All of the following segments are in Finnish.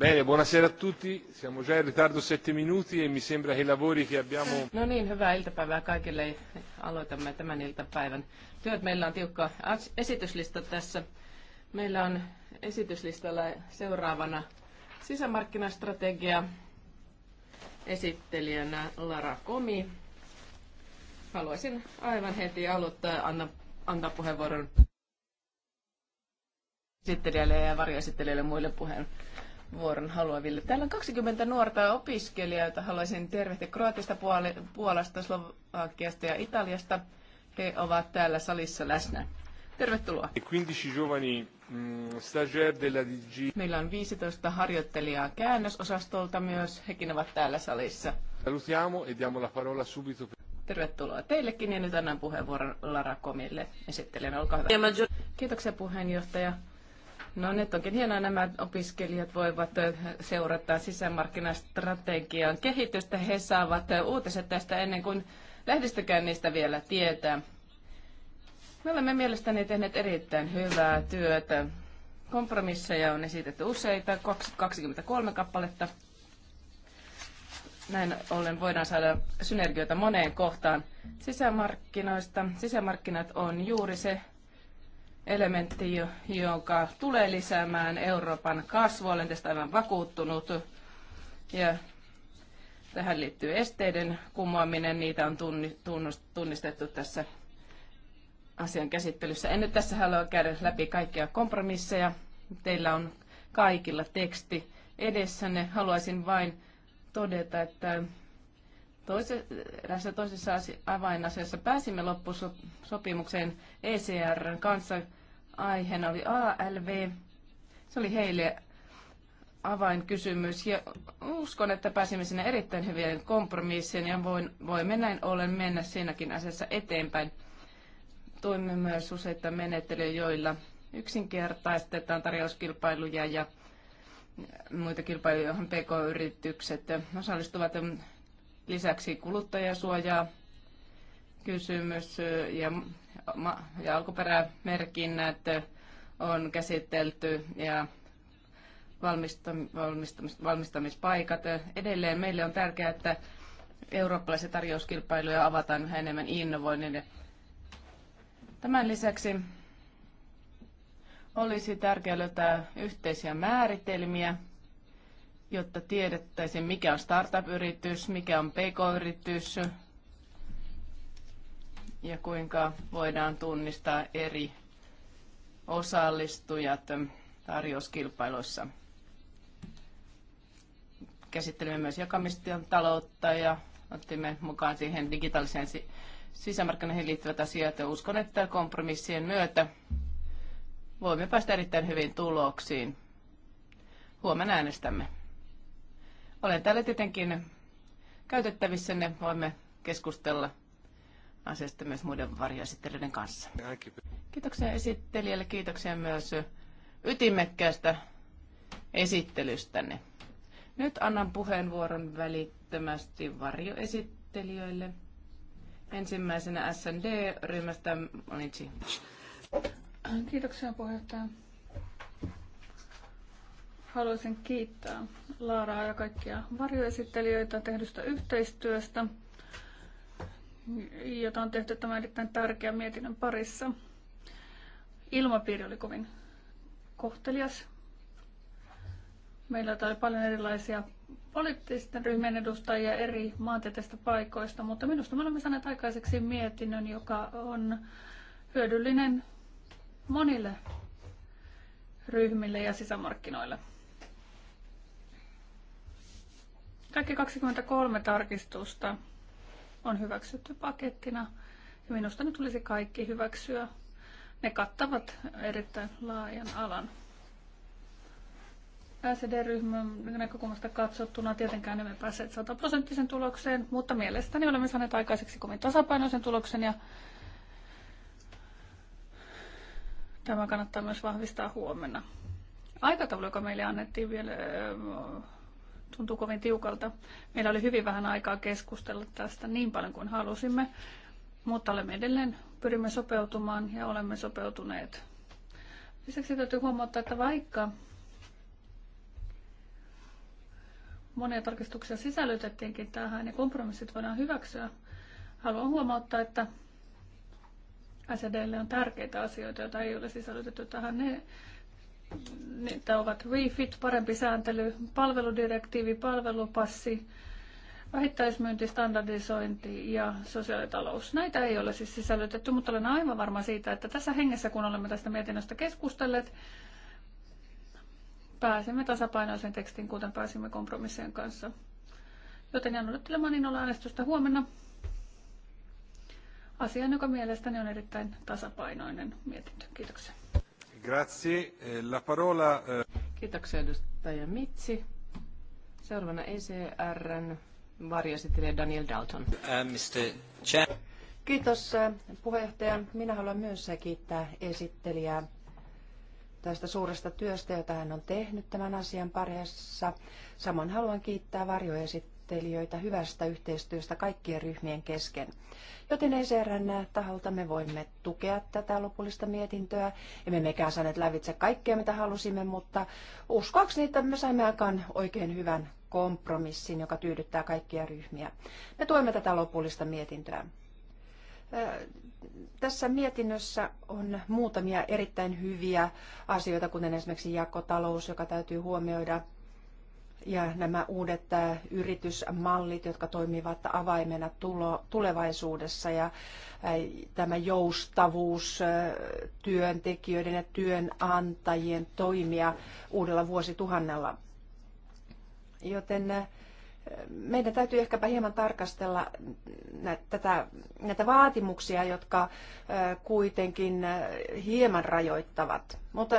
Bene, buonasera a tutti. Siamo già in ritardo sette minuti e mi sembra che i lavori che abbiamo... No niin, hyvää iltapäivää kaikille. Aloitamme tämän iltapäivän työt. Meillä on tiukka esityslista tässä. Meillä on esityslistalla seuraavana sisämarkkinastrategia esittelijänä Lara Komi. Haluaisin aivan heti aloittaa anna, antaa puheenvuoron esittelijälle ja varjoesittelijälle muille puheen vuoron haluaville. Täällä on 20 nuorta opiskelijaa, joita haluaisin tervehtiä Kroatista, Puolasta, Slovakiasta ja Italiasta. He ovat täällä salissa läsnä. Tervetuloa. E mm, Meillä on 15 harjoittelijaa käännösosastolta myös. Hekin ovat täällä salissa. Salutiamo e diamo la parola subito. Tervetuloa teillekin ja nyt annan puheenvuoron Lara Komille esittelijänä. Olkaa hyvä. Kiitoksia puheenjohtaja. No nyt onkin hienoa, nämä opiskelijat voivat seurata sisämarkkinastrategian kehitystä. He saavat uutiset tästä ennen kuin lähdistäkään niistä vielä tietää. Me olemme mielestäni tehneet erittäin hyvää työtä. Kompromisseja on esitetty useita, 23 kappaletta. Näin ollen voidaan saada synergioita moneen kohtaan sisämarkkinoista. Sisämarkkinat on juuri se elementti, joka tulee lisäämään Euroopan kasvua. Olen tästä aivan vakuuttunut. Ja tähän liittyy esteiden kumoaminen. Niitä on tunnistettu tässä asian käsittelyssä. En nyt tässä halua käydä läpi kaikkia kompromisseja. Teillä on kaikilla teksti edessänne. Haluaisin vain todeta, että tässä toisessa avainasiassa pääsimme loppusopimukseen ECR kanssa – aiheena oli ALV. Se oli heille avainkysymys ja uskon, että pääsimme sinne erittäin hyvien kompromissiin ja voin, voimme näin ollen mennä siinäkin asiassa eteenpäin. Tuimme myös useita menettelyjä, joilla yksinkertaistetaan tarjouskilpailuja ja muita kilpailuja, joihin pk-yritykset osallistuvat lisäksi kuluttajasuojaa kysymys ja ja alkuperämerkinnät on käsitelty ja valmistamispaikat. Edelleen meille on tärkeää, että eurooppalaisia tarjouskilpailuja avataan yhä enemmän innovoinnin. Tämän lisäksi olisi tärkeää löytää yhteisiä määritelmiä, jotta tiedettäisiin, mikä on startup-yritys, mikä on pk-yritys, ja kuinka voidaan tunnistaa eri osallistujat tarjouskilpailuissa. Käsittelimme myös jakamistyön taloutta ja otimme mukaan siihen digitaaliseen sisämarkkinoihin liittyvät asiat ja uskon, että kompromissien myötä voimme päästä erittäin hyvin tuloksiin. Huomenna äänestämme. Olen täällä tietenkin ne voimme keskustella asiasta myös muiden varjoesittelijöiden kanssa. Kiitoksia esittelijälle, kiitoksia myös ytimekkäästä esittelystänne. Nyt annan puheenvuoron välittömästi varjoesittelijöille. Ensimmäisenä SND-ryhmästä Manitsi. Kiitoksia puheenjohtaja. Haluaisin kiittää Laaraa ja kaikkia varjoesittelijöitä tehdystä yhteistyöstä jota on tehty tämän erittäin tärkeän mietinnön parissa. Ilmapiiri oli kovin kohtelias. Meillä oli paljon erilaisia poliittisten ryhmien edustajia eri maantieteistä paikoista, mutta minusta me olemme saaneet aikaiseksi mietinnön, joka on hyödyllinen monille ryhmille ja sisämarkkinoille. Kaikki 23 tarkistusta on hyväksytty pakettina. Ja minusta ne tulisi kaikki hyväksyä. Ne kattavat erittäin laajan alan. SED-ryhmän näkökulmasta katsottuna tietenkään emme päässeet sataprosenttisen tulokseen, mutta mielestäni olemme saaneet aikaiseksi kovin tasapainoisen tuloksen ja tämä kannattaa myös vahvistaa huomenna. Aikataulu, joka meille annettiin vielä tuntuu kovin tiukalta. Meillä oli hyvin vähän aikaa keskustella tästä niin paljon kuin halusimme, mutta olemme edelleen pyrimme sopeutumaan ja olemme sopeutuneet. Lisäksi täytyy huomauttaa, että vaikka monia tarkistuksia sisällytettiinkin tähän ja kompromissit voidaan hyväksyä, haluan huomauttaa, että SDL on tärkeitä asioita, joita ei ole sisällytetty tähän. Ne Niitä ovat refit, parempi sääntely, palveludirektiivi, palvelupassi, standardisointi ja sosiaalitalous. Näitä ei ole siis sisällytetty, mutta olen aivan varma siitä, että tässä hengessä, kun olemme tästä mietinnöstä keskustelleet, pääsemme tasapainoisen tekstin, kuten pääsimme kompromissien kanssa. Joten jään odottelemaan niin äänestystä huomenna. Asian, joka mielestäni on erittäin tasapainoinen mietintö. Kiitoksia. Grazie. Eh, la parola... Eh, Kiitoksia edustaja Mitsi. Seuraavana ECRn varjoesittelijä Daniel Dalton. Uh, Mr. Chair. Kiitos eh, puheenjohtaja. Minä haluan myös kiittää esittelijää tästä suuresta työstä, jota hän on tehnyt tämän asian parissa. Samoin haluan kiittää varjoesittelijää varjoesittelijöitä hyvästä yhteistyöstä kaikkien ryhmien kesken. Joten ECRn taholta me voimme tukea tätä lopullista mietintöä. Emme mekään saaneet lävitse kaikkea, mitä halusimme, mutta uskoakseni, että me saimme aikaan oikein hyvän kompromissin, joka tyydyttää kaikkia ryhmiä. Me tuemme tätä lopullista mietintöä. Tässä mietinnössä on muutamia erittäin hyviä asioita, kuten esimerkiksi jakotalous, joka täytyy huomioida – ja nämä uudet äh, yritysmallit, jotka toimivat avaimena tulo, tulevaisuudessa ja äh, tämä joustavuus äh, työntekijöiden ja työnantajien toimia uudella vuosituhannella. Joten meidän täytyy ehkäpä hieman tarkastella näitä, näitä vaatimuksia, jotka kuitenkin hieman rajoittavat. Mutta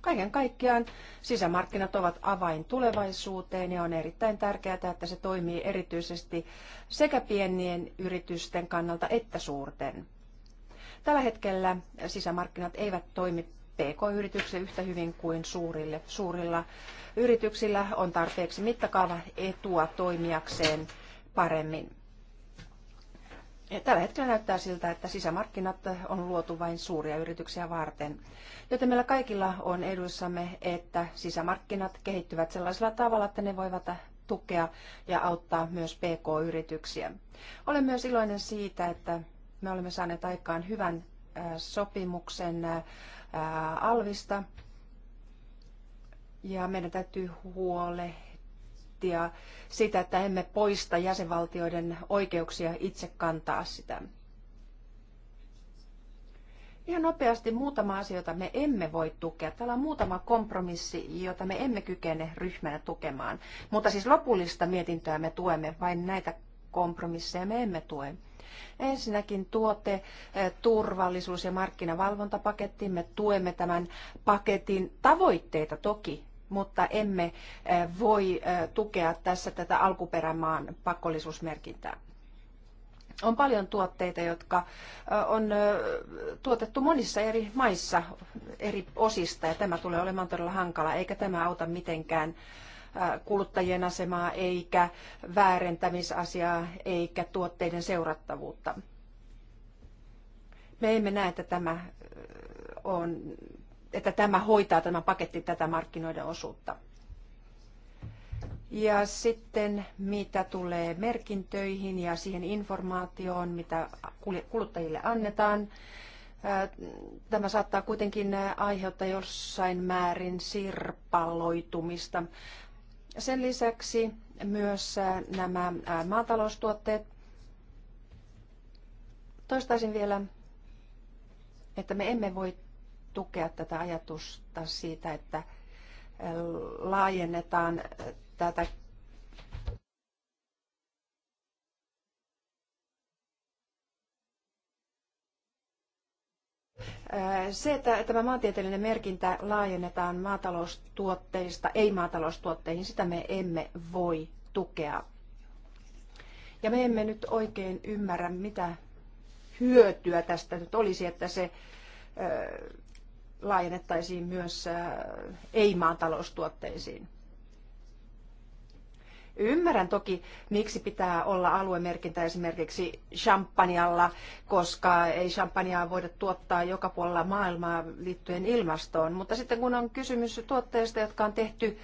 Kaiken kaikkiaan sisämarkkinat ovat avain tulevaisuuteen ja on erittäin tärkeää, että se toimii erityisesti sekä pienien yritysten kannalta että suurten. Tällä hetkellä sisämarkkinat eivät toimi PK-yrityksille yhtä hyvin kuin suurille. Suurilla yrityksillä on tarpeeksi mittakaava etua toimijakseen paremmin. Tällä hetkellä näyttää siltä, että sisämarkkinat on luotu vain suuria yrityksiä varten. Joten meillä kaikilla on edussamme, että sisämarkkinat kehittyvät sellaisella tavalla, että ne voivat tukea ja auttaa myös PK-yrityksiä. Olen myös iloinen siitä, että me olemme saaneet aikaan hyvän sopimuksen Alvista. Ja meidän täytyy huolehtia huolehtia siitä, että emme poista jäsenvaltioiden oikeuksia itse kantaa sitä. Ihan nopeasti muutama asia, jota me emme voi tukea. Täällä on muutama kompromissi, jota me emme kykene ryhmänä tukemaan. Mutta siis lopullista mietintöä me tuemme, vain näitä kompromisseja me emme tue. Ensinnäkin tuote, eh, turvallisuus ja markkinavalvontapaketti. Me tuemme tämän paketin tavoitteita toki, mutta emme voi tukea tässä tätä alkuperämaan pakollisuusmerkintää. On paljon tuotteita, jotka on tuotettu monissa eri maissa eri osista ja tämä tulee olemaan todella hankala, eikä tämä auta mitenkään kuluttajien asemaa eikä väärentämisasiaa eikä tuotteiden seurattavuutta. Me emme näe, että tämä on että tämä hoitaa tämä paketti tätä markkinoiden osuutta. Ja sitten mitä tulee merkintöihin ja siihen informaatioon, mitä kuluttajille annetaan, Tämä saattaa kuitenkin aiheuttaa jossain määrin sirpaloitumista. Sen lisäksi myös nämä maataloustuotteet. Toistaisin vielä, että me emme voi tukea tätä ajatusta siitä, että äh, laajennetaan äh, tätä äh, Se, että tämä maantieteellinen merkintä laajennetaan maataloustuotteista ei-maataloustuotteihin, sitä me emme voi tukea. Ja me emme nyt oikein ymmärrä, mitä hyötyä tästä nyt olisi, että se laajennettaisiin myös äh, ei maataloustuotteisiin Ymmärrän toki, miksi pitää olla aluemerkintä esimerkiksi champanjalla, koska ei champanjaa voida tuottaa joka puolella maailmaa liittyen ilmastoon. Mutta sitten kun on kysymys tuotteista, jotka on tehty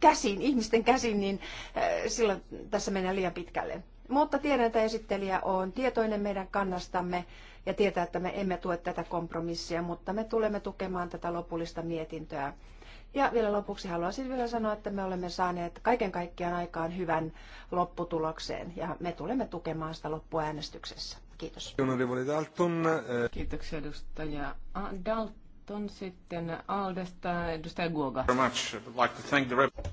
käsin, ihmisten käsin, niin äh, silloin tässä mennään liian pitkälle. Mutta tiedän, että esittelijä on tietoinen meidän kannastamme ja tietää, että me emme tue tätä kompromissia, mutta me tulemme tukemaan tätä lopullista mietintöä. Ja vielä lopuksi haluaisin vielä sanoa, että me olemme saaneet kaiken kaikkiaan aikaan hyvän lopputulokseen ja me tulemme tukemaan sitä loppuäänestyksessä. Kiitos. Eh, Kiitoksia edustaja Dalton. Sitten Aldesta edustaja Guoga.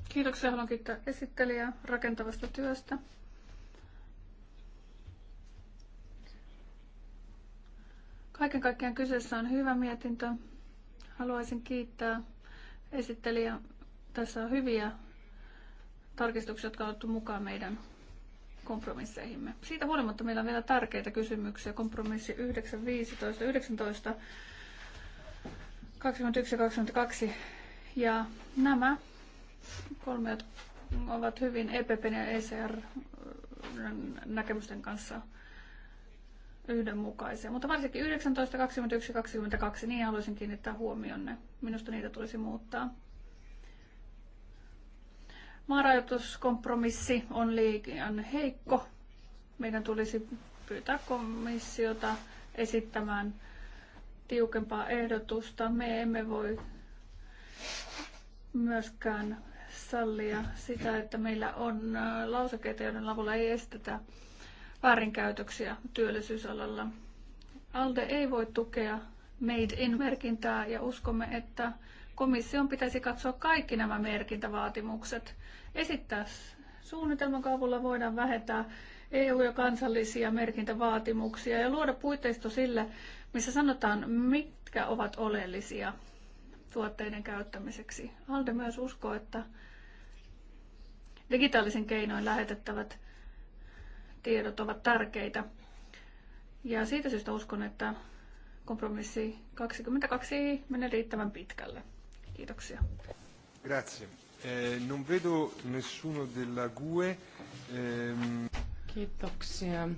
Kiitoksia, haluan kiittää esittelijää rakentavasta työstä. Kaiken kaikkiaan kyseessä on hyvä mietintö. Haluaisin kiittää esittelijä. Tässä on hyviä tarkistuksia, jotka on otettu mukaan meidän kompromisseihimme. Siitä huolimatta meillä on vielä tärkeitä kysymyksiä. Kompromissi 9, 15, 19, 21 ja 22. Ja nämä kolme ovat hyvin EPPn ja ECR näkemysten kanssa yhdenmukaisia. Mutta varsinkin 19, 21 22, niin haluaisin kiinnittää huomionne. Minusta niitä tulisi muuttaa. Maarajoituskompromissi on liian heikko. Meidän tulisi pyytää komissiota esittämään tiukempaa ehdotusta. Me emme voi myöskään sallia sitä, että meillä on äh, lausekkeita, joiden lavulla ei estetä väärinkäytöksiä työllisyysalalla. ALDE ei voi tukea Made in-merkintää ja uskomme, että komission pitäisi katsoa kaikki nämä merkintävaatimukset. Esittää suunnitelman kaavulla voidaan vähentää EU- ja kansallisia merkintävaatimuksia ja luoda puitteisto sille, missä sanotaan, mitkä ovat oleellisia tuotteiden käyttämiseksi. Alde myös uskoo, että digitaalisen keinoin lähetettävät tiedot ovat tärkeitä. Ja siitä syystä uskon, että kompromissi 22 menee riittävän pitkälle. Kiitoksia. Grazie. Eh, non vedo nessuno della GUE. Ehm... Kiitoksia.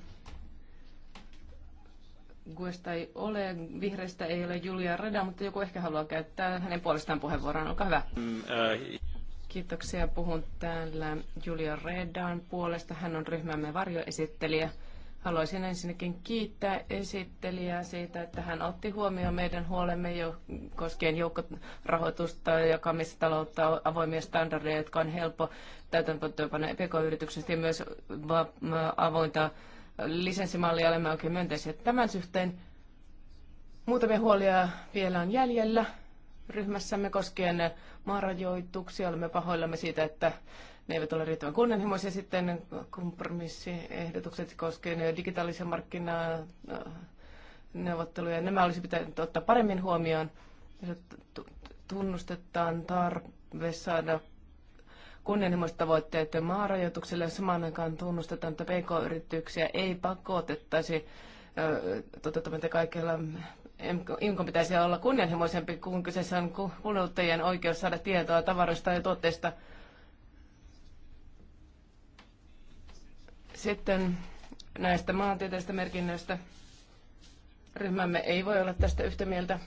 Guesta ei ole, vihreistä ei ole Julia Reda, mutta joku ehkä haluaa käyttää hänen puolestaan puheenvuoron. Olkaa hyvä. Mm, äh... Kiitoksia. Puhun täällä Julia Redan puolesta. Hän on ryhmämme varjoesittelijä. Haluaisin ensinnäkin kiittää esittelijää siitä, että hän otti huomioon meidän huolemme jo koskien joukkorahoitusta, jakamistaloutta, avoimia standardeja, jotka on helppo täytäntöönpanna pk yrityksestä ja myös avointa lisenssimallia olemme oikein myönteisiä tämän suhteen. Muutamia huolia vielä on jäljellä ryhmässämme koskien maarajoituksia. Olemme pahoillamme siitä, että ne eivät ole riittävän kunnianhimoisia. Sitten kompromissiehdotukset koskien digitaalisia markkinaa, neuvotteluja. Nämä olisi pitänyt ottaa paremmin huomioon. Tunnustetaan tarve saada kunnianhimoiset tavoitteet maarajoitukselle. Samaan aikaan tunnustetaan, että pk-yrityksiä ei pakotettaisi toteuttamaan kaikilla Inkon pitäisi olla kunnianhimoisempi, kun kyseessä on kuluttajien oikeus saada tietoa tavaroista ja tuotteista. Sitten näistä maantieteistä merkinnöistä. Ryhmämme ei voi olla tästä yhtä mieltä.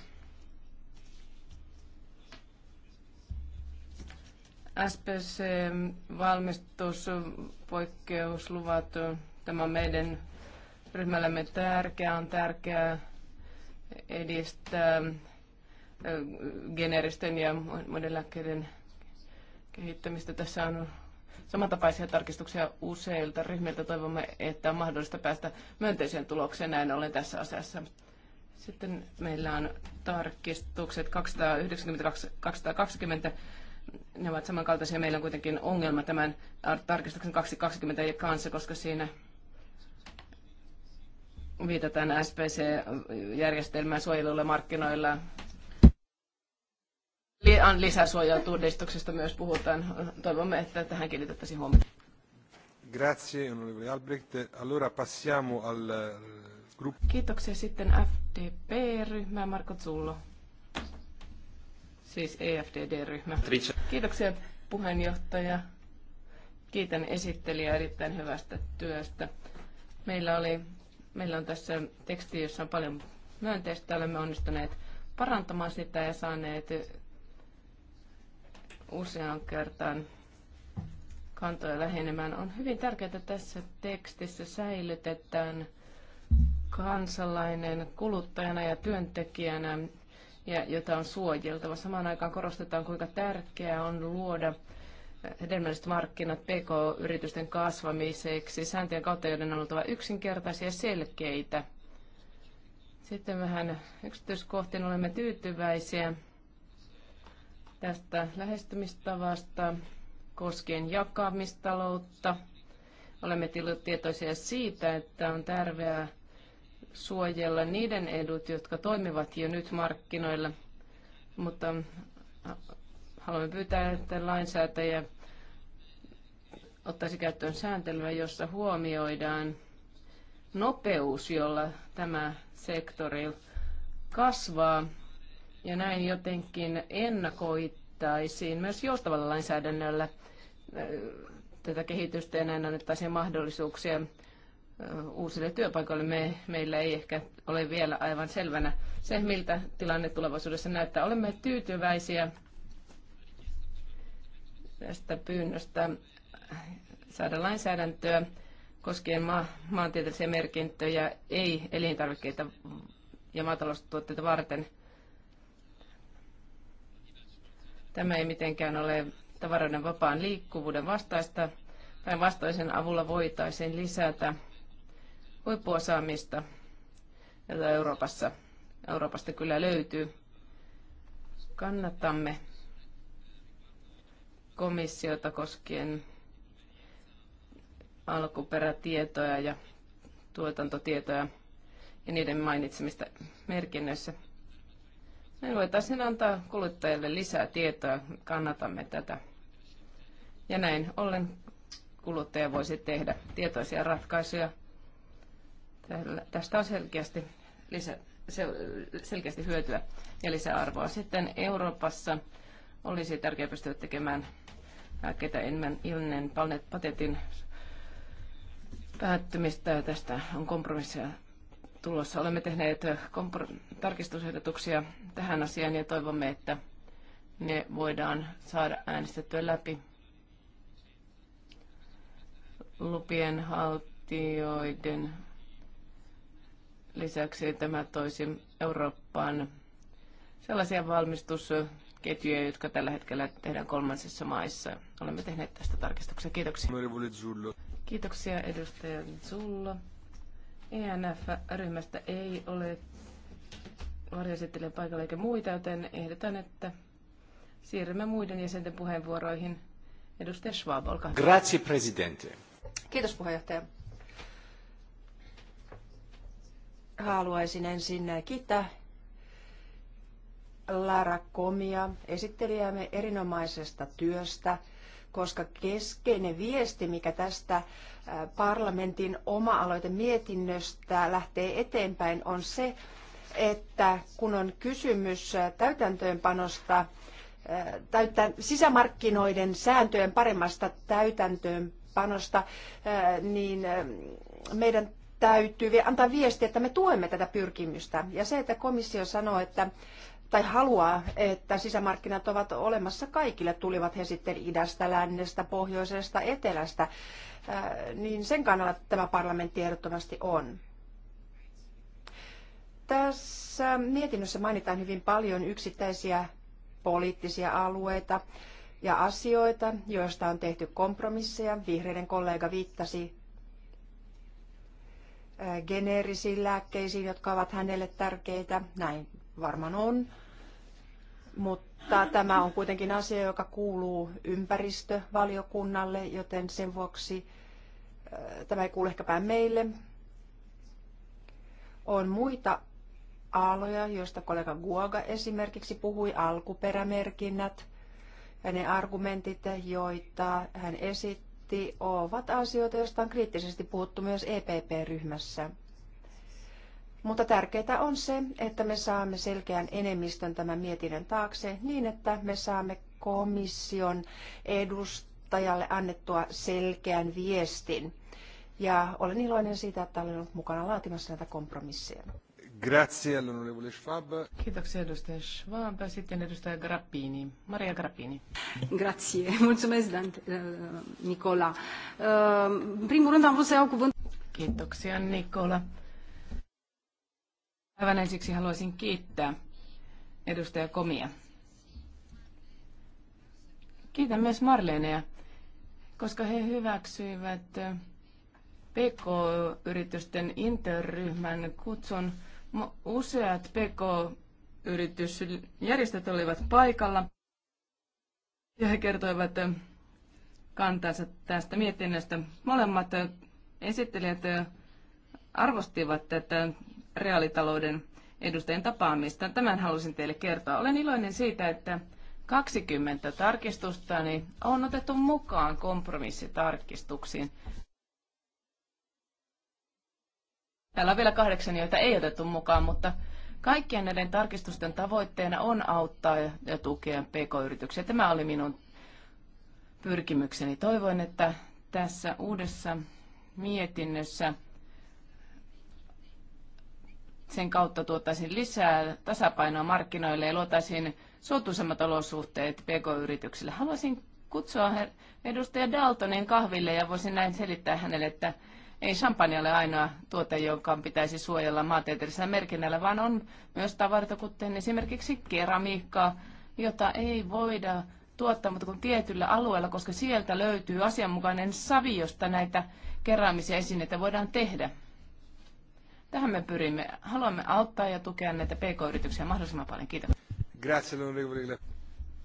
SPC-valmistuspoikkeusluvat, tämä on meidän ryhmällämme tärkeää, on tärkeää edistää geneeristen ja muiden lääkkeiden kehittämistä. Tässä on samantapaisia tarkistuksia useilta ryhmiltä. Toivomme, että on mahdollista päästä myönteiseen tulokseen näin ollen tässä asiassa. Sitten meillä on tarkistukset 292-220. Ne ovat samankaltaisia. Meillä on kuitenkin ongelma tämän tarkistuksen 220 kanssa, koska siinä viitataan SPC-järjestelmään suojelulla markkinoilla. Lisäsuojaa myös puhutaan. Toivomme, että tähän kiinnitettäisiin huomiota. Grazie, onorevole Albrecht. Allora passiamo al eh, gruppo. Kiitoksia sitten FDP-ryhmä, Marko Zullo. Siis EFDD-ryhmä. Kiitoksia puheenjohtaja. Kiitän esittelijää erittäin hyvästä työstä. Meillä oli Meillä on tässä teksti, jossa on paljon myönteistä. Olemme onnistuneet parantamaan sitä ja saaneet usean kertaan kantoja lähenemään. On hyvin tärkeää, että tässä tekstissä säilytetään kansalainen kuluttajana ja työntekijänä, ja jota on suojeltava. Samaan aikaan korostetaan, kuinka tärkeää on luoda hedelmälliset markkinat PK-yritysten kasvamiseksi sääntöjen kautta, joiden on oltava yksinkertaisia ja selkeitä. Sitten vähän yksityiskohtiin olemme tyytyväisiä tästä lähestymistavasta koskien jakamistaloutta. Olemme tietoisia siitä, että on tärkeää suojella niiden edut, jotka toimivat jo nyt markkinoilla, mutta haluamme pyytää, että lainsäätäjä ottaisi käyttöön sääntelyä, jossa huomioidaan nopeus, jolla tämä sektori kasvaa ja näin jotenkin ennakoittaisiin myös joustavalla lainsäädännöllä äh, tätä kehitystä ja näin annettaisiin mahdollisuuksia äh, uusille työpaikoille. Me, meillä ei ehkä ole vielä aivan selvänä se, miltä tilanne tulevaisuudessa näyttää. Olemme tyytyväisiä tästä pyynnöstä saada lainsäädäntöä koskien ma- maantieteellisiä merkintöjä, ei elintarvikkeita ja maataloustuotteita varten. Tämä ei mitenkään ole tavaroiden vapaan liikkuvuuden vastaista. Päinvastaisen avulla voitaisiin lisätä huippuosaamista, jota Euroopassa, Euroopasta kyllä löytyy. Kannatamme komissiota koskien alkuperätietoja ja tuotantotietoja ja niiden mainitsemista merkinnöissä. Me voitaisiin antaa kuluttajille lisää tietoa, kannatamme tätä. Ja näin ollen kuluttaja voisi tehdä tietoisia ratkaisuja. Tästä on selkeästi, lisä, selkeästi hyötyä ja lisäarvoa. Sitten Euroopassa olisi tärkeää pystyä tekemään lääkkeitä ilman patentin päättymistä. Tästä on kompromissia tulossa. Olemme tehneet tarkistusehdotuksia tähän asiaan ja toivomme, että ne voidaan saada äänestettyä läpi. Lupien haltijoiden lisäksi tämä toisi Eurooppaan sellaisia valmistusketjuja, jotka tällä hetkellä tehdään kolmansissa maissa. Olemme tehneet tästä tarkistuksia. Kiitoksia. Kiitoksia edustaja Zullo. ENF-ryhmästä ei ole varjoesittelijän paikalla eikä muita, joten ehdotan, että siirrymme muiden jäsenten puheenvuoroihin. Edustaja Schwab, olkaa hyvä. Grazie, presidente. Kiitos puheenjohtaja. Haluaisin ensin kiittää Lara Komia, esittelijäämme erinomaisesta työstä – koska keskeinen viesti, mikä tästä parlamentin oma-aloite mietinnöstä lähtee eteenpäin, on se, että kun on kysymys täytäntöönpanosta, täyttä, sisämarkkinoiden sääntöjen paremmasta täytäntöönpanosta, niin meidän täytyy antaa viesti, että me tuemme tätä pyrkimystä. Ja se, että komissio sanoo, että tai haluaa, että sisämarkkinat ovat olemassa kaikille, tulivat he sitten idästä, lännestä, pohjoisesta, etelästä, niin sen kannalla tämä parlamentti ehdottomasti on. Tässä mietinnössä mainitaan hyvin paljon yksittäisiä poliittisia alueita ja asioita, joista on tehty kompromisseja. Vihreiden kollega viittasi geneerisiin lääkkeisiin, jotka ovat hänelle tärkeitä. Näin Varmaan on, mutta tämä on kuitenkin asia, joka kuuluu ympäristövaliokunnalle, joten sen vuoksi äh, tämä ei kuulu ehkäpä meille. On muita aloja, joista kollega Guoga esimerkiksi puhui, alkuperämerkinnät ja ne argumentit, joita hän esitti, ovat asioita, joista on kriittisesti puhuttu myös EPP-ryhmässä. Mutta tärkeää on se, että me saamme selkeän enemmistön tämän mietinnön taakse niin, että me saamme komission edustajalle annettua selkeän viestin. Ja olen iloinen siitä, että olen ollut mukana laatimassa näitä kompromisseja. Grazie, onorevole Schwab. Kiitoksia edustaja Schwab. Sitten edustaja Grappini. Maria Grappini. Grazie. Mulțumesc, Nicola. În primul rând am vrut să iau cuvânt. Kiitoksia, Nicola. Aivan ensiksi haluaisin kiittää edustaja Komia. Kiitän myös Marleneja, koska he hyväksyivät PK-yritysten interryhmän kutsun. Useat PK-yritysjärjestöt olivat paikalla ja he kertoivat kantansa tästä mietinnöstä. Molemmat esittelijät arvostivat tätä reaalitalouden edustajien tapaamista. Tämän halusin teille kertoa. Olen iloinen siitä, että 20 tarkistustani niin on otettu mukaan kompromissitarkistuksiin. Täällä on vielä kahdeksan, joita ei otettu mukaan, mutta kaikkien näiden tarkistusten tavoitteena on auttaa ja tukea pk-yrityksiä. Tämä oli minun pyrkimykseni. Toivoin, että tässä uudessa mietinnössä – sen kautta tuottaisiin lisää tasapainoa markkinoille ja luotaisiin suotuisemmat olosuhteet pk-yrityksille. Haluaisin kutsua edustaja Daltonin kahville ja voisin näin selittää hänelle, että ei champagne ole ainoa tuote, jonka pitäisi suojella maantieteellisellä merkinnällä, vaan on myös tavaroita, kuten esimerkiksi keramiikkaa, jota ei voida tuottaa, mutta kun tietyllä alueella, koska sieltä löytyy asianmukainen savi, josta näitä keraamisia esineitä voidaan tehdä. Tähän me pyrimme. Haluamme auttaa ja tukea näitä pk-yrityksiä mahdollisimman paljon. Kiitos. Grazie,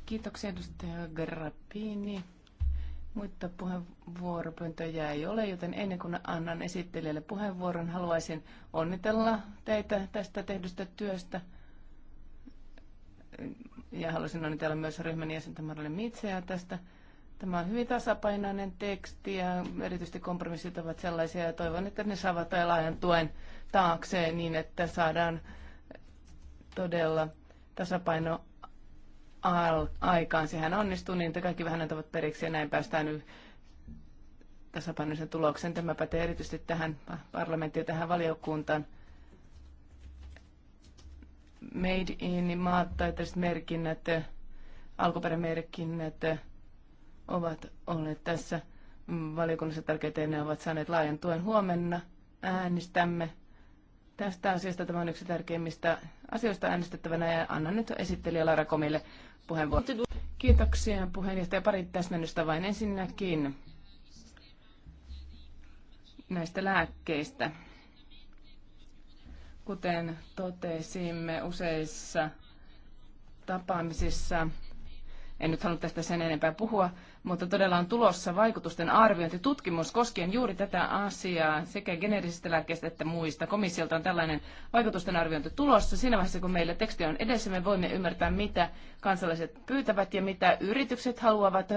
Kiitoksia edustaja Grappini. Muita puheenvuoropyyntöjä ei ole, joten ennen kuin annan esittelijälle puheenvuoron, haluaisin onnitella teitä tästä tehdystä työstä. Ja haluaisin onnitella myös ryhmän jäsentä Marlene Mitseä tästä. Tämä on hyvin tasapainoinen teksti ja erityisesti kompromissit ovat sellaisia ja toivon, että ne saavat laajan tuen taakse niin, että saadaan todella tasapaino aikaan. Sehän onnistuu niin, että kaikki vähän antavat periksi ja näin päästään nyt tasapainoisen tuloksen. Tämä pätee erityisesti tähän parlamenttiin tähän valiokuntaan. Made in maat tai merkinnät, alkuperämerkinnät ovat olleet tässä valiokunnassa tärkeitä ja ne ovat saaneet laajan tuen huomenna. Äänestämme tästä asiasta. Tämä on yksi tärkeimmistä asioista äänestettävänä ja annan nyt esittelijä Laura Komille puheenvuoron. Kiitoksia puheenjohtaja. Pari täsmennystä vain ensinnäkin näistä lääkkeistä. Kuten totesimme useissa tapaamisissa, en nyt halua tästä sen enempää puhua, mutta todella on tulossa vaikutusten arviointi, tutkimus koskien juuri tätä asiaa sekä geneerisistä lääkkeistä että muista. Komissiolta on tällainen vaikutusten arviointi tulossa. Siinä vaiheessa, kun meillä teksti on edessä, me voimme ymmärtää, mitä kansalaiset pyytävät ja mitä yritykset haluavat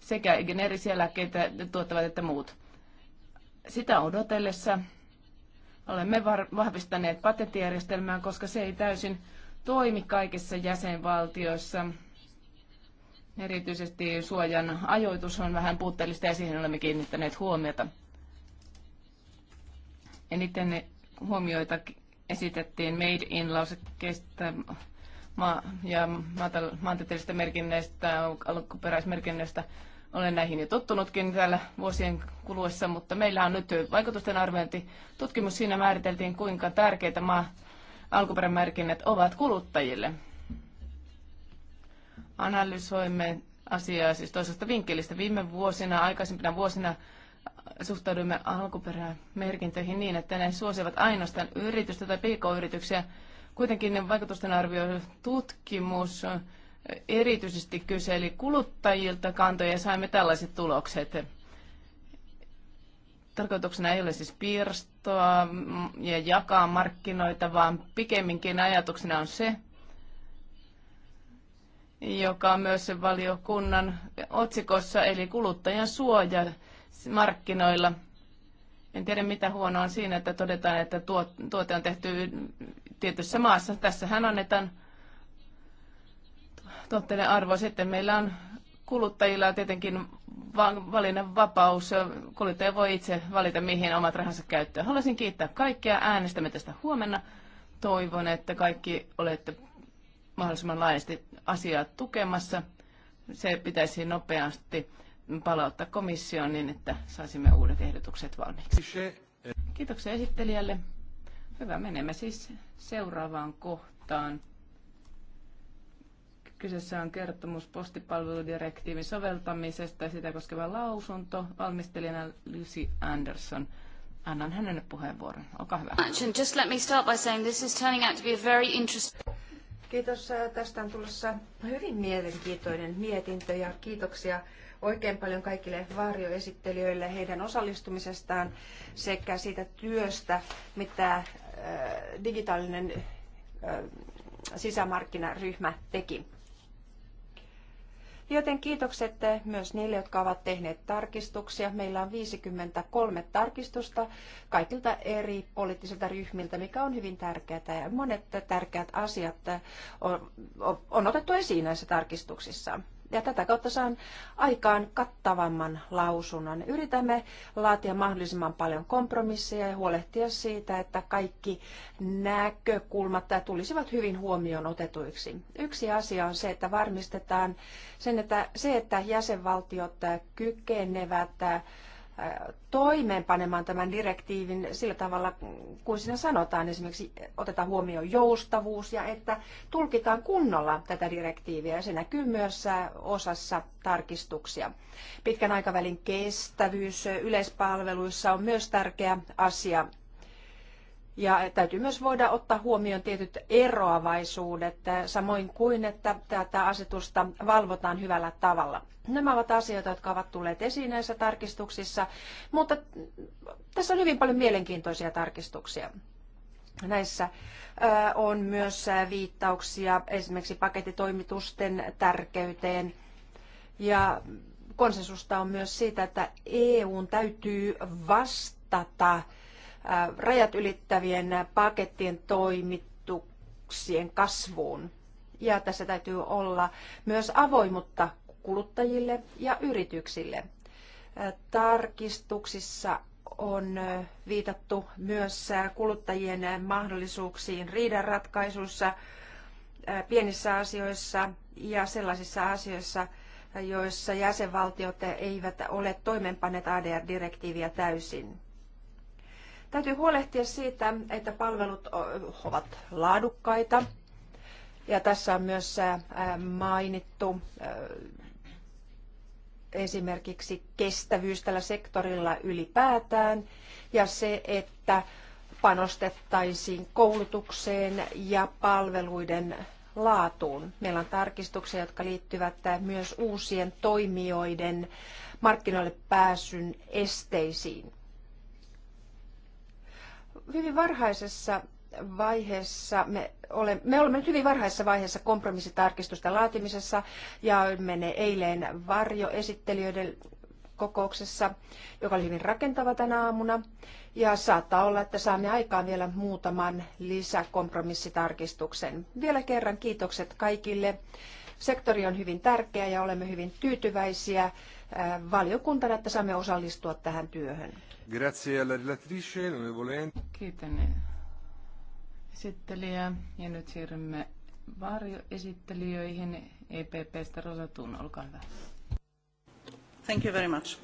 sekä geneerisiä lääkkeitä tuottavat että muut. Sitä odotellessa olemme vahvistaneet patenttijärjestelmää, koska se ei täysin toimi kaikissa jäsenvaltioissa. Erityisesti suojan ajoitus on vähän puutteellista ja siihen olemme kiinnittäneet huomiota. Eniten huomioita esitettiin Made in lausekkeista ma- ja maantieteellisistä merkinnöistä, alkuperäismerkinnöistä. Olen näihin jo tottunutkin täällä vuosien kuluessa, mutta meillä on nyt vaikutusten arviointi. Tutkimus siinä määriteltiin, kuinka tärkeitä maa alkuperämerkinnät ovat kuluttajille analysoimme asiaa siis toisesta vinkkelistä. Viime vuosina, aikaisempina vuosina suhtaudumme alkuperämerkintöihin niin, että ne suosivat ainoastaan yritystä tai pk-yrityksiä. Kuitenkin vaikutusten arvio tutkimus erityisesti kyseli kuluttajilta kantoja ja saimme tällaiset tulokset. Tarkoituksena ei ole siis piirstoa ja jakaa markkinoita, vaan pikemminkin ajatuksena on se, joka on myös valiokunnan otsikossa, eli kuluttajan suoja markkinoilla. En tiedä, mitä huonoa on siinä, että todetaan, että tuote on tehty tietyssä maassa. Tässähän annetaan tuotteiden arvo. Sitten meillä on kuluttajilla tietenkin valinnan vapaus. Kuluttaja voi itse valita, mihin omat rahansa käyttöön. Haluaisin kiittää kaikkia. Äänestämme tästä huomenna. Toivon, että kaikki olette mahdollisimman laajasti asiaa tukemassa. Se pitäisi nopeasti palauttaa komissioon niin, että saisimme uudet ehdotukset valmiiksi. Kiitoksia esittelijälle. Hyvä, menemme siis seuraavaan kohtaan. Kyseessä on kertomus postipalveludirektiivin soveltamisesta ja sitä koskeva lausunto. Valmistelijana Lucy Anderson. Annan hänen puheenvuoron. Olkaa hyvä. Just let me start by saying this is turning out to be a very interesting... Kiitos. Tästä on tulossa hyvin mielenkiintoinen mietintö ja kiitoksia oikein paljon kaikille varjoesittelijöille heidän osallistumisestaan sekä siitä työstä, mitä digitaalinen sisämarkkinaryhmä teki. Joten kiitokset eh, myös niille, jotka ovat tehneet tarkistuksia. Meillä on 53 tarkistusta kaikilta eri poliittisilta ryhmiltä, mikä on hyvin tärkeää. Ja monet tärkeät asiat eh, on, on otettu esiin näissä tarkistuksissa ja tätä kautta saan aikaan kattavamman lausunnon. Yritämme laatia mahdollisimman paljon kompromisseja ja huolehtia siitä, että kaikki näkökulmat tulisivat hyvin huomioon otetuiksi. Yksi asia on se, että varmistetaan sen, että se, että jäsenvaltiot kykenevät toimeenpanemaan tämän direktiivin sillä tavalla, kuin siinä sanotaan, esimerkiksi otetaan huomioon joustavuus ja että tulkitaan kunnolla tätä direktiiviä. Se näkyy myös osassa tarkistuksia. Pitkän aikavälin kestävyys yleispalveluissa on myös tärkeä asia ja täytyy myös voida ottaa huomioon tietyt eroavaisuudet, samoin kuin, että tätä asetusta valvotaan hyvällä tavalla. Nämä ovat asioita, jotka ovat tulleet esiin näissä tarkistuksissa, mutta tässä on hyvin paljon mielenkiintoisia tarkistuksia. Näissä on myös viittauksia esimerkiksi paketitoimitusten tärkeyteen ja konsensusta on myös siitä, että EUn täytyy vastata rajat ylittävien pakettien toimituksien kasvuun. Ja tässä täytyy olla myös avoimuutta kuluttajille ja yrityksille. Tarkistuksissa on viitattu myös kuluttajien mahdollisuuksiin riidanratkaisuissa, pienissä asioissa ja sellaisissa asioissa, joissa jäsenvaltiot eivät ole toimenpaneet ADR-direktiiviä täysin. Täytyy huolehtia siitä, että palvelut ovat laadukkaita. Ja tässä on myös mainittu esimerkiksi kestävyys tällä sektorilla ylipäätään ja se, että panostettaisiin koulutukseen ja palveluiden laatuun. Meillä on tarkistuksia, jotka liittyvät myös uusien toimijoiden markkinoille pääsyn esteisiin hyvin varhaisessa vaiheessa, me olemme, me olemme nyt hyvin varhaisessa vaiheessa kompromissitarkistusta laatimisessa ja menee eilen varjoesittelijöiden kokouksessa, joka oli hyvin rakentava tänä aamuna. Ja saattaa olla, että saamme aikaan vielä muutaman lisäkompromissitarkistuksen. Vielä kerran kiitokset kaikille. Sektori on hyvin tärkeä ja olemme hyvin tyytyväisiä valiokuntana, että saamme osallistua tähän työhön. Grazie alla relatrice, onorevole Kiitän esittelijää ja nyt siirrymme varjoesittelijöihin EPPstä Rosatun, olkaa hyvä. Thank you very much.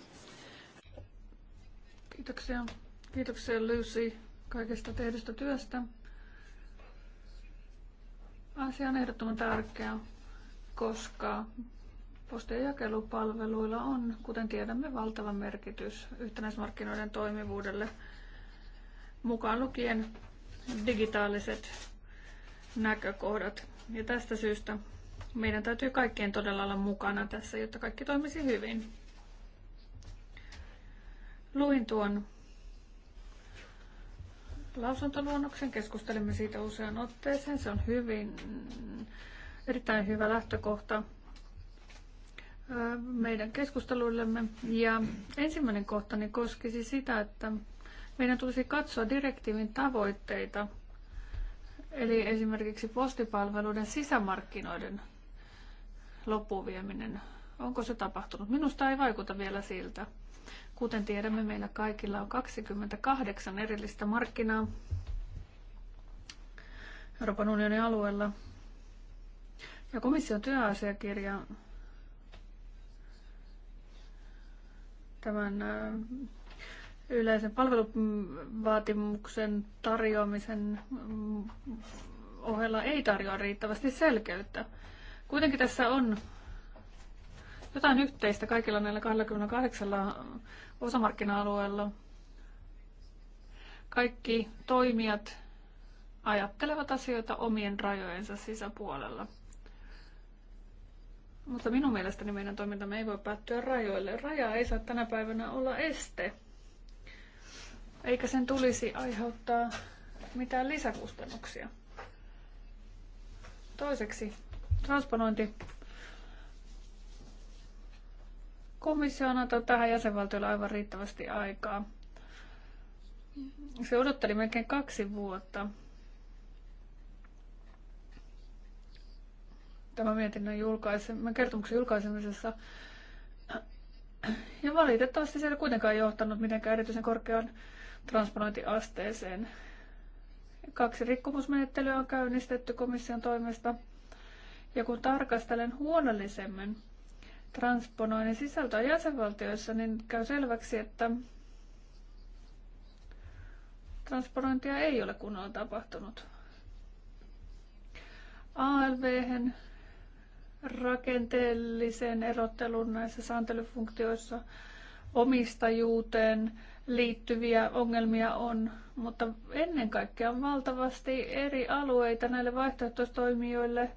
Kiitoksia. Kiitoksia Lucy kaikesta tehdystä työstä. Asia on ehdottoman tärkeä, koska Postien jakelupalveluilla on, kuten tiedämme, valtava merkitys yhtenäismarkkinoiden toimivuudelle, mukaan lukien digitaaliset näkökohdat. Ja tästä syystä meidän täytyy kaikkien todella olla mukana tässä, jotta kaikki toimisi hyvin. Luin tuon lausuntoluonnoksen, keskustelimme siitä usean otteeseen. Se on hyvin, erittäin hyvä lähtökohta meidän keskusteluillemme. Ja ensimmäinen kohtani koskisi sitä, että meidän tulisi katsoa direktiivin tavoitteita, eli esimerkiksi postipalveluiden sisämarkkinoiden loppuvieminen. Onko se tapahtunut? Minusta ei vaikuta vielä siltä. Kuten tiedämme, meillä kaikilla on 28 erillistä markkinaa Euroopan unionin alueella. Ja komission työasiakirja tämän yleisen palveluvaatimuksen tarjoamisen mm, ohella ei tarjoa riittävästi selkeyttä. Kuitenkin tässä on jotain yhteistä kaikilla näillä 28 osamarkkina-alueella. Kaikki toimijat ajattelevat asioita omien rajojensa sisäpuolella. Mutta minun mielestäni meidän toimintamme ei voi päättyä rajoille. Raja ei saa tänä päivänä olla este, eikä sen tulisi aiheuttaa mitään lisäkustannuksia. Toiseksi, transponointi. Komissio on antanut tähän jäsenvaltiolle aivan riittävästi aikaa. Se odotteli melkein kaksi vuotta tämän mietinnön julkaisem- kertomuksen julkaisemisessa. Ja valitettavasti se ei kuitenkaan johtanut mitenkään erityisen korkeaan transponointiasteeseen. Kaksi rikkomusmenettelyä on käynnistetty komission toimesta. Ja kun tarkastelen huolellisemmin transponoinnin sisältöä jäsenvaltioissa, niin käy selväksi, että transponointia ei ole kunnolla tapahtunut. ALV rakenteellisen erottelun näissä sääntelyfunktioissa omistajuuteen liittyviä ongelmia on, mutta ennen kaikkea on valtavasti eri alueita näille vaihtoehtoistoimijoille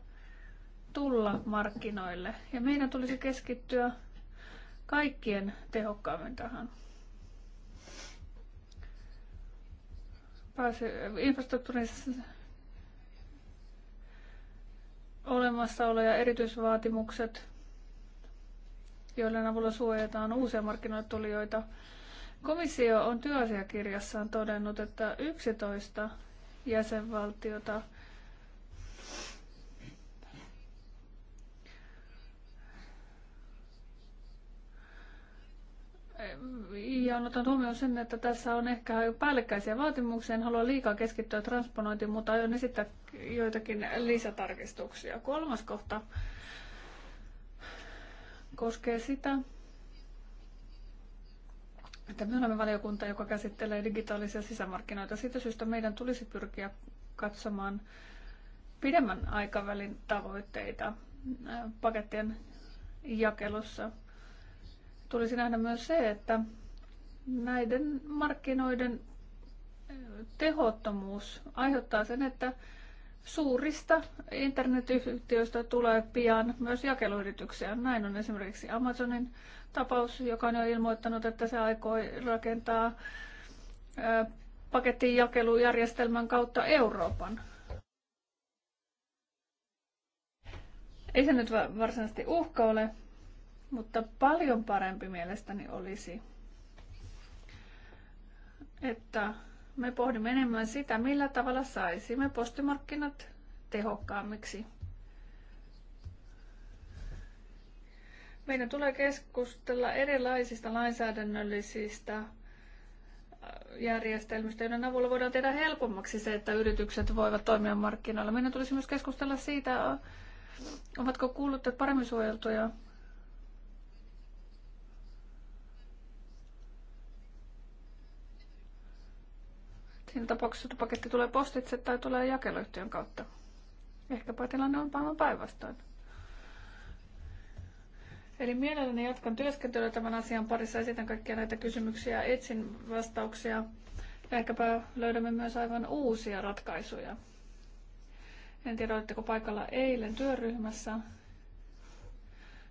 tulla markkinoille. Ja meidän tulisi keskittyä kaikkien tehokkaammin tähän. Pääsy, infrastruktuurin olemassaolo ja erityisvaatimukset, joiden avulla suojataan uusia markkinoille tulijoita. Komissio on työasiakirjassaan todennut, että 11 jäsenvaltiota ja on ottanut huomioon sen, että tässä on ehkä päällekkäisiä vaatimuksia. En halua liikaa keskittyä transponointiin, mutta aion esittää joitakin lisätarkistuksia. Kolmas kohta koskee sitä, että me olemme valiokunta, joka käsittelee digitaalisia sisämarkkinoita. Siitä syystä meidän tulisi pyrkiä katsomaan pidemmän aikavälin tavoitteita äh, pakettien jakelussa – tulisi nähdä myös se, että näiden markkinoiden tehottomuus aiheuttaa sen, että suurista internetyhtiöistä tulee pian myös jakeluyrityksiä. Näin on esimerkiksi Amazonin tapaus, joka on jo ilmoittanut, että se aikoo rakentaa paketin jakelujärjestelmän kautta Euroopan. Ei se nyt varsinaisesti uhka ole, mutta paljon parempi mielestäni olisi, että me pohdimme enemmän sitä, millä tavalla saisimme postimarkkinat tehokkaammiksi. Meidän tulee keskustella erilaisista lainsäädännöllisistä äh, järjestelmistä, joiden avulla voidaan tehdä helpommaksi se, että yritykset voivat toimia markkinoilla. Meidän tulisi myös keskustella siitä, äh, ovatko kuluttajat paremmin suojeltuja Siinä tapauksessa paketti tulee postitse tai tulee jakeluyhtiön kautta. Ehkäpä tilanne on aivan päinvastoin. Eli mielelläni jatkan työskentelyä tämän asian parissa, esitän kaikkia näitä kysymyksiä, etsin vastauksia ehkäpä löydämme myös aivan uusia ratkaisuja. En tiedä, olitteko paikalla eilen työryhmässä,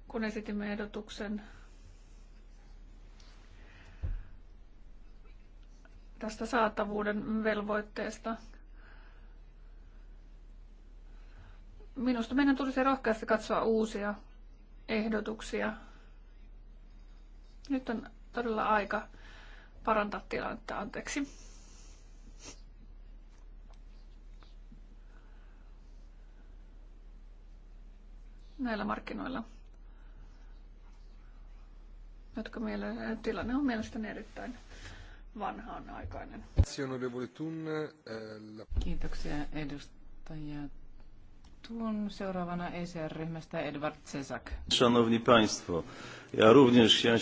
kun esitimme ehdotuksen tästä saatavuuden velvoitteesta. Minusta meidän tulisi rohkeasti katsoa uusia ehdotuksia. Nyt on todella aika parantaa tilannetta, anteeksi. Näillä markkinoilla, jotka miele- tilanne on mielestäni erittäin vanhanaikainen. Kiitoksia edustaja Tun. Seuraavana ECR-ryhmästä Edward Cesak. ja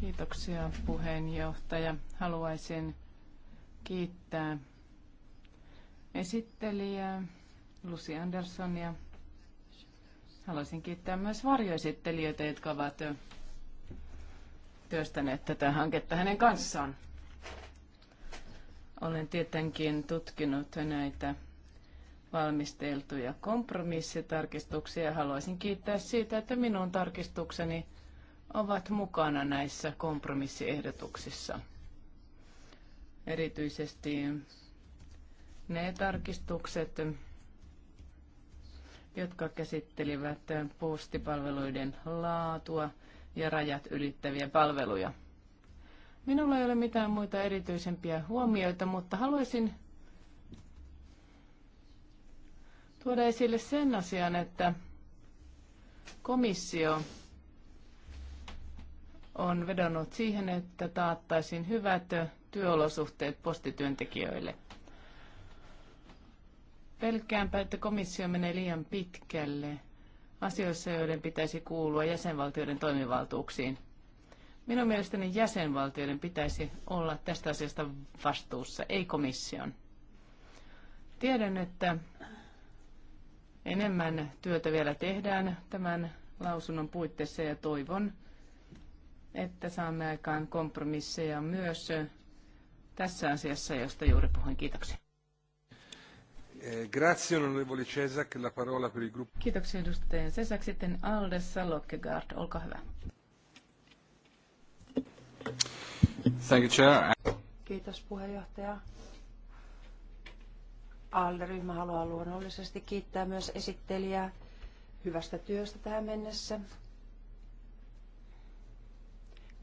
Kiitoksia puheenjohtaja. Haluaisin kiittää esittelijää Lucy Andersonia. Haluaisin kiittää myös varjoesittelijöitä, jotka ovat työstäneet tätä hanketta hänen kanssaan. Olen tietenkin tutkinut näitä valmisteltuja kompromissitarkistuksia. Haluaisin kiittää siitä, että minun tarkistukseni ovat mukana näissä kompromissiehdotuksissa. Erityisesti ne tarkistukset, jotka käsittelivät postipalveluiden laatua ja rajat ylittäviä palveluja. Minulla ei ole mitään muita erityisempiä huomioita, mutta haluaisin tuoda esille sen asian, että komissio on vedonnut siihen, että taattaisiin hyvät työolosuhteet postityöntekijöille. Pelkäänpä, että komissio menee liian pitkälle asioissa, joiden pitäisi kuulua jäsenvaltioiden toimivaltuuksiin. Minun mielestäni jäsenvaltioiden pitäisi olla tästä asiasta vastuussa, ei komission. Tiedän, että enemmän työtä vielä tehdään tämän lausunnon puitteissa ja toivon, että saamme aikaan kompromisseja myös tässä asiassa, josta juuri puhuin. Kiitoksia. Eh, grazie onorevole Cesak, la parola per il gruppo. Kiitoksia edustajan Cesak. Sitten Alde Salokkegaard, olkaa hyvä. Thank you, Chair. Kiitos puheenjohtaja. ALDE-ryhmä haluaa luonnollisesti kiittää myös esittelijää hyvästä työstä tähän mennessä.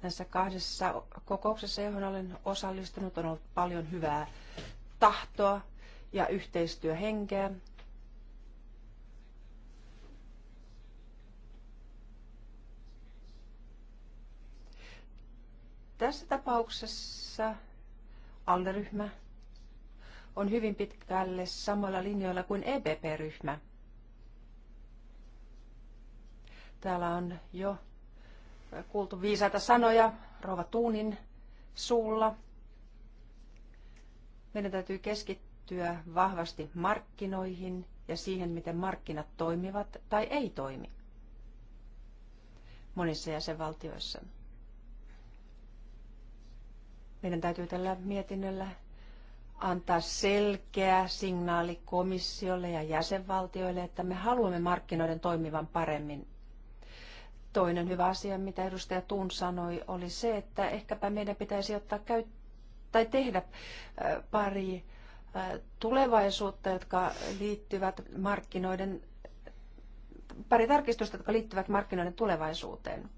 Näissä kahdessa kokouksessa, johon olen osallistunut, on ollut paljon hyvää tahtoa ja yhteistyöhenkeä. Tässä tapauksessa alderyhmä on hyvin pitkälle samalla linjoilla kuin EBP-ryhmä. Täällä on jo kuultu viisaita sanoja Rova Tuunin suulla. Meidän täytyy keskittyä vahvasti markkinoihin ja siihen, miten markkinat toimivat tai ei toimi monissa jäsenvaltioissa. Meidän täytyy tällä mietinnöllä antaa selkeä signaali komissiolle ja jäsenvaltioille, että me haluamme markkinoiden toimivan paremmin. Toinen hyvä asia, mitä edustaja Tun sanoi, oli se, että ehkäpä meidän pitäisi ottaa käyt- tai tehdä äh, pari äh, tulevaisuutta, jotka liittyvät markkinoiden, pari tarkistusta, jotka liittyvät markkinoiden tulevaisuuteen.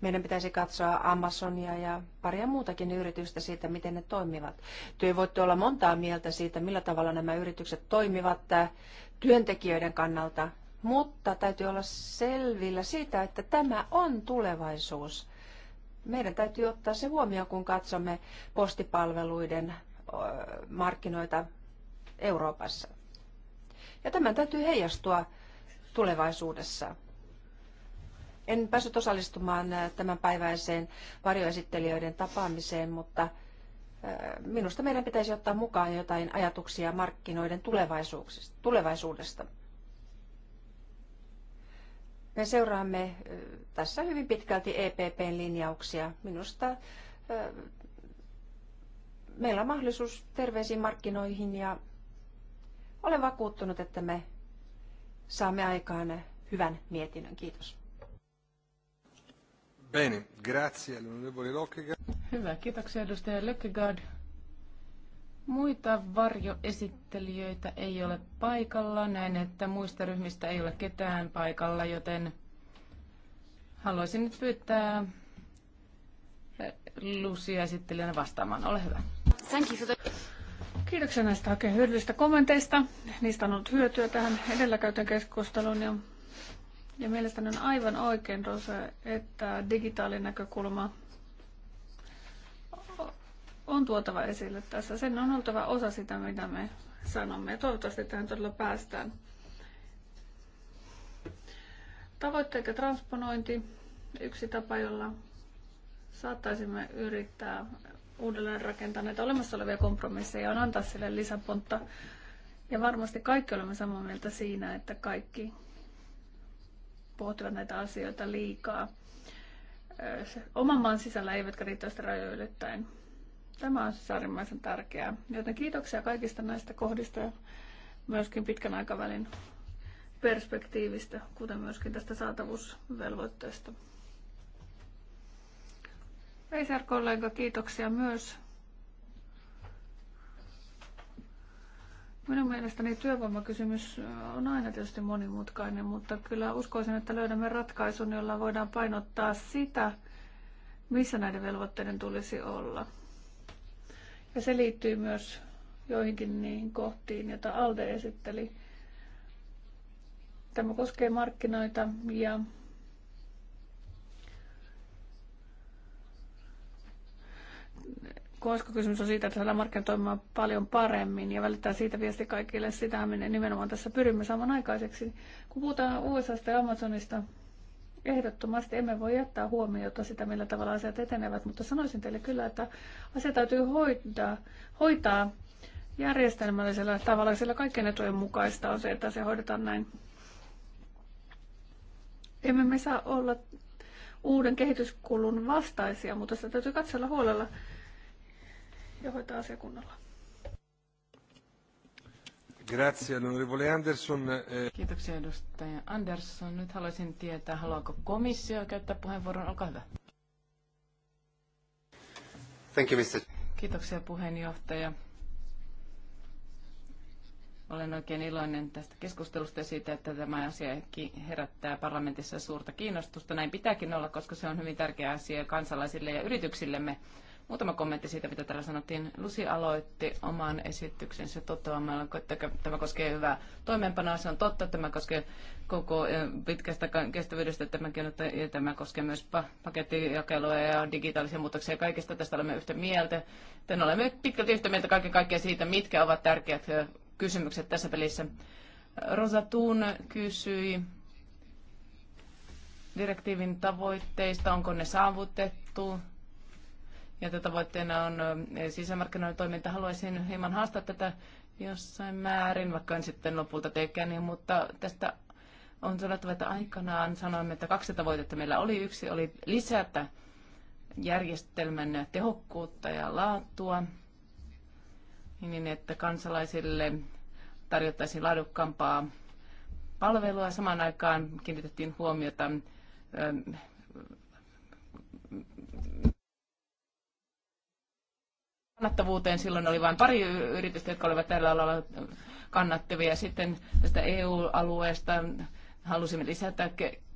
Meidän pitäisi katsoa Amazonia ja paria muutakin yritystä siitä, miten ne toimivat. Työ voitte olla montaa mieltä siitä, millä tavalla nämä yritykset toimivat äh, työntekijöiden kannalta, mutta täytyy olla selvillä siitä, että tämä on tulevaisuus. Meidän täytyy ottaa se huomioon, kun katsomme postipalveluiden markkinoita Euroopassa. Ja tämän täytyy heijastua tulevaisuudessa. En päässyt osallistumaan äh, tämän päiväiseen varjoesittelijöiden tapaamiseen, mutta äh, minusta meidän pitäisi ottaa mukaan jotain ajatuksia markkinoiden tulevaisuudesta. Me seuraamme äh, tässä hyvin pitkälti EPPn linjauksia. Minusta meillä on mahdollisuus terveisiin markkinoihin ja olen vakuuttunut, että me saamme aikaan hyvän mietinnön. Kiitos. Bene, grazie all'onorevole Hyvä, kiitoksia edustaja Lökkegaard. Muita varjoesittelijöitä ei ole paikalla. Näin, että muista ryhmistä ei ole ketään paikalla, joten haluaisin nyt pyytää Lucia esittelijänä vastaamaan. Ole hyvä. Thank you for the... Kiitoksia näistä oikein hyödyllisistä kommenteista. Niistä on ollut hyötyä tähän edelläkäytön keskusteluun. Ja ja mielestäni on aivan oikein, Rose, että digitaalinen näkökulma on tuotava esille tässä. Sen on oltava osa sitä, mitä me sanomme. Ja toivottavasti tähän todella päästään. Tavoitteet ja transponointi. Yksi tapa, jolla saattaisimme yrittää uudelleen rakentaa näitä olemassa olevia kompromisseja on antaa sille lisäpontta. Ja varmasti kaikki olemme samaa mieltä siinä, että kaikki pohtivat näitä asioita liikaa oman maan sisällä eivätkä riittävästi rajoja ylittäen. Tämä on siis äärimmäisen tärkeää. Joten kiitoksia kaikista näistä kohdista ja myöskin pitkän aikavälin perspektiivistä, kuten myöskin tästä saatavuusvelvoitteesta. Reisar kollega, kiitoksia myös Minun mielestäni työvoimakysymys äh, on aina tietysti monimutkainen, mutta kyllä uskoisin, että löydämme ratkaisun, jolla voidaan painottaa sitä, missä näiden velvoitteiden tulisi olla. Ja se liittyy myös joihinkin niihin kohtiin, joita Alde esitteli. Tämä koskee markkinoita ja koska kysymys on siitä, että saadaan markkinat toimimaan paljon paremmin ja välittää siitä viesti kaikille. Sitä me nimenomaan tässä pyrimme saamaan aikaiseksi. Kun puhutaan USAsta ja Amazonista, ehdottomasti emme voi jättää huomiota sitä, millä tavalla asiat etenevät, mutta sanoisin teille kyllä, että asia täytyy hoitaa, hoitaa järjestelmällisellä tavalla, sillä kaikkien etujen mukaista on se, että se hoidetaan näin. Emme me saa olla uuden kehityskulun vastaisia, mutta sitä täytyy katsella huolella ja hoitaa asia kunnolla. Eh, Kiitoksia, edustaja Andersson. Nyt haluaisin tietää, haluaako komissio käyttää puheenvuoron. Olkaa hyvä. Thank you, Mr. Kiitoksia, puheenjohtaja. Olen oikein iloinen tästä keskustelusta ja siitä, että tämä asia herättää parlamentissa suurta kiinnostusta. Näin pitääkin olla, koska se on hyvin tärkeä asia kansalaisille ja yrityksillemme. Muutama kommentti siitä, mitä täällä sanottiin. Lusi aloitti oman esityksensä toteamalla, että tämä koskee hyvää toimeenpanoa. Se on totta, että tämä koskee koko pitkästä kestävyydestä, tämäkin, ja tämä koskee myös pakettijakelua ja digitaalisia muutoksia. Kaikesta tästä olemme yhtä mieltä. Tän olemme pitkälti yhtä mieltä kaiken kaikkiaan siitä, mitkä ovat tärkeät kysymykset tässä pelissä. Rosa Thun kysyi direktiivin tavoitteista, onko ne saavutettu jota tavoitteena on sisämarkkinoiden toiminta. Haluaisin hieman haastaa tätä jossain määrin, vaikka en sitten lopulta teekään, niin, mutta tästä on sanottava, että aikanaan sanoimme, että kaksi tavoitetta meillä oli. Yksi oli lisätä järjestelmän tehokkuutta ja laatua niin, että kansalaisille tarjottaisiin laadukkaampaa palvelua. Samaan aikaan kiinnitettiin huomiota kannattavuuteen. Silloin oli vain pari yritystä, jotka olivat tällä alalla kannattavia. Sitten tästä EU-alueesta halusimme lisätä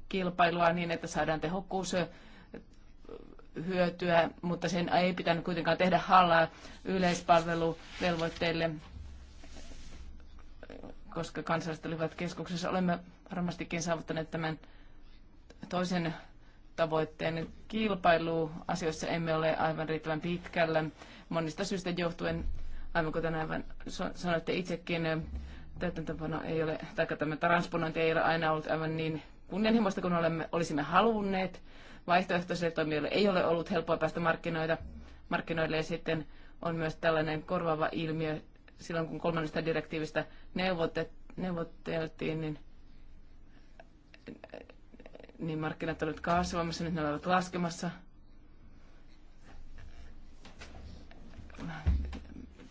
kilpailua niin, että saadaan tehokkuus hyötyä, mutta sen ei pitänyt kuitenkaan tehdä hallaa yleispalveluvelvoitteille, koska kansalaiset olivat keskuksessa. Olemme varmastikin saavuttaneet tämän toisen tavoitteen. Kilpailuasioissa emme ole aivan riittävän pitkällä monista syistä johtuen, aivan kuten aivan sanoitte itsekin, täytäntöpano ei ole, tai tämä transponointi ei ole aina ollut aivan niin kunnianhimoista kuin olemme, olisimme halunneet. Vaihtoehtoisille toimijoille ei ole ollut helppoa päästä markkinoita, markkinoille ja sitten on myös tällainen korvaava ilmiö silloin, kun kolmannesta direktiivistä neuvoteltiin, niin, niin markkinat olivat kasvamassa, nyt ne olivat laskemassa –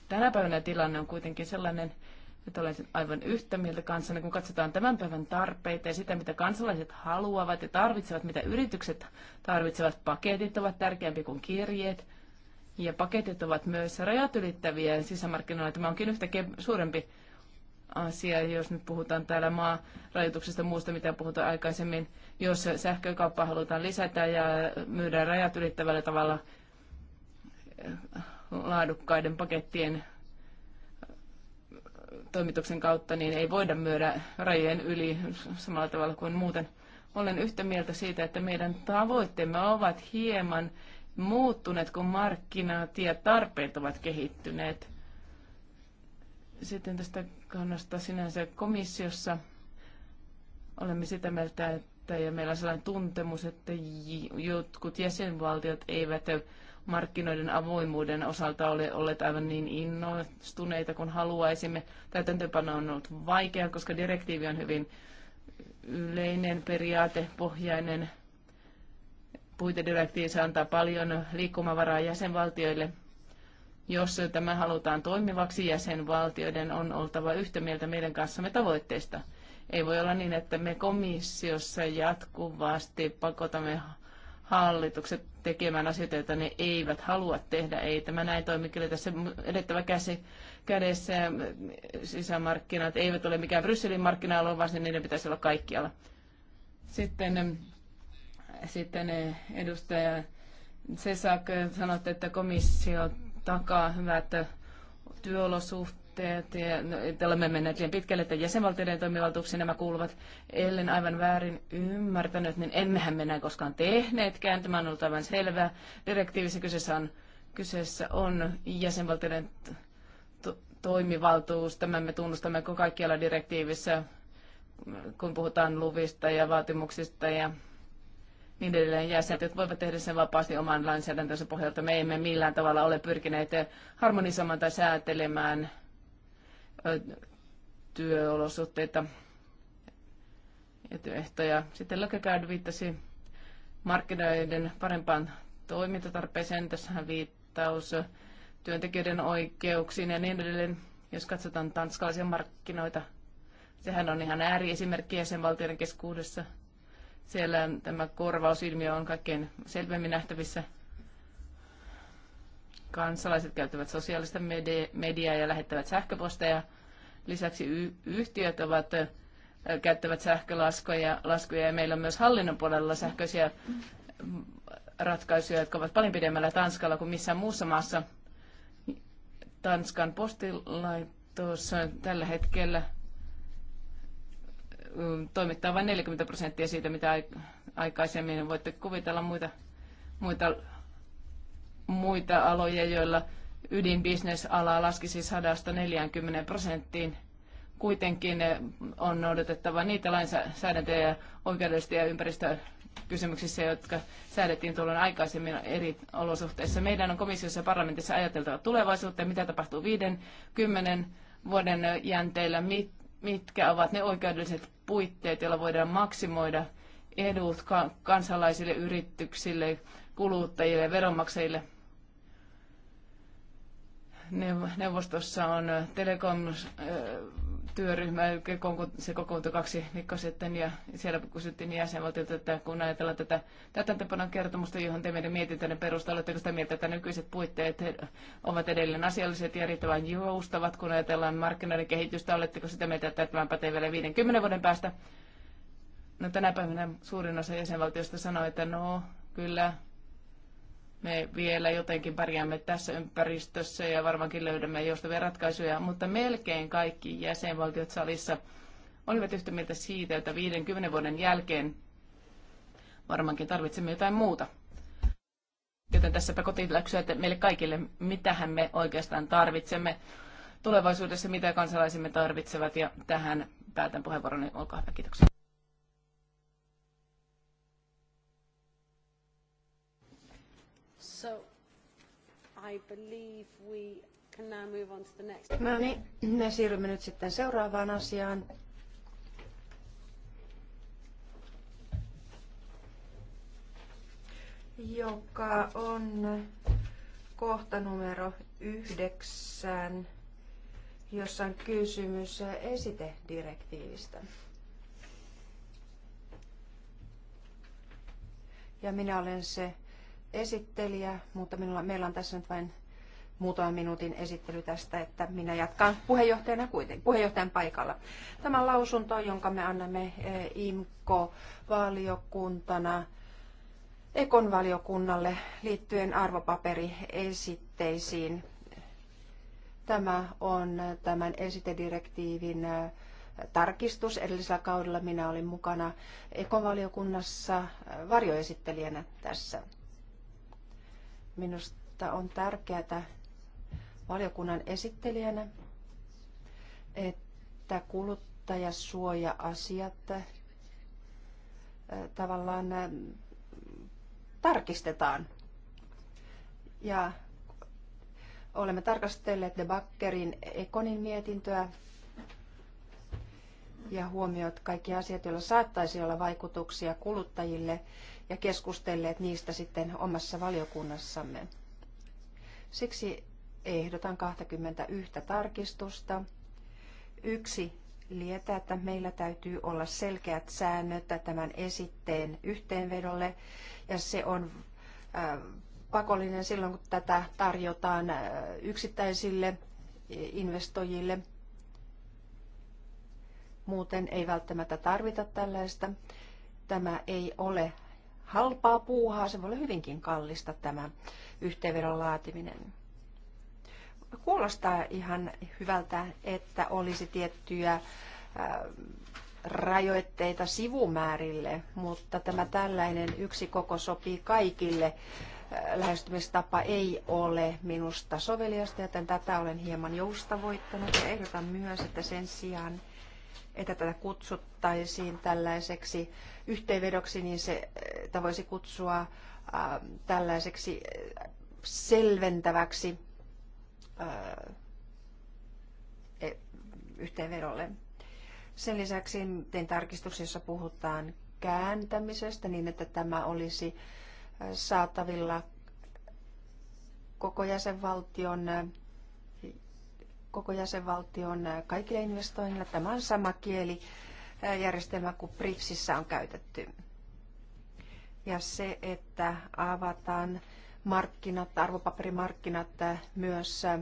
tänä päivänä tilanne on kuitenkin sellainen, että olen aivan yhtä mieltä kanssanne, kun katsotaan tämän päivän tarpeita ja sitä, mitä kansalaiset haluavat ja tarvitsevat, mitä yritykset tarvitsevat. Paketit ovat tärkeämpi kuin kirjeet ja paketit ovat myös rajat ylittäviä sisämarkkinoilla. Tämä onkin yhtäkin suurempi asia, jos nyt puhutaan täällä rajoituksesta muusta, mitä puhutaan aikaisemmin. Jos sähkökauppa halutaan lisätä ja myydään rajat ylittävällä tavalla laadukkaiden pakettien äh, toimituksen kautta, niin ei voida myydä rajojen yli samalla tavalla kuin muuten. Olen yhtä mieltä siitä, että meidän tavoitteemme ovat hieman muuttuneet, kun markkinat ja tarpeet ovat kehittyneet. Sitten tästä kannasta sinänsä komissiossa olemme sitä mieltä, että ja meillä on sellainen tuntemus, että jotkut jäsenvaltiot eivät markkinoiden avoimuuden osalta ole olleet aivan niin innostuneita kuin haluaisimme. Täytäntöpano on ollut vaikea, koska direktiivi on hyvin yleinen periaatepohjainen puitedirektiivi antaa paljon liikkumavaraa jäsenvaltioille. Jos tämä halutaan toimivaksi, jäsenvaltioiden on oltava yhtä mieltä meidän kanssamme tavoitteista. Ei voi olla niin, että me komissiossa jatkuvasti pakotamme hallitukset tekemään asioita, joita ne eivät halua tehdä. Ei tämä näin toimi. Kyllä tässä edettävä käsi kädessä sisämarkkinat eivät ole mikään Brysselin markkina-alue, vaan niiden pitäisi olla kaikkialla. Sitten, sitten edustaja Cesak sanoi, että komissio takaa hyvät työolosuhteet te, te, no, liian pitkälle, että jäsenvaltioiden toimivaltuuksiin nämä kuuluvat. Ellen aivan väärin ymmärtänyt, niin emmehän mennä koskaan tehneetkään. Tämä on ollut aivan selvää. Direktiivissä kyseessä on, kyseessä on jäsenvaltioiden to, toimivaltuus. Tämän me tunnustamme kaikkialla direktiivissä, kun puhutaan luvista ja vaatimuksista ja niin edelleen jäsenet voivat tehdä sen vapaasti oman lainsäädäntönsä pohjalta. Me emme millään tavalla ole pyrkineet harmonisoimaan tai säätelemään työolosuhteita ja työehtoja. Sitten Lökegaard viittasi markkinoiden parempaan toimintatarpeeseen. Tässähän viittaus työntekijöiden oikeuksiin ja niin edelleen. Jos katsotaan tanskalaisia markkinoita, sehän on ihan ääriesimerkki jäsenvaltioiden keskuudessa. Siellä tämä korvausilmiö on kaikkein selvemmin nähtävissä – Kansalaiset käyttävät sosiaalista mediaa ja lähettävät sähköposteja. Lisäksi yhtiöt ovat käyttävät sähkölaskuja laskuja, ja meillä on myös hallinnon puolella sähköisiä ratkaisuja, jotka ovat paljon pidemmällä Tanskalla kuin missään muussa maassa. Tanskan postilaitos tällä hetkellä toimittaa vain 40 prosenttia siitä, mitä aikaisemmin voitte kuvitella muita, muita muita aloja, joilla ydinbisnesala laskisi siis 140 prosenttiin. Kuitenkin eh, on noudatettava niitä lainsäädäntöjä ja oikeudellisesti ja ympäristökysymyksissä, jotka säädettiin tuolloin aikaisemmin eri olosuhteissa. Meidän on komissiossa ja parlamentissa ajateltava tulevaisuutta, mitä tapahtuu 50 vuoden jänteillä, mitkä ovat ne oikeudelliset puitteet, joilla voidaan maksimoida edut kansalaisille, yrityksille, kuluttajille ja veronmaksajille. Neuvostossa on telekom-työryhmä, se kokoontui kaksi viikkoa sitten ja siellä kysyttiin niin jäsenvaltiolta, että kun ajatellaan tätä täytäntöpanon kertomusta, johon te meidän mietintönne perusta, oletteko sitä mieltä, että nykyiset puitteet ovat edelleen asialliset ja riittävän joustavat, kun ajatellaan markkinoiden kehitystä, oletteko sitä mieltä, että tämä pätee vielä 50 vuoden päästä? No tänä päivänä suurin osa jäsenvaltiosta sanoi, että no, kyllä, me vielä jotenkin pärjäämme tässä ympäristössä ja varmaankin löydämme joustavia ratkaisuja, mutta melkein kaikki jäsenvaltiot salissa olivat yhtä mieltä siitä, että 50 vuoden jälkeen varmaankin tarvitsemme jotain muuta. Joten tässäpä kotiläksyä että meille kaikille, mitähän me oikeastaan tarvitsemme tulevaisuudessa, mitä kansalaisimme tarvitsevat ja tähän päätän puheenvuoroni. Olkaa hyvä, kiitoksia. I believe we can now move on to the next. No niin, me siirrymme nyt sitten seuraavaan asiaan. joka on kohta numero yhdeksän, jossa on kysymys esitedirektiivistä. Ja minä olen se esittelijä, mutta minulla, meillä on tässä nyt vain muutaman minuutin esittely tästä, että minä jatkan puheenjohtajana kuitenkin, puheenjohtajan paikalla. Tämä lausunto, jonka me annamme eh, IMKO-valiokuntana Ekon valiokunnalle liittyen arvopaperiesitteisiin. Tämä on tämän esitedirektiivin eh, tarkistus. Edellisellä kaudella minä olin mukana Ekon valiokunnassa eh, varjoesittelijänä tässä Minusta on tärkeää valiokunnan esittelijänä, että kuluttajasuoja-asiat tavallaan tarkistetaan. Ja olemme tarkastelleet Debakkerin Ekonin mietintöä ja huomioit kaikki asiat, joilla saattaisi olla vaikutuksia kuluttajille ja keskustelleet niistä sitten omassa valiokunnassamme. Siksi ehdotan 21 tarkistusta. Yksi lietää, että meillä täytyy olla selkeät säännöt tämän esitteen yhteenvedolle ja se on äh, pakollinen silloin, kun tätä tarjotaan äh, yksittäisille investoijille. Muuten ei välttämättä tarvita tällaista. Tämä ei ole halpaa puuhaa, se voi olla hyvinkin kallista tämä yhteenvedon laatiminen. Kuulostaa ihan hyvältä, että olisi tiettyjä äh, rajoitteita sivumäärille, mutta tämä tällainen yksi koko sopii kaikille äh, lähestymistapa ei ole minusta soveliasta, joten tätä olen hieman joustavoittanut ja ehdotan myös, että sen sijaan, että tätä kutsuttaisiin tällaiseksi yhteenvedoksi, niin se eh, voisi kutsua eh, tällaiseksi eh, selventäväksi e, yhteenvedolle. Sen lisäksi tein tarkistuksen, jossa puhutaan kääntämisestä niin, että tämä olisi saatavilla koko jäsenvaltion, koko jäsenvaltion kaikille investoinnille. Tämä on sama kieli järjestelmä kuin BRICSissä on käytetty. Ja se, että avataan markkinat, arvopaperimarkkinat äh, myös äh,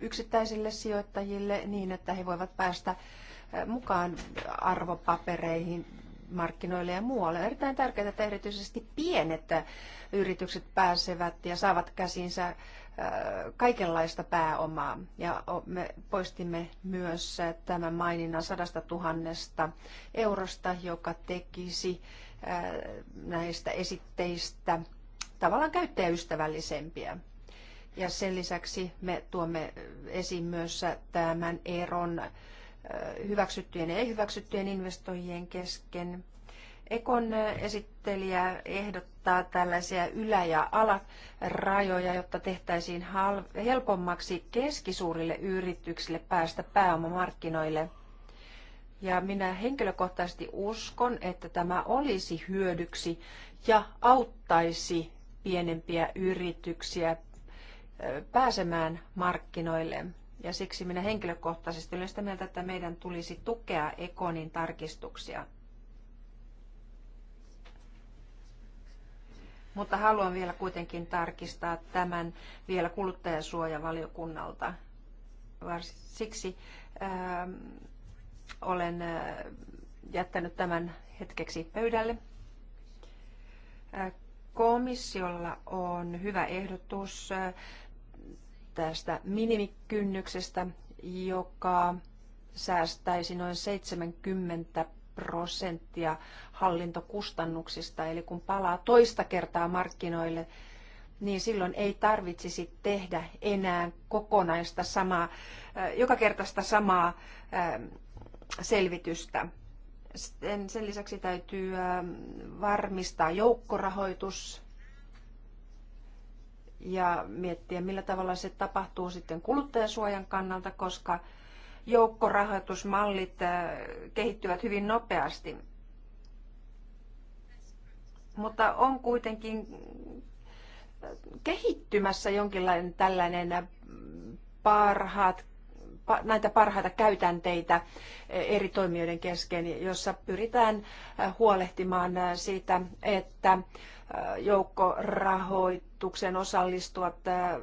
yksittäisille sijoittajille niin, että he voivat päästä äh, mukaan arvopapereihin, markkinoille ja muualle. On erittäin tärkeää, että erityisesti pienet yritykset pääsevät ja saavat käsinsä kaikenlaista pääomaa. Ja me poistimme myös tämän maininnan sadasta tuhannesta eurosta, joka tekisi näistä esitteistä tavallaan käyttäjäystävällisempiä. Ja sen lisäksi me tuomme esiin myös tämän eron hyväksyttyjen ja ei-hyväksyttyjen investoijien kesken Ekon esittelijä ehdottaa tällaisia ylä- ja alarajoja, jotta tehtäisiin helpommaksi keskisuurille yrityksille päästä pääomamarkkinoille. Ja minä henkilökohtaisesti uskon, että tämä olisi hyödyksi ja auttaisi pienempiä yrityksiä pääsemään markkinoille. Ja siksi minä henkilökohtaisesti olen sitä mieltä, että meidän tulisi tukea Ekonin tarkistuksia. Mutta haluan vielä kuitenkin tarkistaa tämän vielä kuluttajasuojavaliokunnalta. Siksi äh, olen äh, jättänyt tämän hetkeksi pöydälle. Äh, komissiolla on hyvä ehdotus äh, tästä minimikynnyksestä, joka säästäisi noin 70 prosenttia hallintokustannuksista. Eli kun palaa toista kertaa markkinoille, niin silloin ei tarvitsisi tehdä enää kokonaista samaa, äh, joka kertaista samaa ähm, selvitystä. Sitten sen lisäksi täytyy ähm, varmistaa joukkorahoitus ja miettiä, millä tavalla se tapahtuu sitten kuluttajasuojan kannalta, koska joukkorahoitusmallit äh, kehittyvät hyvin nopeasti. Mutta on kuitenkin kehittymässä jonkinlainen tällainen parhaat näitä parhaita käytänteitä eh, eri toimijoiden kesken, jossa pyritään eh, huolehtimaan eh, siitä, että joukkorahoituksen osallistuvat,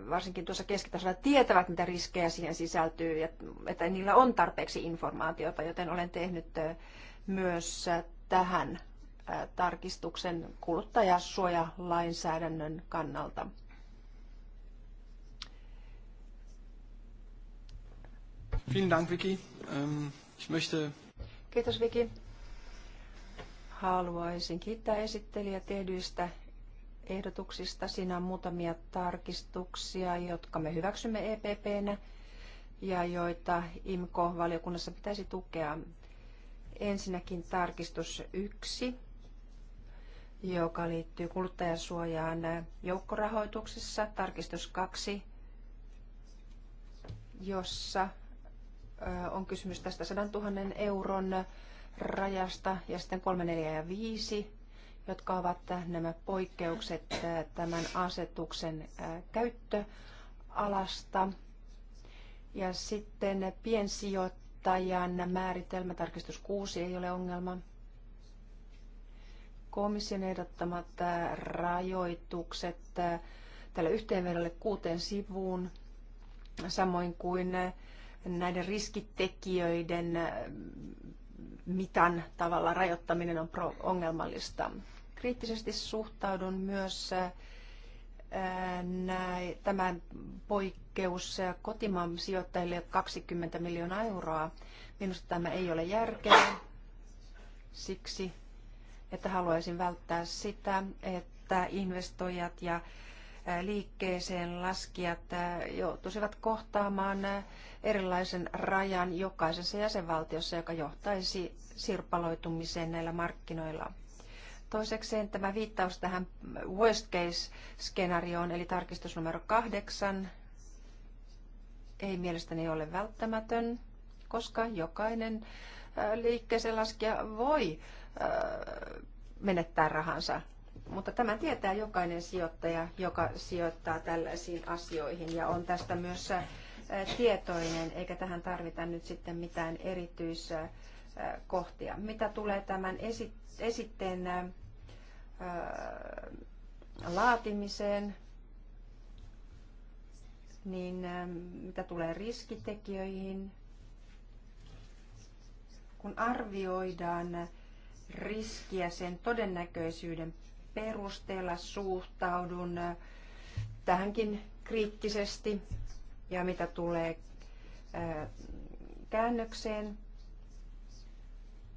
varsinkin tuossa keskitasolla, tietävät, mitä riskejä siihen sisältyy ja että niillä on tarpeeksi informaatiota, joten olen tehnyt myös tähän tarkistuksen kuluttajasuojalainsäädännön kannalta. Vielen Dank, Vicky. Ähm, ich möchte... Kiitos, Vicky. Haluaisin kiittää esittelijä tehdyistä ehdotuksista. Siinä on muutamia tarkistuksia, jotka me hyväksymme EPPnä ja joita IMKO-valiokunnassa pitäisi tukea. Ensinnäkin tarkistus 1, joka liittyy kuluttajasuojaan joukkorahoituksessa. Tarkistus 2, jossa on kysymys tästä 100 000 euron rajasta ja sitten 3, 4 ja 5, jotka ovat äh, nämä poikkeukset äh, tämän asetuksen äh, käyttöalasta. Ja sitten piensijoittajan määritelmä, tarkistus 6 ei ole ongelma. Komission ehdottamat rajoitukset tällä yhteenvedolle kuuteen sivuun, samoin kuin näiden riskitekijöiden äh, mitan tavalla rajoittaminen on ongelmallista. Kriittisesti suhtaudun myös äh, tämän poikkeus äh, kotimaan sijoittajille 20 miljoonaa euroa. Minusta tämä ei ole järkevää siksi, että haluaisin välttää sitä, että investoijat ja liikkeeseen laskijat joutuisivat kohtaamaan erilaisen rajan jokaisessa jäsenvaltiossa, joka johtaisi sirpaloitumiseen näillä markkinoilla. Toisekseen tämä viittaus tähän worst case-skenaarioon, eli tarkistus numero kahdeksan, ei mielestäni ole välttämätön, koska jokainen äh, liikkeeseen laskija voi äh, menettää rahansa. Mutta tämä tietää jokainen sijoittaja, joka sijoittaa tällaisiin asioihin ja on tästä myös äh, tietoinen, eikä tähän tarvita nyt sitten mitään erityiskohtia. Mitä tulee tämän esitteen laatimiseen, niin mitä tulee riskitekijöihin, kun arvioidaan riskiä sen todennäköisyyden perusteella suhtaudun tähänkin kriittisesti ja mitä tulee käännökseen,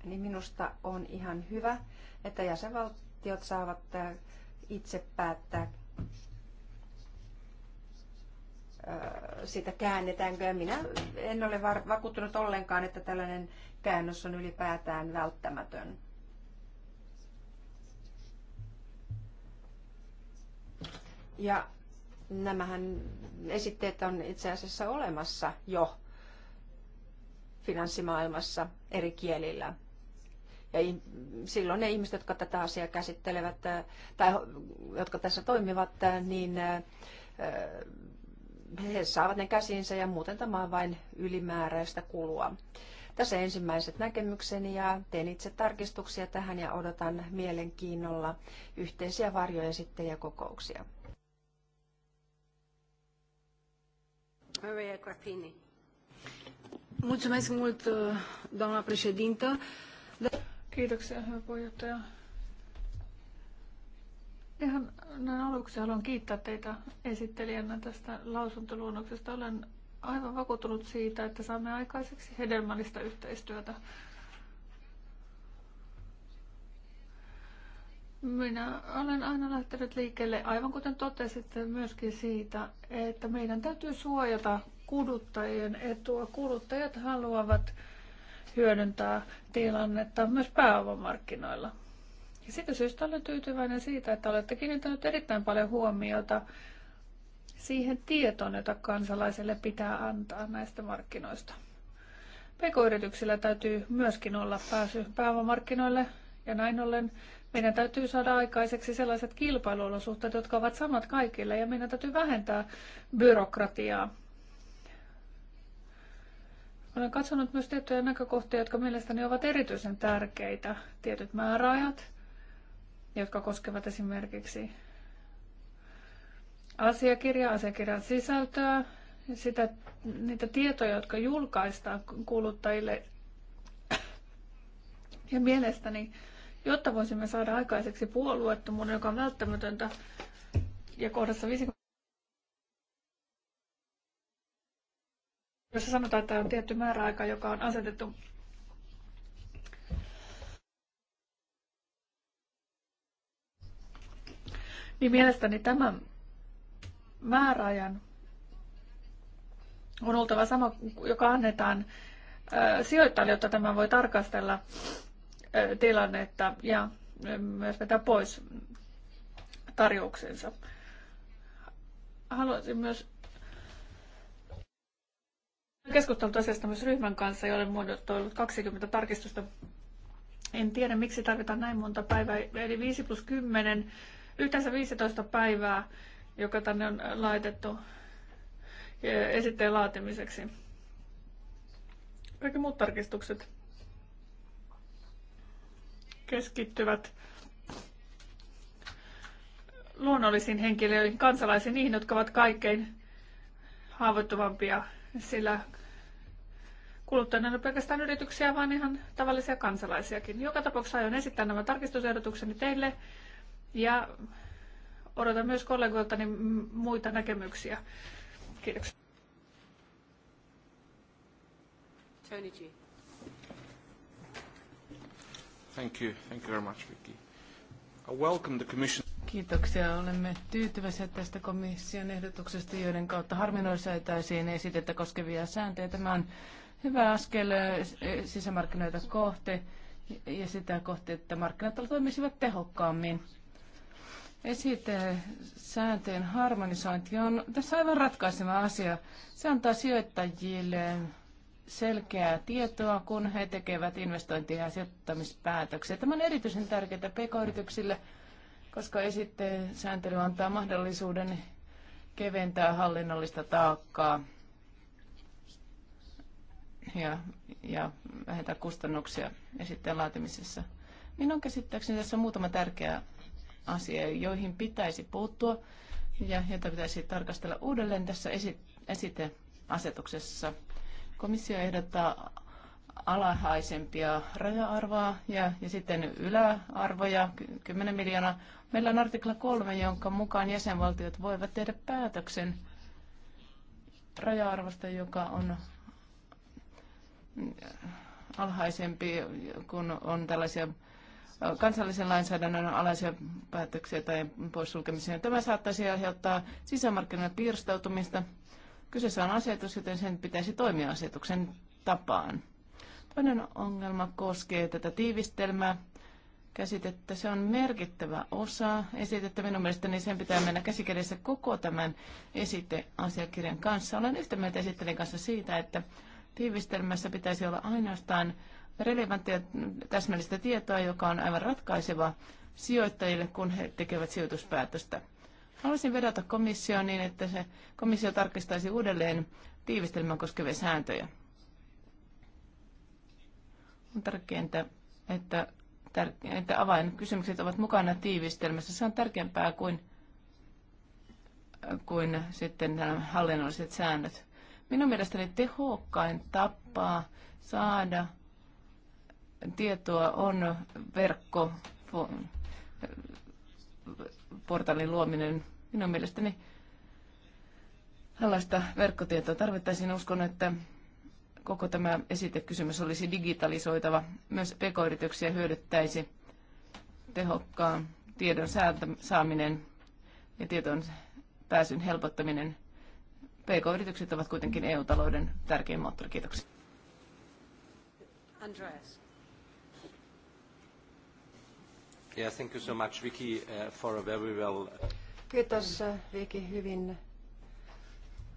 niin minusta on ihan hyvä, että jäsenvaltiot saavat itse päättää sitä käännetäänkö. Ja minä en ole vakuuttunut ollenkaan, että tällainen käännös on ylipäätään välttämätön. Ja nämähän esitteet on itse asiassa olemassa jo finanssimaailmassa eri kielillä. Ja silloin ne ihmiset, jotka tätä asiaa käsittelevät äh, tai jotka tässä toimivat, äh, niin äh, he saavat ne käsiinsä ja muuten tämä on vain ylimääräistä kulua. Tässä ensimmäiset näkemykseni ja teen itse tarkistuksia tähän ja odotan mielenkiinnolla yhteisiä ja kokouksia. Maria Grappini. Mulțumesc mult, uh, doamna președintă. Kiitoksia, hyvä Ihan näin aluksi haluan kiittää teitä esittelijänä tästä lausuntoluonnoksesta. Olen aivan vakuuttunut siitä, että saamme aikaiseksi hedelmällistä yhteistyötä Minä olen aina lähtenyt liikkeelle, aivan kuten totesitte, myöskin siitä, että meidän täytyy suojata kuluttajien etua. Kuluttajat haluavat hyödyntää tilannetta myös pääomamarkkinoilla. Ja siitä syystä olen tyytyväinen siitä, että olette kiinnittäneet erittäin paljon huomiota siihen tietoon, jota kansalaiselle pitää antaa näistä markkinoista. PK-yrityksillä täytyy myöskin olla pääsy pääomamarkkinoille ja näin ollen meidän täytyy saada aikaiseksi sellaiset kilpailuolosuhteet, jotka ovat samat kaikille ja meidän täytyy vähentää byrokratiaa. Olen katsonut myös tiettyjä näkökohtia, jotka mielestäni ovat erityisen tärkeitä. Tietyt määräajat, jotka koskevat esimerkiksi asiakirjaa, asiakirjan sisältöä, sitä, niitä tietoja, jotka julkaistaan kuluttajille. Ja mielestäni jotta voisimme saada aikaiseksi puolueettomuuden, joka on välttämätöntä. Ja kohdassa 50, jossa sanotaan, että on tietty määräaika, joka on asetettu niin mielestäni tämän määräajan on oltava sama, joka annetaan sijoittajalle, jotta tämä voi tarkastella tilannetta ja myös vetää pois tarjouksensa. Haluaisin myös keskustellut asiasta myös ryhmän kanssa, jolle muodostunut 20 tarkistusta. En tiedä, miksi tarvitaan näin monta päivää, eli 5 plus 10, yhteensä 15 päivää, joka tänne on laitettu esitteen laatimiseksi. Kaikki muut tarkistukset keskittyvät luonnollisiin henkilöihin, kansalaisiin, niihin, jotka ovat kaikkein haavoittuvampia, sillä kuluttajana on pelkästään yrityksiä, vaan ihan tavallisia kansalaisiakin. Joka tapauksessa aion esittää nämä tarkistusehdotukseni teille ja odotan myös kollegoiltani muita näkemyksiä. Kiitoksia. Tony G. Thank you. Thank you very much, Vicky. I welcome the commission. Kiitoksia. Olemme tyytyväisiä tästä komission ehdotuksesta, joiden kautta harmonisoitaisiin esitettä koskevia sääntöjä. Tämä on hyvä askel eh, sisämarkkinoita kohti ja sitä kohti, että markkinat toimisivat tehokkaammin. Esite sääntöjen harmonisointi on tässä aivan ratkaiseva asia. Se antaa sijoittajille selkeää tietoa, kun he tekevät investointi- ja sijoittamispäätöksiä. Tämä on erityisen tärkeää pk-yrityksille, koska esitteen sääntely antaa mahdollisuuden keventää hallinnollista taakkaa ja, ja vähentää kustannuksia esitteen laatimisessa. Minun käsittääkseni tässä on muutama tärkeä asia, joihin pitäisi puuttua ja jota pitäisi tarkastella uudelleen tässä esiteasetuksessa. Komissio ehdottaa alhaisempia raja-arvoa ja, ja sitten yläarvoja 10 miljoonaa. Meillä on artikla 3, jonka mukaan jäsenvaltiot voivat tehdä päätöksen raja-arvosta, joka on alhaisempi, kun on tällaisia kansallisen lainsäädännön alaisia päätöksiä tai poissulkemisia. Tämä saattaisi aiheuttaa sisämarkkinoiden pirstautumista Kyseessä on asetus, joten sen pitäisi toimia asetuksen tapaan. Toinen ongelma koskee tätä tiivistelmää käsitettä. Se on merkittävä osa esitettä. Minun mielestäni sen pitää mennä käsikädessä koko tämän esiteasiakirjan kanssa. Olen yhtä mieltä esittelijän kanssa siitä, että tiivistelmässä pitäisi olla ainoastaan relevanttia täsmällistä tietoa, joka on aivan ratkaiseva sijoittajille, kun he tekevät sijoituspäätöstä. Haluaisin vedota komissioon niin, että se komissio tarkistaisi uudelleen tiivistelmää koskevia sääntöjä. On tärkeintä, että, että avainkysymykset ovat mukana tiivistelmässä. Se on tärkeämpää kuin, kuin sitten nämä hallinnolliset säännöt. Minun mielestäni tehokkain tapa saada tietoa on verkko portaalin luominen. Minun mielestäni tällaista verkkotietoa tarvittaisiin. Uskon, että koko tämä esitekysymys olisi digitalisoitava. Myös pk-yrityksiä hyödyttäisi tehokkaan tiedon saaminen ja tietoon pääsyn helpottaminen. PK-yritykset ovat kuitenkin EU-talouden tärkein moottori. Kiitoksia. Andreas. Yeah, thank you so much, Vicky, uh, for a very well... Uh, Kiitos uh, Viki hyvin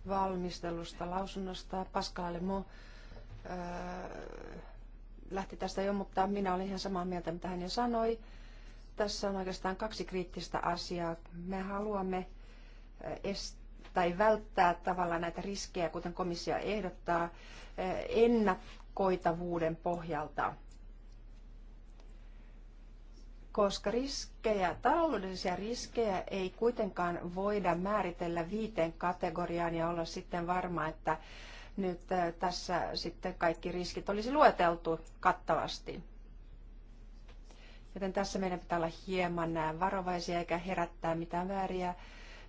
valmistelusta lausunnosta. Pascal Mo lähti tästä jo, mutta minä olin ihan samaa mieltä, mitä hän jo sanoi. Tässä on oikeastaan kaksi kriittistä asiaa. Me haluamme estää tai välttää tavallaan näitä riskejä, kuten komissio ehdottaa, ennakoitavuuden pohjalta koska riskejä, taloudellisia riskejä ei kuitenkaan voida määritellä viiteen kategoriaan ja olla sitten varma, että nyt äh, tässä sitten kaikki riskit olisi lueteltu kattavasti. Joten tässä meidän pitää olla hieman äh, varovaisia eikä herättää mitään vääriä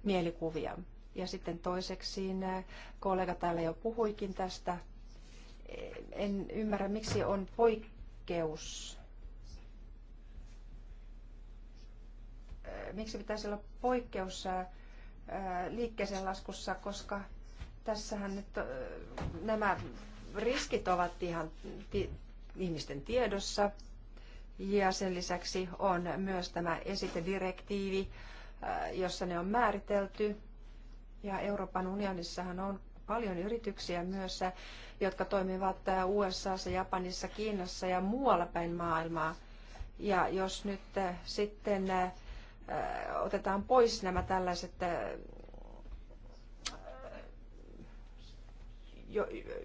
mielikuvia. Ja sitten toiseksi, äh, kollega täällä jo puhuikin tästä, en ymmärrä miksi on poikkeus miksi pitäisi olla poikkeus äh, äh, liikkeeseen laskussa, koska tässähän nyt äh, nämä riskit ovat ihan ihmisten tiedossa. Ja sen lisäksi on myös tämä esitedirektiivi, jossa ne on määritelty. Ja Euroopan unionissahan on paljon yrityksiä myös, jotka toimivat USA, Japanissa, Kiinassa ja muualla päin maailmaa. Ja jos nyt sitten otetaan pois nämä tällaiset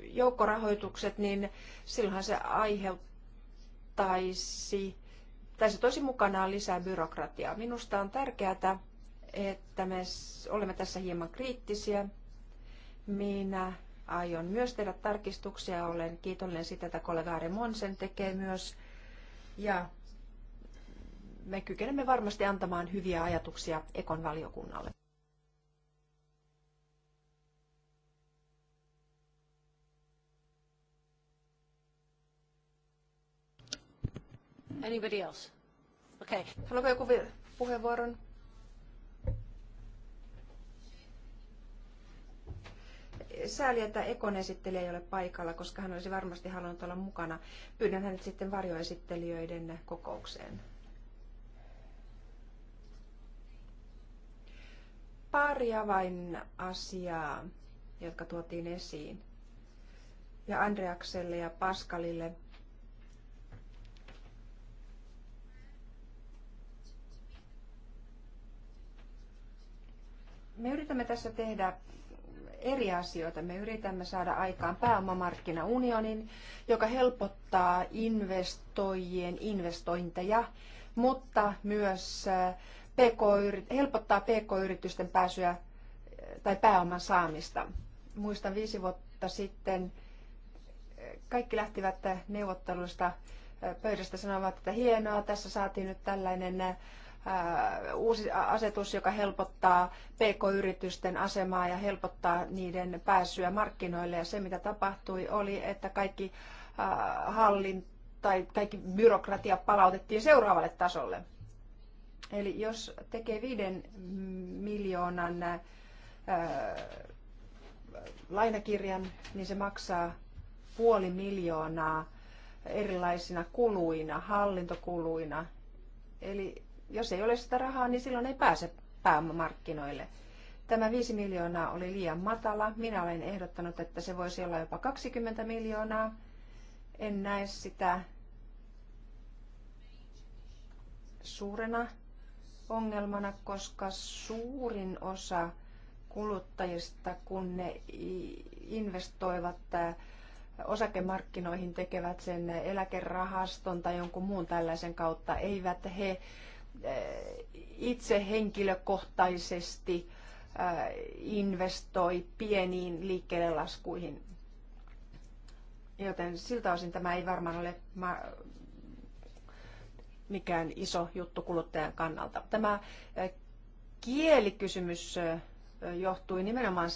joukkorahoitukset, niin silloinhan se aiheuttaisi, tai se toisi mukanaan lisää byrokratiaa. Minusta on tärkeää, että me olemme tässä hieman kriittisiä. Minä aion myös tehdä tarkistuksia. Olen kiitollinen siitä, että kollega Monsen tekee myös. Ja me kykenemme varmasti antamaan hyviä ajatuksia Ekon valiokunnalle. Anybody else? Okay. Haluaako joku puheenvuoron? Sääli, että Ekon esittelijä ei ole paikalla, koska hän olisi varmasti halunnut olla mukana. Pyydän hänet sitten varjoesittelijöiden kokoukseen. pari avain asiaa, jotka tuotiin esiin. Ja Andreakselle ja Paskalille. Me yritämme tässä tehdä eri asioita. Me yritämme saada aikaan pääomamarkkinaunionin, joka helpottaa investoijien investointeja, mutta myös äh, PK, helpottaa pk-yritysten pääsyä eh, tai pääoman saamista. Muistan viisi vuotta sitten eh, kaikki lähtivät neuvotteluista eh, pöydästä sanovat, että hienoa, tässä saatiin nyt tällainen uusi asetus, joka helpottaa pk-yritysten asemaa ja helpottaa niiden pääsyä markkinoille. Ja se, mitä tapahtui, oli, että kaikki hallin tai kaikki byrokratia palautettiin seuraavalle tasolle. Eli jos tekee viiden miljoonan ää, lainakirjan, niin se maksaa puoli miljoonaa erilaisina kuluina, hallintokuluina. Eli jos ei ole sitä rahaa, niin silloin ei pääse pääomamarkkinoille. Tämä 5 miljoonaa oli liian matala. Minä olen ehdottanut, että se voisi olla jopa 20 miljoonaa. En näe sitä suurena ongelmana, koska suurin osa kuluttajista, kun ne investoivat äh, osakemarkkinoihin, tekevät sen eläkerahaston tai jonkun muun tällaisen kautta, eivät he äh, itse henkilökohtaisesti äh, investoi pieniin liikkeellelaskuihin. Joten siltä osin tämä ei varmaan ole mikään iso juttu kuluttajan kannalta. Tämä eh, kielikysymys eh, johtui nimenomaan,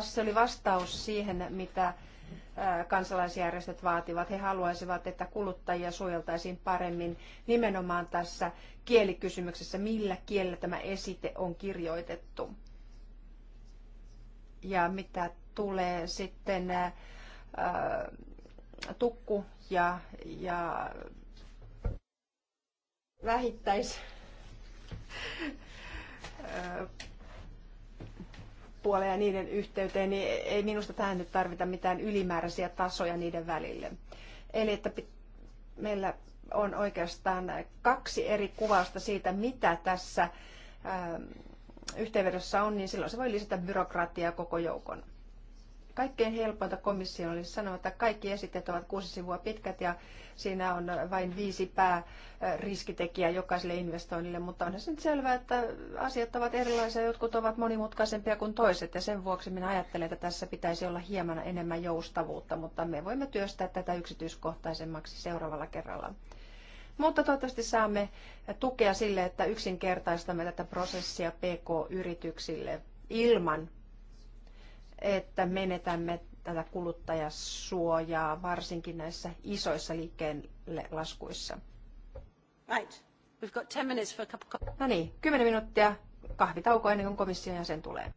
se oli vastaus siihen, mitä eh, kansalaisjärjestöt vaativat. He haluaisivat, että kuluttajia suojeltaisiin paremmin nimenomaan tässä kielikysymyksessä, millä kielellä tämä esite on kirjoitettu. Ja mitä tulee sitten tukku ja, ja vähittäis puoleen ja niiden yhteyteen, niin ei minusta tähän nyt tarvita mitään ylimääräisiä tasoja niiden välille. Eli että meillä on oikeastaan kaksi eri kuvausta siitä, mitä tässä yhteenvedossa on, niin silloin se voi lisätä byrokratiaa koko joukon. Kaikkein helpointa komissiolle olisi sanoa, että kaikki esitteet ovat kuusi sivua pitkät ja siinä on vain viisi pääriskitekijää jokaiselle investoinnille, mutta onhan se nyt selvää, että asiat ovat erilaisia, jotkut ovat monimutkaisempia kuin toiset ja sen vuoksi minä ajattelen, että tässä pitäisi olla hieman enemmän joustavuutta, mutta me voimme työstää tätä yksityiskohtaisemmaksi seuraavalla kerralla. Mutta toivottavasti saamme tukea sille, että yksinkertaistamme tätä prosessia PK-yrityksille ilman, että menetämme tätä kuluttajasuojaa, varsinkin näissä isoissa liikkeelle laskuissa. Right. We've got 10 minutes for a cup of coffee. No niin, 10 minuuttia kahvitauko ennen kuin komission jäsen tulee.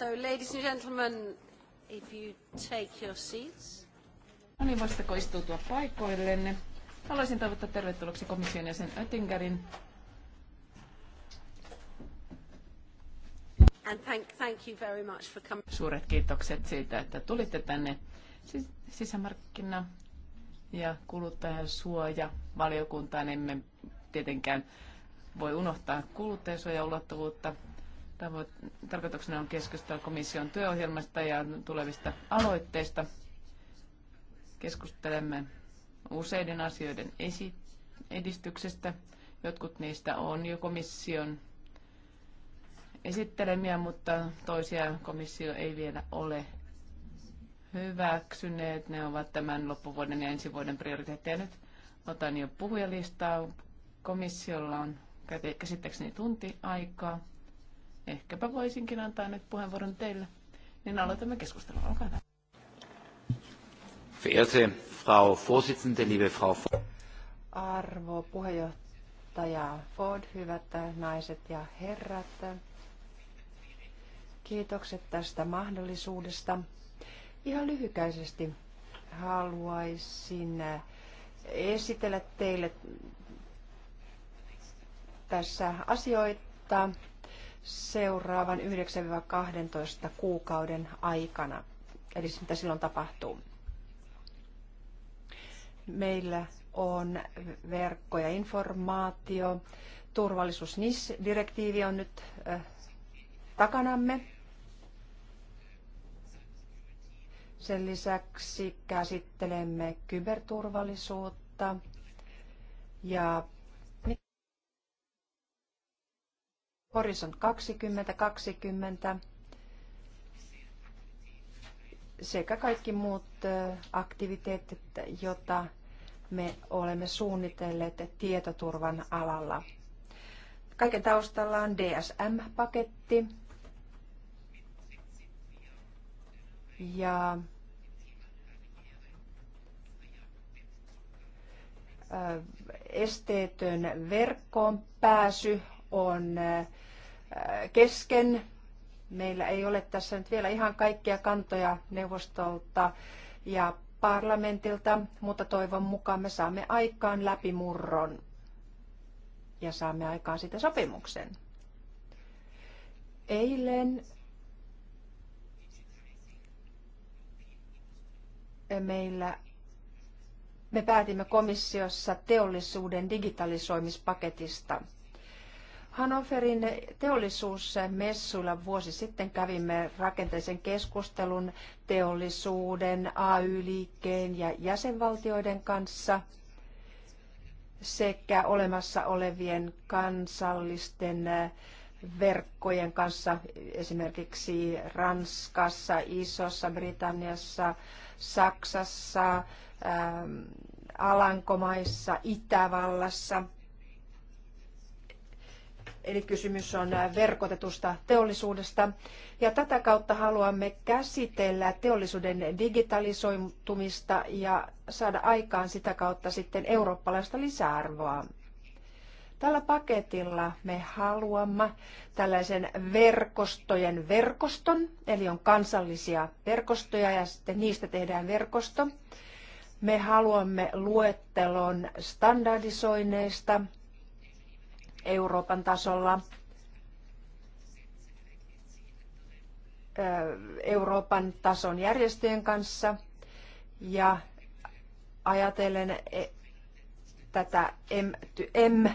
So, ladies and gentlemen, if you take your seats. No niin, voisitteko istuutua paikoillenne? Haluaisin toivottaa tervetulleeksi komission jäsen Oettingerin. And thank, thank you very much for coming. Suuret kiitokset siitä, että tulitte tänne Sis- sisämarkkina- ja kuluttajansuoja valiokuntaan. Emme tietenkään voi unohtaa kuluttajansuojaulottuvuutta Tarkoituksena on keskustella komission työohjelmasta ja tulevista aloitteista. Keskustelemme useiden asioiden esi- edistyksestä. Jotkut niistä on jo komission esittelemiä, mutta toisia komissio ei vielä ole hyväksyneet. Ne ovat tämän loppuvuoden ja ensi vuoden prioriteetteja. Nyt otan jo puhujalistaa. Komissiolla on käsittääkseni tunti aikaa. Ehkäpä voisinkin antaa nyt puheenvuoron teille, niin aloitamme keskustelun. Olkaa hyvä. Verehrte Frau Vorsitzende, liebe Frau Arvo puheenjohtaja Ford, hyvät naiset ja herrat. Kiitokset tästä mahdollisuudesta. Ihan lyhykäisesti haluaisin esitellä teille tässä asioita, seuraavan 9-12 kuukauden aikana. Eli mitä silloin tapahtuu? Meillä on verkko ja informaatio. direktiivi on nyt takanamme. Sen lisäksi käsittelemme kyberturvallisuutta ja Horizon 2020 sekä kaikki muut aktiviteetit, joita me olemme suunnitelleet tietoturvan alalla. Kaiken taustalla on DSM-paketti ja esteetön verkkoon pääsy on äh, kesken. Meillä ei ole tässä nyt vielä ihan kaikkia kantoja neuvostolta ja parlamentilta, mutta toivon mukaan me saamme aikaan läpimurron ja saamme aikaan sitä sopimuksen. Eilen meillä me päätimme komissiossa teollisuuden digitalisoimispaketista – Hannoverin teollisuusmessuilla vuosi sitten kävimme rakenteisen keskustelun teollisuuden, AY-liikkeen ja jäsenvaltioiden kanssa sekä olemassa olevien kansallisten verkkojen kanssa esimerkiksi Ranskassa, Isossa Britanniassa, Saksassa, Alankomaissa, Itävallassa – Eli kysymys on äh, verkotetusta teollisuudesta. Ja tätä kautta haluamme käsitellä teollisuuden digitalisoitumista ja saada aikaan sitä kautta sitten eurooppalaista lisäarvoa. Tällä paketilla me haluamme tällaisen verkostojen verkoston, eli on kansallisia verkostoja ja sitten niistä tehdään verkosto. Me haluamme luettelon standardisoineista, Euroopan tasolla. Euroopan tason järjestöjen kanssa ja ajatellen e, tätä M,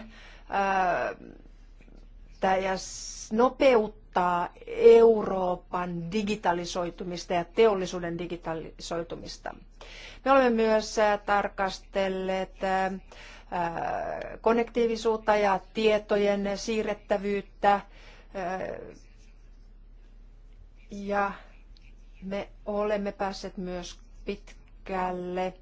ja nopeuttaa Euroopan digitalisoitumista ja teollisuuden digitalisoitumista. Me olemme myös tarkastelleet konnektiivisuutta ja tietojen siirrettävyyttä. Ja me olemme päässeet myös pitkälle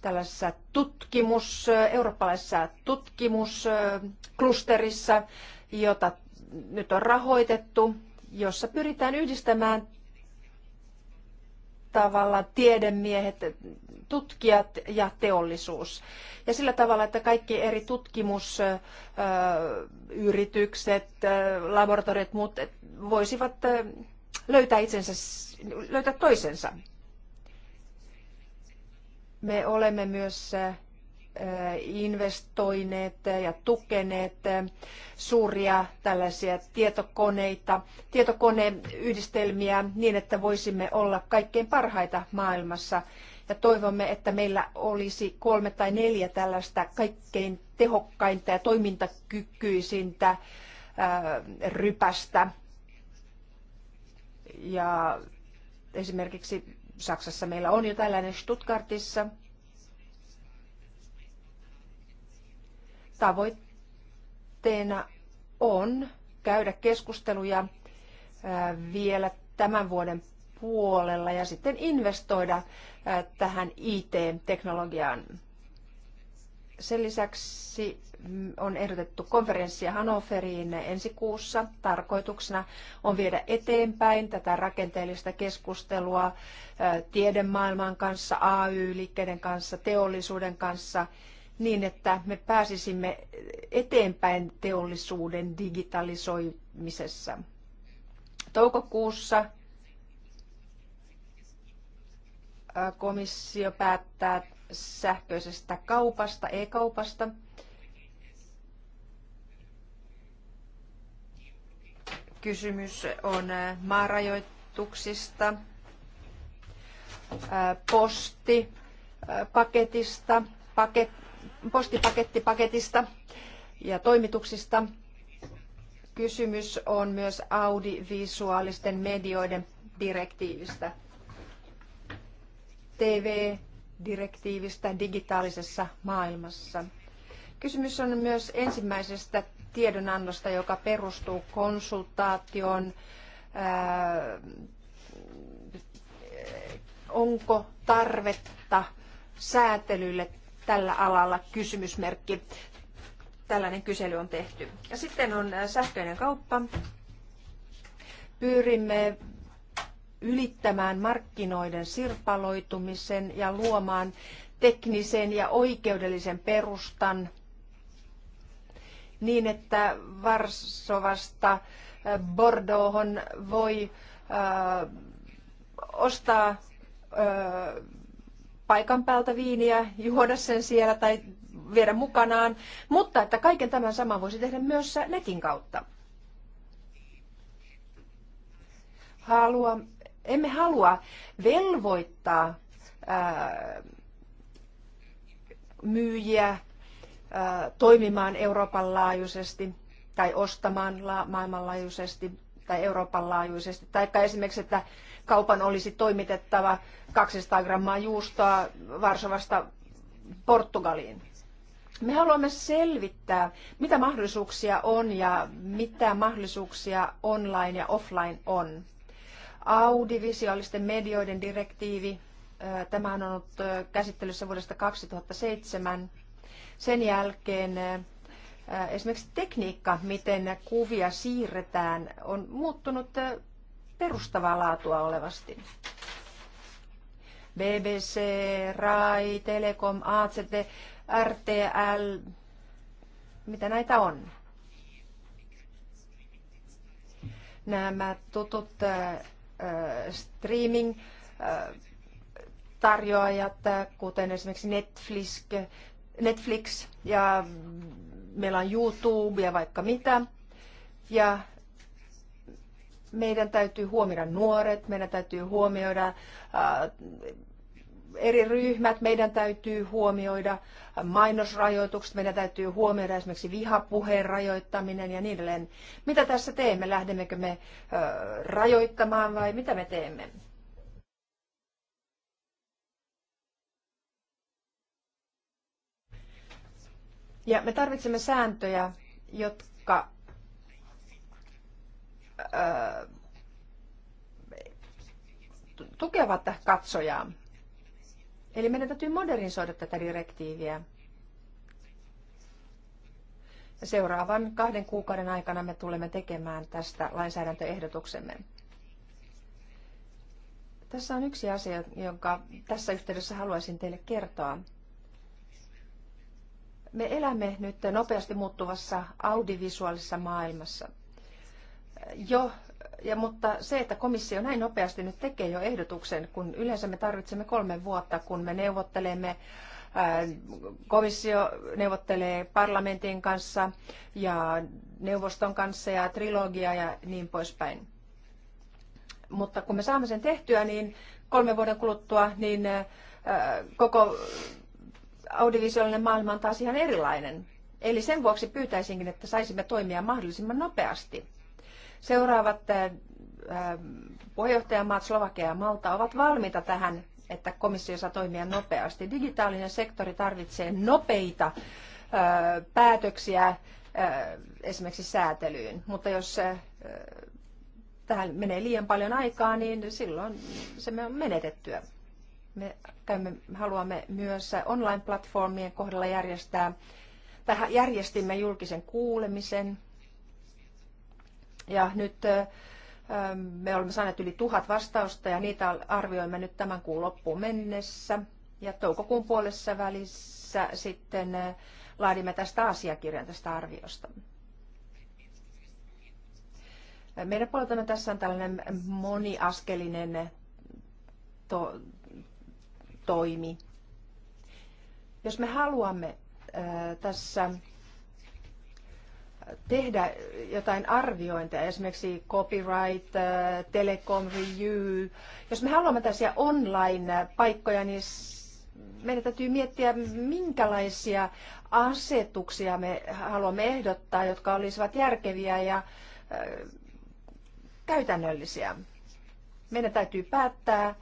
tällaisessa tutkimus, eurooppalaisessa tutkimusklusterissa, jota nyt on rahoitettu, jossa pyritään yhdistämään tavallaan tiedemiehet tutkijat ja teollisuus. Ja sillä tavalla, että kaikki eri tutkimusyritykset, laboratoriot, muut voisivat löytää itsensä, löytää toisensa. Me olemme myös investoineet ja tukeneet suuria tällaisia tietokoneita, tietokoneyhdistelmiä niin, että voisimme olla kaikkein parhaita maailmassa ja toivomme, että meillä olisi kolme tai neljä tällaista kaikkein tehokkainta ja toimintakykyisintä rypästä. Ja esimerkiksi Saksassa meillä on jo tällainen Stuttgartissa. Tavoitteena on käydä keskusteluja vielä tämän vuoden puolella ja sitten investoida tähän IT-teknologiaan. Sen lisäksi mm, on ehdotettu konferenssia Hanoveriin ensi kuussa. Tarkoituksena on viedä eteenpäin tätä rakenteellista keskustelua tiedemaailman kanssa, AY-liikkeiden kanssa, teollisuuden kanssa niin, että me pääsisimme eteenpäin teollisuuden digitalisoimisessa. Toukokuussa komissio päättää sähköisestä kaupasta, e-kaupasta. Kysymys on maarajoituksista, posti, paketista, paket, postipakettipaketista ja toimituksista. Kysymys on myös audiovisuaalisten medioiden direktiivistä. TV-direktiivistä digitaalisessa maailmassa. Kysymys on myös ensimmäisestä tiedonannosta, joka perustuu konsultaatioon. Ää, onko tarvetta säätelylle tällä alalla kysymysmerkki. Tällainen kysely on tehty. Ja sitten on sähköinen kauppa. Pyrimme ylittämään markkinoiden sirpaloitumisen ja luomaan teknisen ja oikeudellisen perustan niin, että Varsovasta äh, Bordeauxhon voi äh, ostaa äh, paikan päältä viiniä, juoda sen siellä tai viedä mukanaan, mutta että kaiken tämän saman voisi tehdä myös netin kautta. Haluan emme halua velvoittaa ää, myyjiä ää, toimimaan Euroopan laajuisesti tai ostamaan la- maailmanlaajuisesti tai Euroopan laajuisesti. Tai esimerkiksi, että kaupan olisi toimitettava 200 grammaa juustoa Varsovasta Portugaliin. Me haluamme selvittää, mitä mahdollisuuksia on ja mitä mahdollisuuksia online ja offline on. Audivisuaalisten medioiden direktiivi, tämä on ollut käsittelyssä vuodesta 2007. Sen jälkeen esimerkiksi tekniikka, miten kuvia siirretään, on muuttunut perustavaa laatua olevasti. BBC, RAI, Telekom, ACT, RTL, mitä näitä on? Nämä tutut streaming tarjoajat, kuten esimerkiksi Netflix, Netflix ja meillä on YouTube ja vaikka mitä. Ja meidän täytyy huomioida nuoret, meidän täytyy huomioida eri ryhmät, meidän täytyy huomioida mainosrajoitukset, meidän täytyy huomioida esimerkiksi vihapuheen rajoittaminen ja niin edelleen. Mitä tässä teemme? Lähdemmekö me rajoittamaan vai mitä me teemme? Ja me tarvitsemme sääntöjä, jotka tukevat katsojaa. Eli meidän täytyy modernisoida tätä direktiiviä. Seuraavan kahden kuukauden aikana me tulemme tekemään tästä lainsäädäntöehdotuksemme. Tässä on yksi asia, jonka tässä yhteydessä haluaisin teille kertoa. Me elämme nyt nopeasti muuttuvassa audiovisuaalisessa maailmassa. Jo ja, mutta se, että komissio näin nopeasti nyt tekee jo ehdotuksen, kun yleensä me tarvitsemme kolme vuotta, kun me neuvottelemme, komissio neuvottelee parlamentin kanssa ja neuvoston kanssa ja trilogia ja niin poispäin. Mutta kun me saamme sen tehtyä, niin kolme vuoden kuluttua, niin koko audiovisuaalinen maailma on taas ihan erilainen. Eli sen vuoksi pyytäisinkin, että saisimme toimia mahdollisimman nopeasti Seuraavat eh, eh, puheenjohtajamaat Slovakia ja Malta ovat valmiita tähän, että komissio saa toimia nopeasti. Digitaalinen sektori tarvitsee nopeita eh, päätöksiä esimerkiksi säätelyyn, mutta jos tähän menee liian paljon aikaa, niin silloin se on menetettyä. Me käymme, haluamme myös online-platformien kohdalla järjestää, tähän järjestimme julkisen kuulemisen ja nyt me olemme saaneet yli tuhat vastausta ja niitä arvioimme nyt tämän kuun loppuun mennessä. Ja toukokuun puolessa välissä sitten laadimme tästä asiakirjan tästä arviosta. Meidän puoleltamme tässä on tällainen moniaskelinen to- toimi. Jos me haluamme tässä tehdä jotain arviointia, esimerkiksi copyright, äh, telecom review. Jos me haluamme tällaisia online-paikkoja, niin meidän täytyy miettiä, minkälaisia asetuksia me haluamme ehdottaa, jotka olisivat järkeviä ja äh, käytännöllisiä. Meidän täytyy päättää,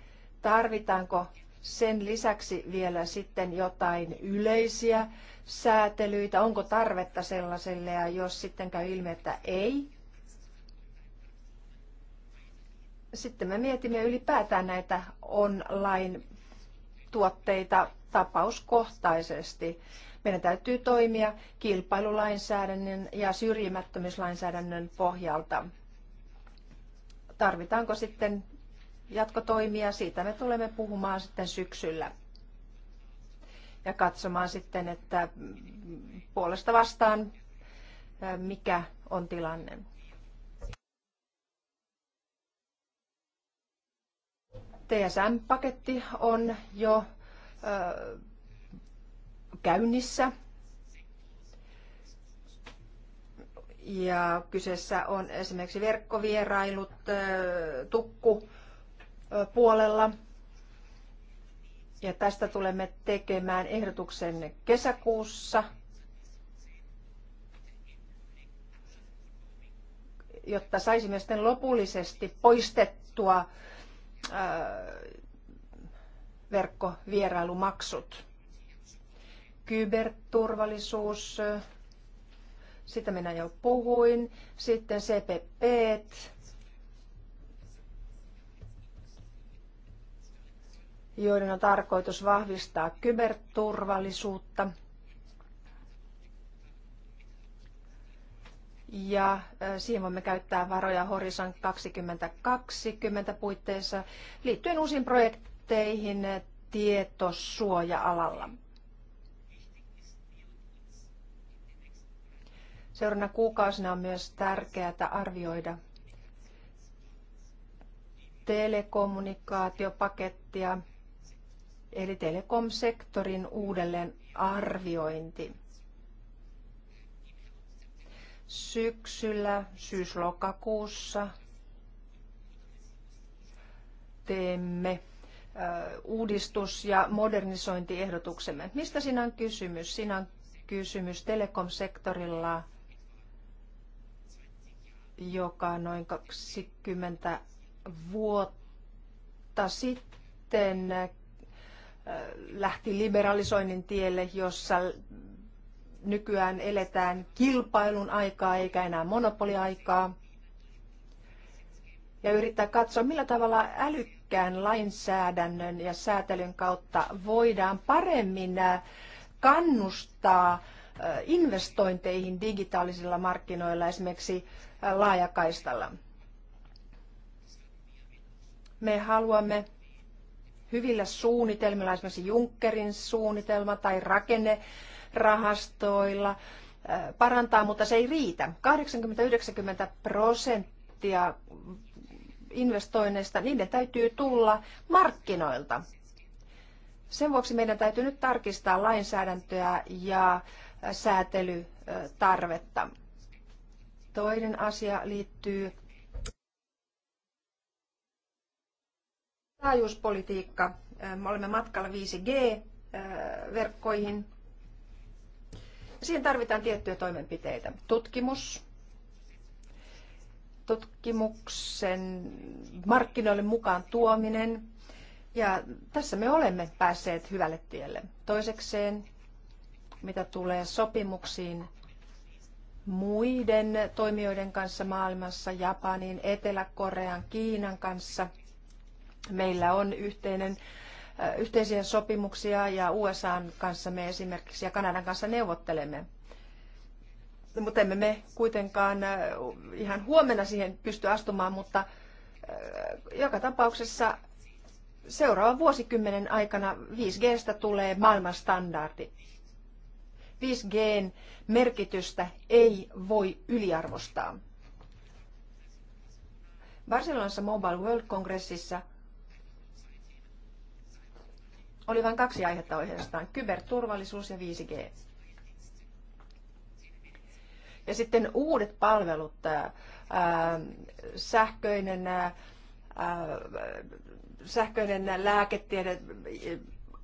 tarvitaanko sen lisäksi vielä sitten jotain yleisiä säätelyitä, onko tarvetta sellaiselle ja jos sitten käy ilmi, että ei, sitten me mietimme ylipäätään näitä online-tuotteita tapauskohtaisesti. Meidän täytyy toimia kilpailulainsäädännön ja syrjimättömyyslainsäädännön pohjalta. Tarvitaanko sitten jatkotoimia? Siitä me tulemme puhumaan sitten syksyllä ja katsomaan sitten, että puolesta vastaan mikä on tilanne. TSM-paketti on jo ö, käynnissä. Ja kyseessä on esimerkiksi verkkovierailut ö, tukku ö, puolella – ja tästä tulemme tekemään ehdotuksen kesäkuussa, jotta saisimme sitten lopullisesti poistettua äh, verkkovierailumaksut. Kyberturvallisuus, äh, sitä minä jo puhuin. Sitten CPP, joiden on tarkoitus vahvistaa kyberturvallisuutta ja siihen voimme käyttää varoja Horizon 2020 puitteissa liittyen uusiin projekteihin tietosuoja-alalla. Seuraavana kuukausina on myös tärkeää arvioida telekommunikaatiopakettia eli telekomsektorin uudelleen arviointi. Syksyllä, syyslokakuussa teemme uudistus- ja modernisointiehdotuksemme. Mistä siinä on kysymys? Siinä on kysymys telekomsektorilla, joka noin 20 vuotta sitten lähti liberalisoinnin tielle, jossa nykyään eletään kilpailun aikaa eikä enää monopoliaikaa. Ja yrittää katsoa, millä tavalla älykkään lainsäädännön ja säätelyn kautta voidaan paremmin kannustaa investointeihin digitaalisilla markkinoilla, esimerkiksi laajakaistalla. Me haluamme hyvillä suunnitelmilla, esimerkiksi Junckerin suunnitelma tai rakennerahastoilla äh, parantaa, mutta se ei riitä. 80-90 prosenttia investoinneista, niiden täytyy tulla markkinoilta. Sen vuoksi meidän täytyy nyt tarkistaa lainsäädäntöä ja äh, säätelytarvetta. Toinen asia liittyy taajuuspolitiikka. Me olemme matkalla 5G-verkkoihin. Siihen tarvitaan tiettyjä toimenpiteitä. Tutkimus, tutkimuksen markkinoille mukaan tuominen. Ja tässä me olemme päässeet hyvälle tielle. Toisekseen, mitä tulee sopimuksiin muiden toimijoiden kanssa maailmassa, Japanin, Etelä-Korean, Kiinan kanssa – Meillä on yhteinen, äh, yhteisiä sopimuksia ja USA kanssa me esimerkiksi ja Kanadan kanssa neuvottelemme. Mutta emme me kuitenkaan äh, ihan huomenna siihen pysty astumaan, mutta äh, joka tapauksessa seuraavan vuosikymmenen aikana 5Gstä tulee maailman standardi. 5Gn merkitystä ei voi yliarvostaa. Barcelonassa Mobile World Congressissa – oli vain kaksi aihetta oikeastaan, kyberturvallisuus ja 5G. Ja sitten uudet palvelut, ää, sähköinen, ää, sähköinen lääketiede,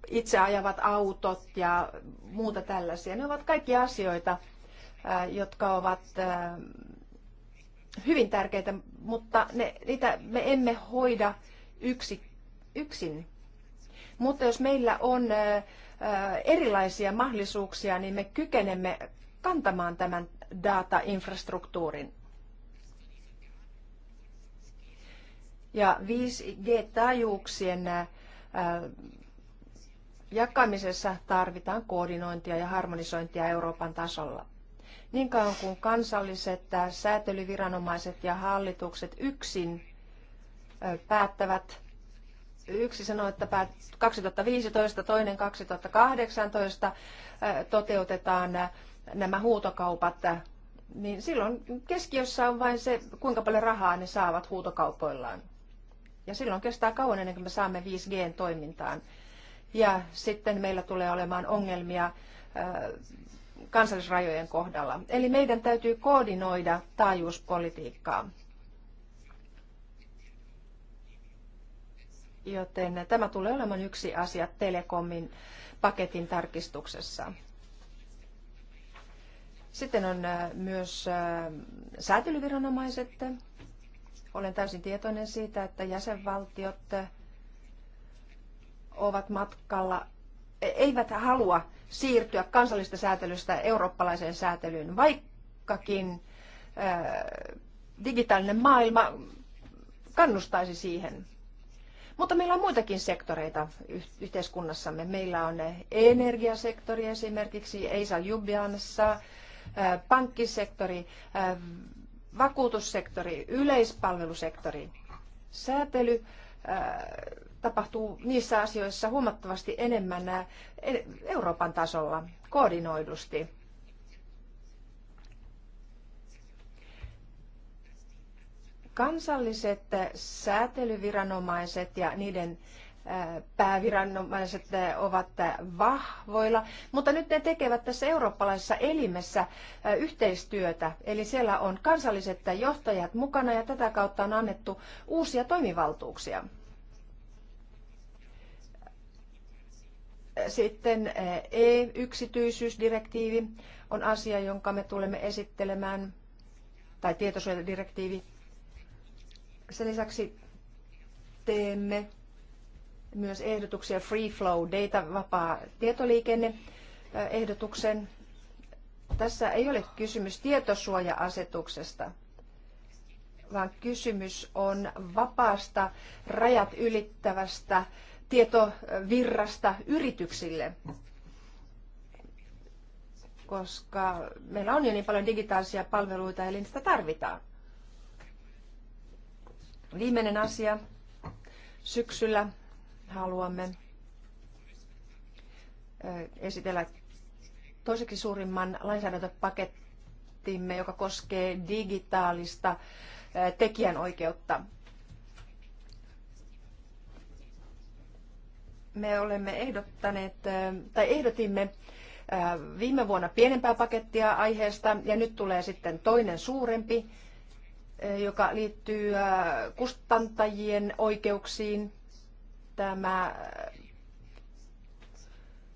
itse ajavat autot ja muuta tällaisia. Ne ovat kaikki asioita, ää, jotka ovat ää, hyvin tärkeitä, mutta ne, niitä me emme hoida yksi, yksin. Mutta jos meillä on erilaisia mahdollisuuksia, niin me kykenemme kantamaan tämän data-infrastruktuurin. Ja 5G-taajuuksien jakamisessa tarvitaan koordinointia ja harmonisointia Euroopan tasolla. Niin kauan kuin kansalliset säätelyviranomaiset ja hallitukset yksin päättävät Yksi sanoi, että 2015, toinen 2018 toteutetaan nämä huutokaupat, niin silloin keskiössä on vain se, kuinka paljon rahaa ne saavat huutokaupoillaan. Ja silloin kestää kauan ennen kuin me saamme 5 g toimintaan. Ja sitten meillä tulee olemaan ongelmia kansallisrajojen kohdalla. Eli meidän täytyy koordinoida taajuuspolitiikkaa. joten tämä tulee olemaan yksi asia Telekomin paketin tarkistuksessa. Sitten on äh, myös äh, säätelyviranomaiset. Olen täysin tietoinen siitä, että jäsenvaltiot äh, ovat matkalla, e, eivät halua siirtyä kansallista säätelystä eurooppalaiseen säätelyyn, vaikkakin digitaalinen maailma kannustaisi siihen. Mutta meillä on muitakin sektoreita yhteiskunnassamme. Meillä on eh, energiasektori esimerkiksi, Eisa Jubiansa, eh, pankkisektori, eh, vakuutussektori, yleispalvelusektori. Säätely tapahtuu niissä asioissa huomattavasti enemmän Euroopan tasolla koordinoidusti Kansalliset äh, säätelyviranomaiset ja niiden äh, pääviranomaiset äh, ovat vahvoilla, mutta nyt ne tekevät tässä eurooppalaisessa elimessä yhteistyötä. Eli siellä on kansalliset johtajat mukana ja tätä kautta on annettu uusia toimivaltuuksia. Sitten e-yksityisyysdirektiivi on asia, jonka me tulemme esittelemään, tai tietosuojadirektiivi sen lisäksi teemme myös ehdotuksia Free Flow Data, vapaa tietoliikenne ehdotuksen. Tässä ei ole kysymys tietosuoja-asetuksesta, vaan kysymys on vapaasta rajat ylittävästä tietovirrasta yrityksille, koska meillä on jo niin paljon digitaalisia palveluita, eli niitä tarvitaan. Viimeinen asia. Syksyllä haluamme esitellä toiseksi suurimman lainsäädäntöpakettimme, joka koskee digitaalista tekijänoikeutta. Me olemme ehdottaneet, tai ehdotimme viime vuonna pienempää pakettia aiheesta, ja nyt tulee sitten toinen suurempi, Eh, joka liittyy eh, kustantajien oikeuksiin. Tämä eh,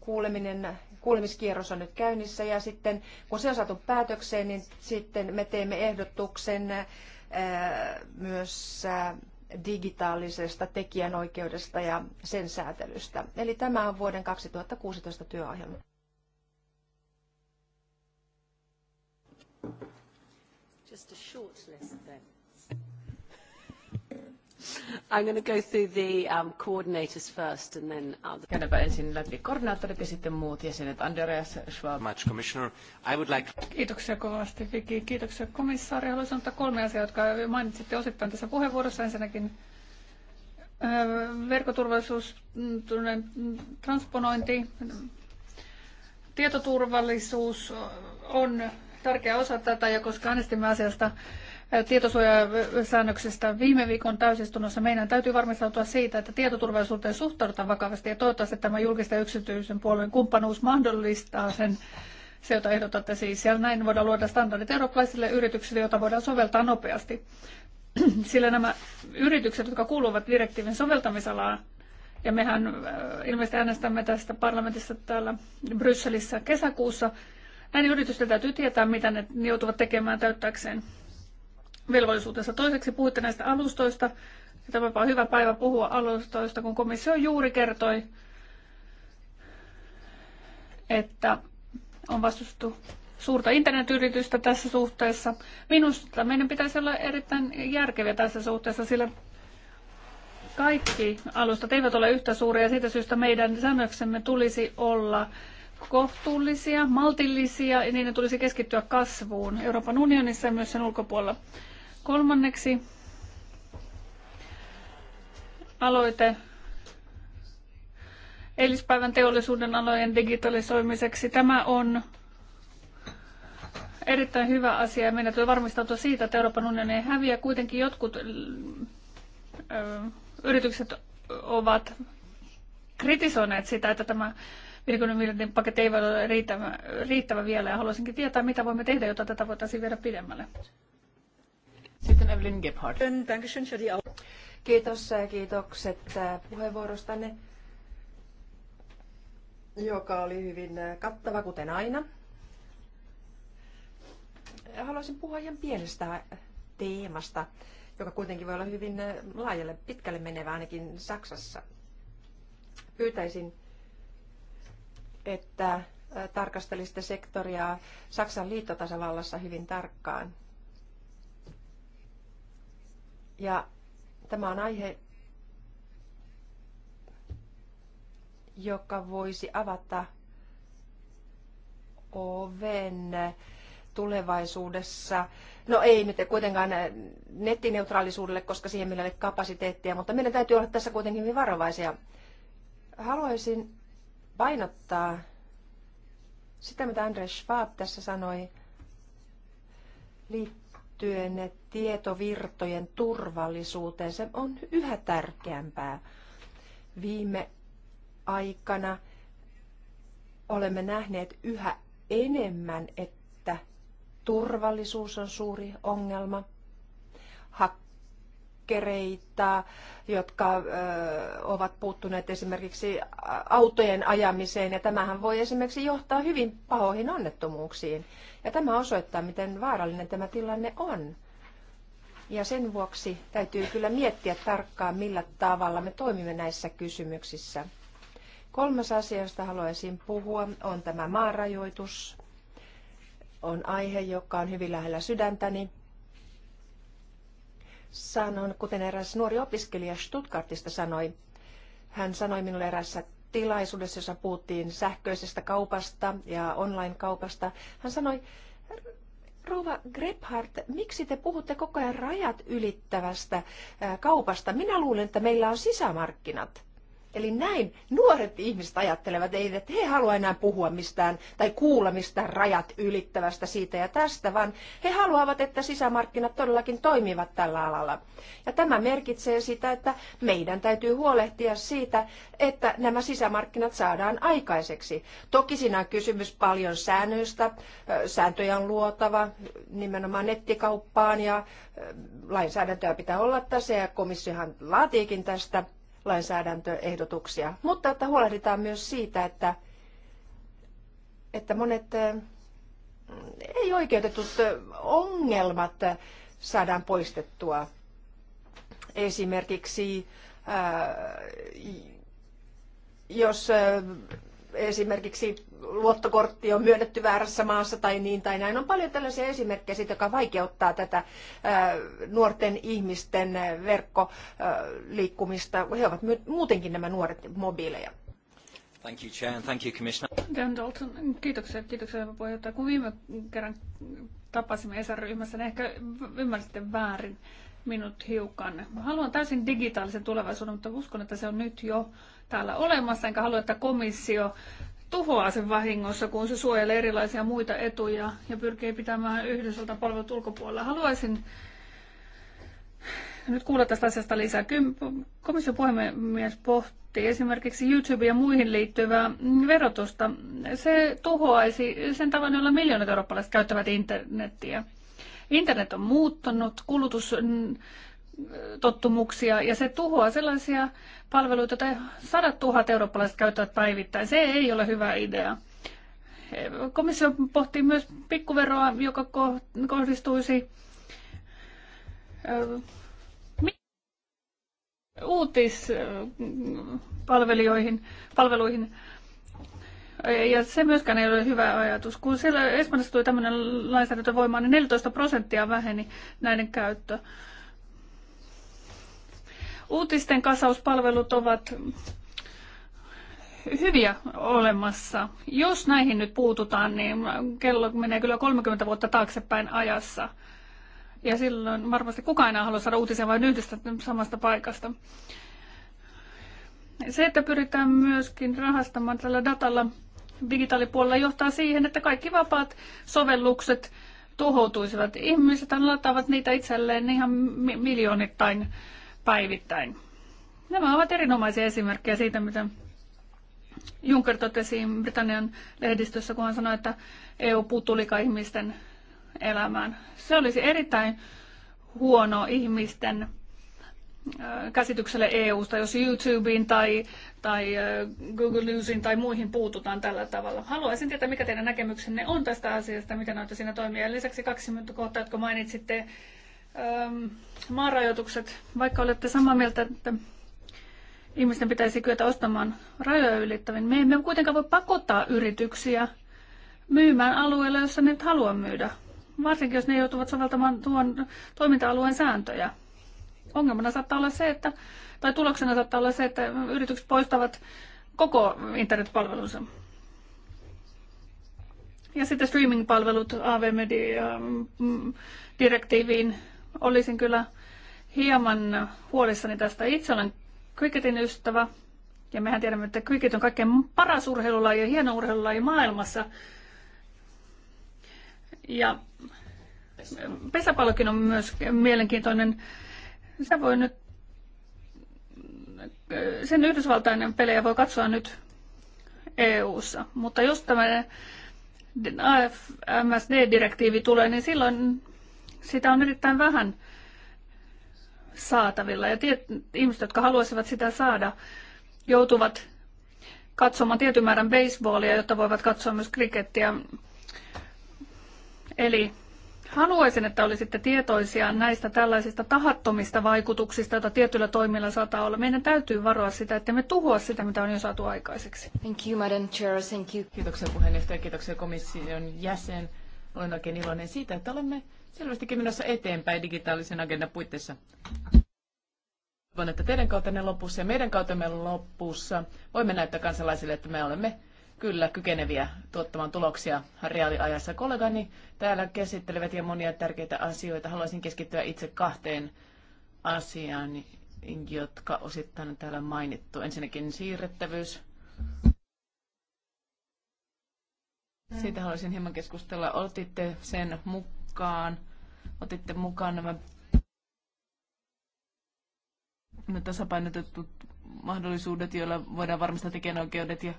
kuuleminen, kuulemiskierros on nyt käynnissä ja sitten kun se on saatu päätökseen, niin sitten me teemme ehdotuksen myös digitaalisesta tekijänoikeudesta ja sen säätelystä. Eli tämä on vuoden 2016 työohjelma. Just a short I'm going to go through the um, coordinators first and then... Other... Käydäänpä ensin läpi koordinaattorit ja sitten muut jäsenet. Andreas Schwab. Much, Commissioner. I would like... Kiitoksia kovasti, Viki. Kiitoksia komissaari. Haluaisin ottaa kolme asiaa, jotka mainitsitte osittain tässä puheenvuorossa. Ensinnäkin verkkoturvallisuus, transponointi, tietoturvallisuus on tärkeä osa tätä ja koska äänestimme asiasta tietosuojasäännöksistä viime viikon täysistunnossa. Meidän täytyy varmistautua siitä, että tietoturvallisuuteen suhtaudutaan vakavasti ja toivottavasti tämä julkisten ja yksityisen puolen kumppanuus mahdollistaa sen, se jota ehdotatte siis. Ja näin voidaan luoda standardit eurooppalaisille yrityksille, joita voidaan soveltaa nopeasti. Sillä nämä yritykset, jotka kuuluvat direktiivin soveltamisalaan, ja mehän äh, ilmeisesti äänestämme tästä parlamentissa täällä Brysselissä kesäkuussa. Näin yritysten täytyy tietää, mitä ne joutuvat tekemään täyttääkseen velvollisuutensa. Toiseksi puhuitte näistä alustoista. Ja tämä on hyvä päivä puhua alustoista, kun komissio juuri kertoi, että on vastustettu suurta internetyritystä tässä suhteessa. Minusta meidän pitäisi olla erittäin järkeviä tässä suhteessa, sillä kaikki alustat eivät ole yhtä suuria ja siitä syystä meidän säännöksemme tulisi olla kohtuullisia, maltillisia ja niiden tulisi keskittyä kasvuun Euroopan unionissa ja myös sen ulkopuolella. Kolmanneksi aloite eilispäivän teollisuuden alojen digitalisoimiseksi. Tämä on erittäin hyvä asia ja meidän tulee varmistautua siitä, että Euroopan unioni ei häviä. Kuitenkin jotkut yritykset ovat kritisoineet sitä, että tämä 50 miljardin paketti ei ole riittävä, riittävä vielä ja haluaisinkin tietää, mitä voimme tehdä, jotta tätä voitaisiin viedä pidemmälle. Sitten Evelyn Gebhardt. Kiitos ja kiitokset äh, puheenvuorostanne, joka oli hyvin äh, kattava kuten aina. Haluaisin puhua ihan pienestä teemasta, joka kuitenkin voi olla hyvin äh, laajalle, pitkälle menevä ainakin Saksassa. Pyytäisin, että tarkastelisitte sektoria Saksan liittotasavallassa hyvin tarkkaan ja tämä on aihe, joka voisi avata oven tulevaisuudessa. No ei nyt kuitenkaan nettineutraalisuudelle, koska siihen meillä ei ole kapasiteettia, mutta meidän täytyy olla tässä kuitenkin hyvin varovaisia. Haluaisin painottaa sitä, mitä Andres Schwab tässä sanoi liittyen liittyen tietovirtojen turvallisuuteen, se on yhä tärkeämpää. Viime aikana olemme nähneet yhä enemmän, että turvallisuus on suuri ongelma. Hak- blokkereita, jotka ovat puuttuneet esimerkiksi autojen ajamiseen ja tämähän voi esimerkiksi johtaa hyvin pahoihin onnettomuuksiin. Ja tämä osoittaa, miten vaarallinen tämä tilanne on. Ja sen vuoksi täytyy kyllä miettiä tarkkaan, millä tavalla me toimimme näissä kysymyksissä. Kolmas asia, josta haluaisin puhua, on tämä maarajoitus. On aihe, joka on hyvin lähellä sydäntäni sanon, kuten eräs nuori opiskelija Stuttgartista sanoi, hän sanoi minulle erässä tilaisuudessa, jossa puhuttiin sähköisestä kaupasta ja online-kaupasta. Hän sanoi, Rova Grebhardt, miksi te puhutte koko ajan rajat ylittävästä kaupasta? Minä luulen, että meillä on sisämarkkinat. Eli näin nuoret ihmiset ajattelevat, että he halua enää puhua mistään tai kuulla mistään rajat ylittävästä siitä ja tästä, vaan he haluavat, että sisämarkkinat todellakin toimivat tällä alalla. Ja tämä merkitsee sitä, että meidän täytyy huolehtia siitä, että nämä sisämarkkinat saadaan aikaiseksi. Toki siinä on kysymys paljon säännöistä. Sääntöjä on luotava nimenomaan nettikauppaan ja lainsäädäntöä pitää olla tässä ja komissiohan laatiikin tästä lainsäädäntöehdotuksia, mutta että huolehditaan myös siitä, että, että monet eh, ei oikeutetut eh, ongelmat saadaan poistettua. Esimerkiksi eh, jos esimerkiksi luottokortti on myönnetty väärässä maassa tai niin tai näin. On paljon tällaisia esimerkkejä, siitä, joka vaikeuttaa tätä nuorten ihmisten verkkoliikkumista. He ovat muutenkin nämä nuoret mobiileja. Thank you, Chair, and thank you, Commissioner. Dan Dalton, kiitoksia, kiitoksia hyvä puheenjohtaja. Kun viime kerran tapasimme esr ryhmässä niin ehkä ymmärsitte väärin minut hiukan. Haluan täysin digitaalisen tulevaisuuden, mutta uskon, että se on nyt jo täällä olemassa, enkä halua, että komissio tuhoaa sen vahingossa, kun se suojelee erilaisia muita etuja ja pyrkii pitämään Yhdysvaltain palvelut ulkopuolella. Haluaisin nyt kuulla tästä asiasta lisää. Komission puhemies pohti esimerkiksi YouTube ja muihin liittyvää verotusta. Se tuhoaisi sen tavan, jolla miljoonat eurooppalaiset käyttävät internettiä. Internet on muuttunut, kulutus tottumuksia ja se tuhoaa sellaisia palveluita, joita sadat tuhat eurooppalaiset käyttävät päivittäin. Se ei ole hyvä idea. Komissio pohtii myös pikkuveroa, joka kohdistuisi uutispalveluihin, palveluihin. Ja se myöskään ei ole hyvä ajatus. Kun siellä Espanjassa tuli tämmöinen lainsäädäntö voimaan, niin 14 prosenttia väheni näiden käyttö. Uutisten kasauspalvelut ovat hyviä olemassa. Jos näihin nyt puututaan, niin kello menee kyllä 30 vuotta taaksepäin ajassa. Ja silloin varmasti kukaan enää halua saada uutisia vain yhdestä samasta paikasta. Se, että pyritään myöskin rahastamaan tällä datalla digitaalipuolella, johtaa siihen, että kaikki vapaat sovellukset tuhoutuisivat. Ihmiset lataavat niitä itselleen ihan miljoonittain päivittäin. Nämä ovat erinomaisia esimerkkejä siitä, mitä Juncker totesi Britannian lehdistössä, kun hän sanoi, että EU puuttuu liikaa ihmisten elämään. Se olisi erittäin huono ihmisten käsitykselle EUsta, jos YouTubeen tai, tai Google Newsin tai muihin puututaan tällä tavalla. Haluaisin tietää, mikä teidän näkemyksenne on tästä asiasta, miten olette siinä toimia. Lisäksi kaksi kohtaa, jotka mainitsitte maanrajoitukset, vaikka olette samaa mieltä, että ihmisten pitäisi kyetä ostamaan rajoja ylittävin, me emme kuitenkaan voi pakottaa yrityksiä myymään alueella, jossa ne nyt haluaa myydä. Varsinkin, jos ne joutuvat soveltamaan tuon toiminta-alueen sääntöjä. Ongelmana saattaa olla se, että, tai tuloksena saattaa olla se, että yritykset poistavat koko internetpalvelunsa. Ja sitten streaming-palvelut AV-media-direktiiviin mm, olisin kyllä hieman huolissani tästä. Itse olen cricketin ystävä, ja mehän tiedämme, että cricket on kaikkein paras urheilulaji ja hieno urheilulaji maailmassa. Ja pesäpallokin on myös mielenkiintoinen. Se voi nyt, sen Yhdysvaltainen pelejä voi katsoa nyt EU-ssa. Mutta jos tämä AFMSD-direktiivi tulee, niin silloin sitä on erittäin vähän saatavilla ja tiet, ihmiset, jotka haluaisivat sitä saada, joutuvat katsomaan tietyn määrän baseballia, jotta voivat katsoa myös krikettiä. Eli haluaisin, että olisitte tietoisia näistä tällaisista tahattomista vaikutuksista, joita tietyillä toimilla saattaa olla. Meidän täytyy varoa sitä, että me tuhoa sitä, mitä on jo saatu aikaiseksi. Thank you, Madam Chair. Thank you. Kiitoksia puheenjohtaja, kiitoksia komission jäsen. Olen oikein iloinen siitä, että olemme selvästikin menossa eteenpäin digitaalisen agendan puitteissa. Toivon, että teidän kautenne lopussa ja meidän kautemme lopussa voimme näyttää kansalaisille, että me olemme kyllä kykeneviä tuottamaan tuloksia reaaliajassa. Kollegani täällä käsittelevät ja monia tärkeitä asioita. Haluaisin keskittyä itse kahteen asiaan, jotka osittain on täällä mainittu. Ensinnäkin siirrettävyys. Siitä haluaisin hieman keskustella. Otitte sen mukaan, otitte mukaan nämä tasapainotetut mahdollisuudet, joilla voidaan varmistaa tekijänoikeudet ja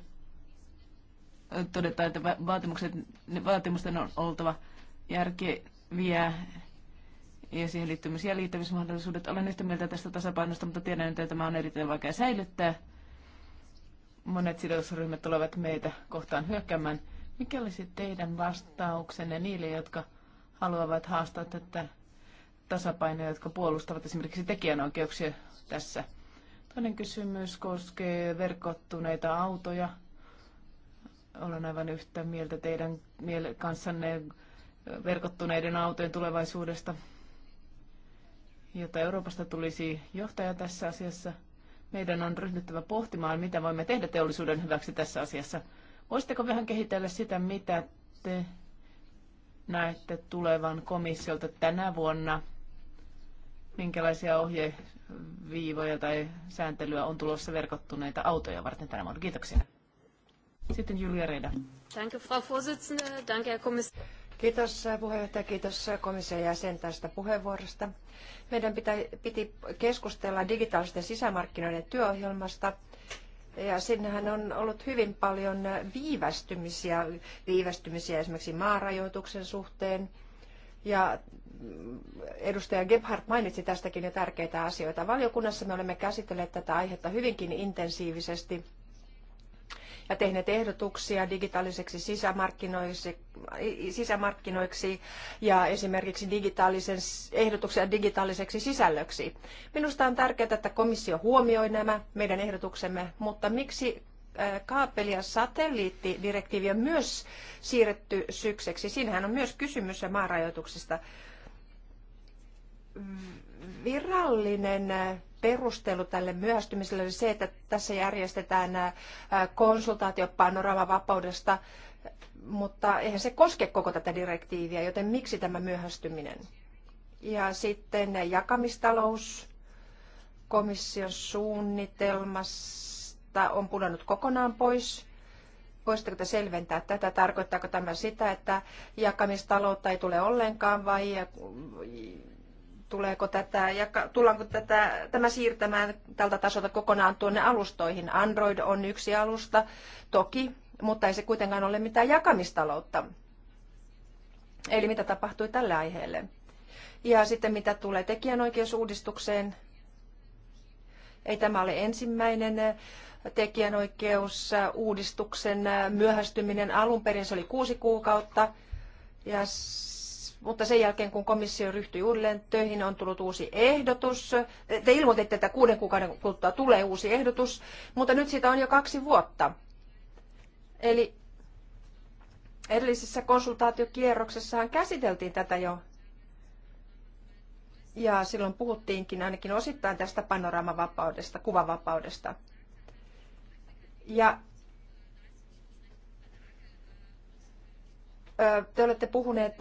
todetaan, että vaatimukset, vaatimusten on oltava järkeviä ja siihen myös jäljittämismahdollisuudet. Olen yhtä mieltä tästä tasapainosta, mutta tiedän, että tämä on erittäin vaikea säilyttää. Monet sidosryhmät tulevat meitä kohtaan hyökkäämään. Mikä olisi teidän vastauksenne niille, jotka haluavat haastaa tätä tasapainoja, jotka puolustavat esimerkiksi tekijänoikeuksia tässä? Toinen kysymys koskee verkottuneita autoja. Olen aivan yhtä mieltä teidän kanssanne verkottuneiden autojen tulevaisuudesta, jotta Euroopasta tulisi johtaja tässä asiassa. Meidän on ryhdyttävä pohtimaan, mitä voimme tehdä teollisuuden hyväksi tässä asiassa – Voisitteko vähän kehitellä sitä, mitä te näette tulevan komissiolta tänä vuonna? Minkälaisia ohjeviivoja tai sääntelyä on tulossa verkottuneita autoja varten tänä vuonna? Kiitoksia. Sitten Julia Reda. Kiitos puheenjohtaja, kiitos äh, komission jäsen tästä puheenvuorosta. Meidän pitä, piti keskustella digitaalisten sisämarkkinoiden työohjelmasta – ja sinnehän on ollut hyvin paljon viivästymisiä, viivästymisiä esimerkiksi maarajoituksen suhteen. Ja edustaja Gebhardt mainitsi tästäkin jo tärkeitä asioita. Valiokunnassa me olemme käsitelleet tätä aihetta hyvinkin intensiivisesti ja tehneet ehdotuksia digitaaliseksi sisämarkkinoiksi, sisämarkkinoiksi ja esimerkiksi digitaalisen, ehdotuksia digitaaliseksi sisällöksi. Minusta on tärkeää, että komissio huomioi nämä meidän ehdotuksemme, mutta miksi äh, kaapeli- ja satelliittidirektiivi on myös siirretty sykseksi. Siinähän on myös kysymys maarajoituksista. Virallinen äh, perustelu tälle myöhästymiselle oli se, että tässä järjestetään konsultaatio panoramavapaudesta, vapaudesta, mutta eihän se koske koko tätä direktiiviä, joten miksi tämä myöhästyminen? Ja sitten jakamistalous komission suunnitelmasta on pudonnut kokonaan pois voisitteko te selventää tätä? Tarkoittaako tämä sitä, että jakamistaloutta ei tule ollenkaan vai tuleeko tätä, ja tullaanko tätä, tämä siirtämään tältä tasolta kokonaan tuonne alustoihin. Android on yksi alusta, toki, mutta ei se kuitenkaan ole mitään jakamistaloutta. Eli mitä tapahtui tälle aiheelle? Ja sitten mitä tulee tekijänoikeusuudistukseen, ei tämä ole ensimmäinen eh, tekijänoikeusuudistuksen eh, myöhästyminen. Alun perin se oli kuusi kuukautta ja mutta sen jälkeen kun komissio ryhtyi uudelleen töihin, on tullut uusi ehdotus. Te ilmoititte, että kuuden kuukauden kuluttua tulee uusi ehdotus, mutta nyt siitä on jo kaksi vuotta. Eli edellisessä konsultaatiokierroksessahan käsiteltiin tätä jo. Ja silloin puhuttiinkin ainakin osittain tästä panoraamavapaudesta, kuvavapaudesta. Ja te olette puhuneet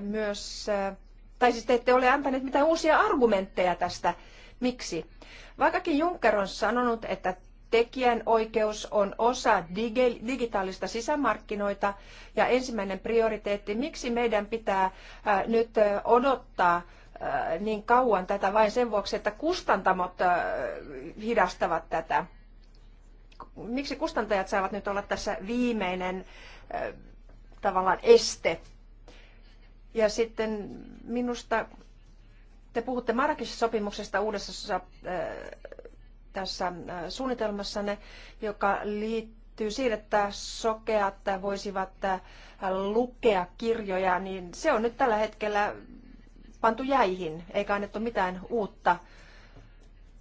myös, äh, tai siis te ette ole antaneet mitään uusia argumentteja tästä. Miksi? Vaikkakin Juncker on sanonut, että tekijänoikeus on osa digitaalista sisämarkkinoita ja ensimmäinen prioriteetti, miksi meidän pitää äh, nyt äh, odottaa niin kauan tätä vain sen vuoksi, että kustantamot hidastavat tätä. Miksi kustantajat saavat nyt olla tässä viimeinen tavallaan este ja sitten minusta te puhutte Marrakeshin sopimuksesta uudessa äh, tässä äh, suunnitelmassanne, joka liittyy siihen, että sokeat voisivat äh, lukea kirjoja, niin se on nyt tällä hetkellä pantu jäihin, eikä annettu mitään uutta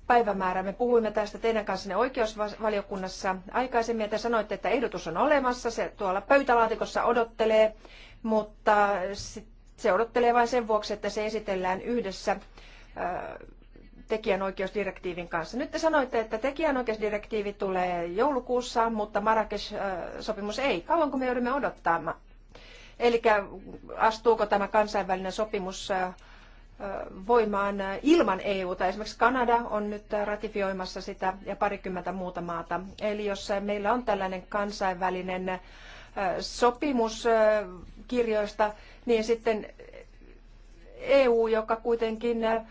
päivämäärää. Me puhuimme tästä teidän kanssanne oikeusvaliokunnassa aikaisemmin, ja te sanoitte, että ehdotus on olemassa, se tuolla pöytälaatikossa odottelee, mutta sitten se odottelee vain sen vuoksi, että se esitellään yhdessä tekijänoikeusdirektiivin kanssa. Nyt te sanoitte, että tekijänoikeusdirektiivi tulee joulukuussa, mutta Marrakesh-sopimus ei. Kauanko me joudumme odottamaan? Eli astuuko tämä kansainvälinen sopimus voimaan ilman EUta. Esimerkiksi Kanada on nyt ratifioimassa sitä ja parikymmentä muuta maata. Eli jos meillä on tällainen kansainvälinen sopimus kirjoista, niin sitten EU, joka kuitenkin äh,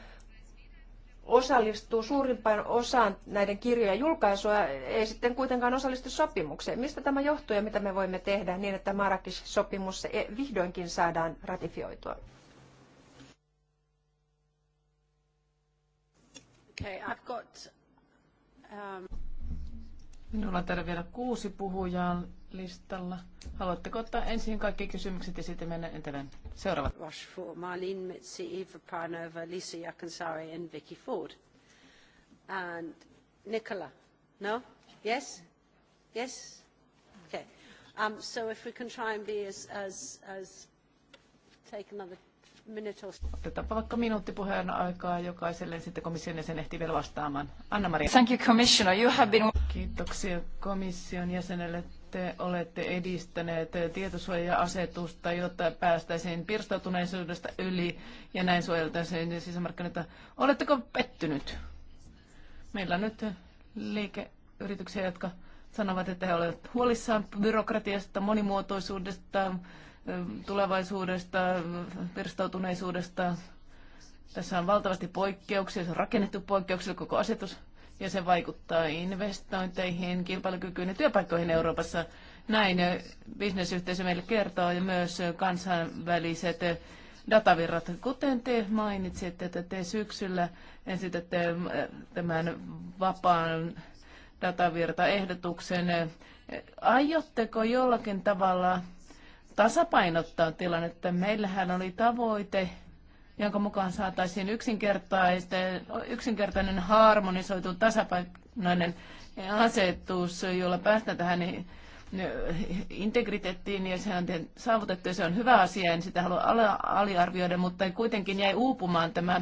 osallistuu suurimpaan osaan näiden kirjojen julkaisua, ei sitten kuitenkaan osallistu sopimukseen. Mistä tämä johtuu ja mitä me voimme tehdä niin, että Marrakesh-sopimus e- vihdoinkin saadaan ratifioitua? Okay, I've got, um... Minulla on täällä vielä kuusi puhujaa listalla. Haluatteko ottaa ensin kaikki kysymykset ja sitten mennä entelen seuraavat? Rochefort, Marlene Mitsi, Eva Panova, Lisa Jakansari and Vicky Ford. And Nicola. No? Yes? Yes? Okay. Um, so if we can try and be as, as, as take another Otetaanpa vaikka minuutti puheen aikaa jokaiselle, sitten komission jäsen ehtii vielä vastaamaan. Anna-Maria. Thank you, Commissioner. You have been... Kiitoksia komission jäsenelle. Te olette edistäneet tietosuoja-asetusta, jotta päästäisiin pirstautuneisuudesta yli ja näin suojeltaisiin sisämarkkinoita. Oletteko pettynyt? Meillä on nyt liikeyrityksiä, jotka sanovat, että he ovat huolissaan byrokratiasta, monimuotoisuudesta, tulevaisuudesta, pirstoutuneisuudesta. Tässä on valtavasti poikkeuksia, se on rakennettu poikkeuksilla koko asetus ja se vaikuttaa investointeihin, kilpailukykyyn ja työpaikkoihin Euroopassa. Näin bisnesyhteisö meille kertoo ja myös kansainväliset datavirrat. Kuten te mainitsitte, että te syksyllä esitätte äh, tämän vapaan datavirtaehdotuksen, aiotteko jollakin tavalla tasapainottaa tilannetta. Meillähän oli tavoite, jonka mukaan saataisiin yksinkertainen, harmonisoitu, tasapainoinen asetus, jolla päästään tähän niin, niin, integriteettiin ja se on saavutettu ja se on hyvä asia, en sitä halua aliarvioida, mutta kuitenkin jäi uupumaan tämä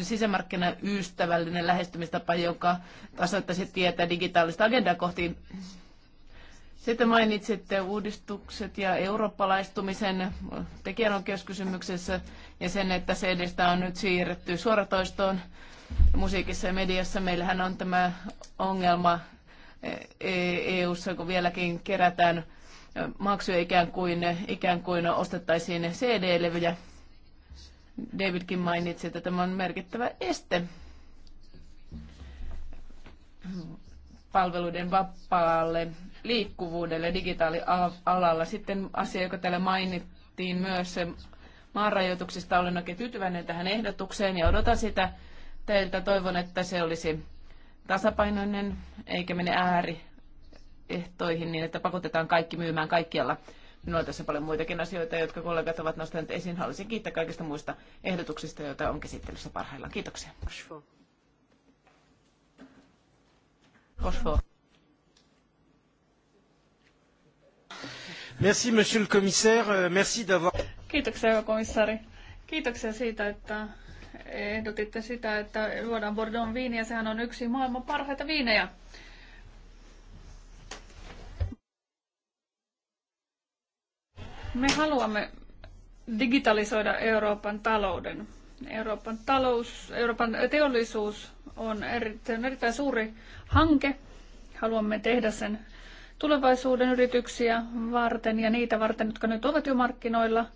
sisämarkkinaystävällinen lähestymistapa, joka tasoittaisi tietä digitaalista agendaa kohti sitten mainitsitte uudistukset ja eurooppalaistumisen tekijänoikeuskysymyksessä ja sen, että CD: CD-stä on nyt siirretty suoratoistoon musiikissa ja mediassa. Meillähän on tämä ongelma EU-ssa, e- e kun vieläkin kerätään maksuja ikään kuin, ikään kuin ostettaisiin CD-levyjä. Davidkin mainitsi, että tämä on merkittävä este palveluiden vapaalle liikkuvuudelle digitaalialalla. Sitten asia, joka täällä mainittiin myös maanrajoituksista, olen oikein tyytyväinen tähän ehdotukseen ja odotan sitä teiltä. Toivon, että se olisi tasapainoinen eikä mene ääriehtoihin niin, että pakotetaan kaikki myymään kaikkialla. Minulla on tässä paljon muitakin asioita, jotka kollegat ovat nostaneet esiin. Haluaisin kiittää kaikista muista ehdotuksista, joita on käsittelyssä parhaillaan. Kiitoksia. Kosovo. Merci, monsieur le commissaire. Euh, merci d'avoir... Kiitoksia, komissaari. Kiitoksia siitä, että ehdotitte sitä, että luodaan Bordeaux viiniä. Sehän on yksi maailman parhaita viinejä. Me haluamme digitalisoida Euroopan talouden. Euroopan, talous, Euroopan teollisuus on, on erittäin suuri hanke. Haluamme tehdä sen tulevaisuuden yrityksiä varten ja niitä varten, jotka nyt ovat jo markkinoilla,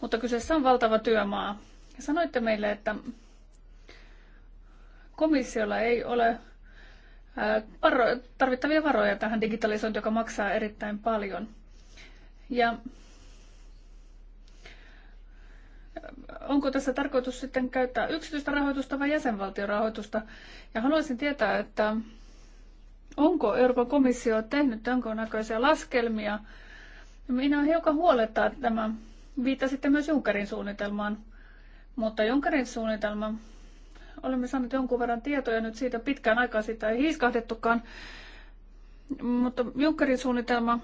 mutta kyseessä on valtava työmaa. Sanoitte meille, että komissiolla ei ole tarvittavia varoja tähän digitalisointiin, joka maksaa erittäin paljon. Ja onko tässä tarkoitus sitten käyttää yksityistä rahoitusta vai jäsenvaltion rahoitusta? Ja haluaisin tietää, että Onko Euroopan komissio tehnyt näköisiä laskelmia? Minä hiukan huolettaa tämä. Viittasitte myös Junckerin suunnitelmaan, mutta Junckerin suunnitelma, olemme saaneet jonkun verran tietoja nyt siitä, pitkään aikaa sitä ei hiiskahdettukaan, mutta Junckerin suunnitelma,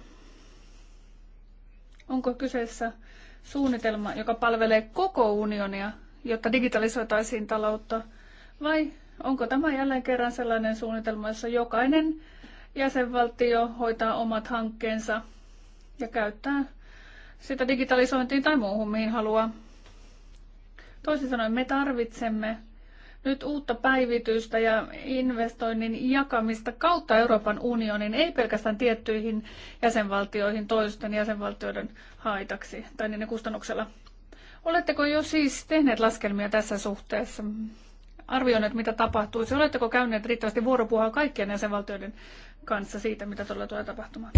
onko kyseessä suunnitelma, joka palvelee koko unionia, jotta digitalisoitaisiin taloutta, vai Onko tämä jälleen kerran sellainen suunnitelma, jossa jokainen jäsenvaltio hoitaa omat hankkeensa ja käyttää sitä digitalisointiin tai muuhun, mihin haluaa? Toisin sanoen me tarvitsemme nyt uutta päivitystä ja investoinnin jakamista kautta Euroopan unionin, ei pelkästään tiettyihin jäsenvaltioihin toisten jäsenvaltioiden haitaksi tai niiden kustannuksella. Oletteko jo siis tehneet laskelmia tässä suhteessa? arvioineet, mitä tapahtuisi? Oletteko käyneet riittävästi vuoropuhua kaikkien jäsenvaltioiden kanssa siitä, mitä tuolla tulee tapahtumaan?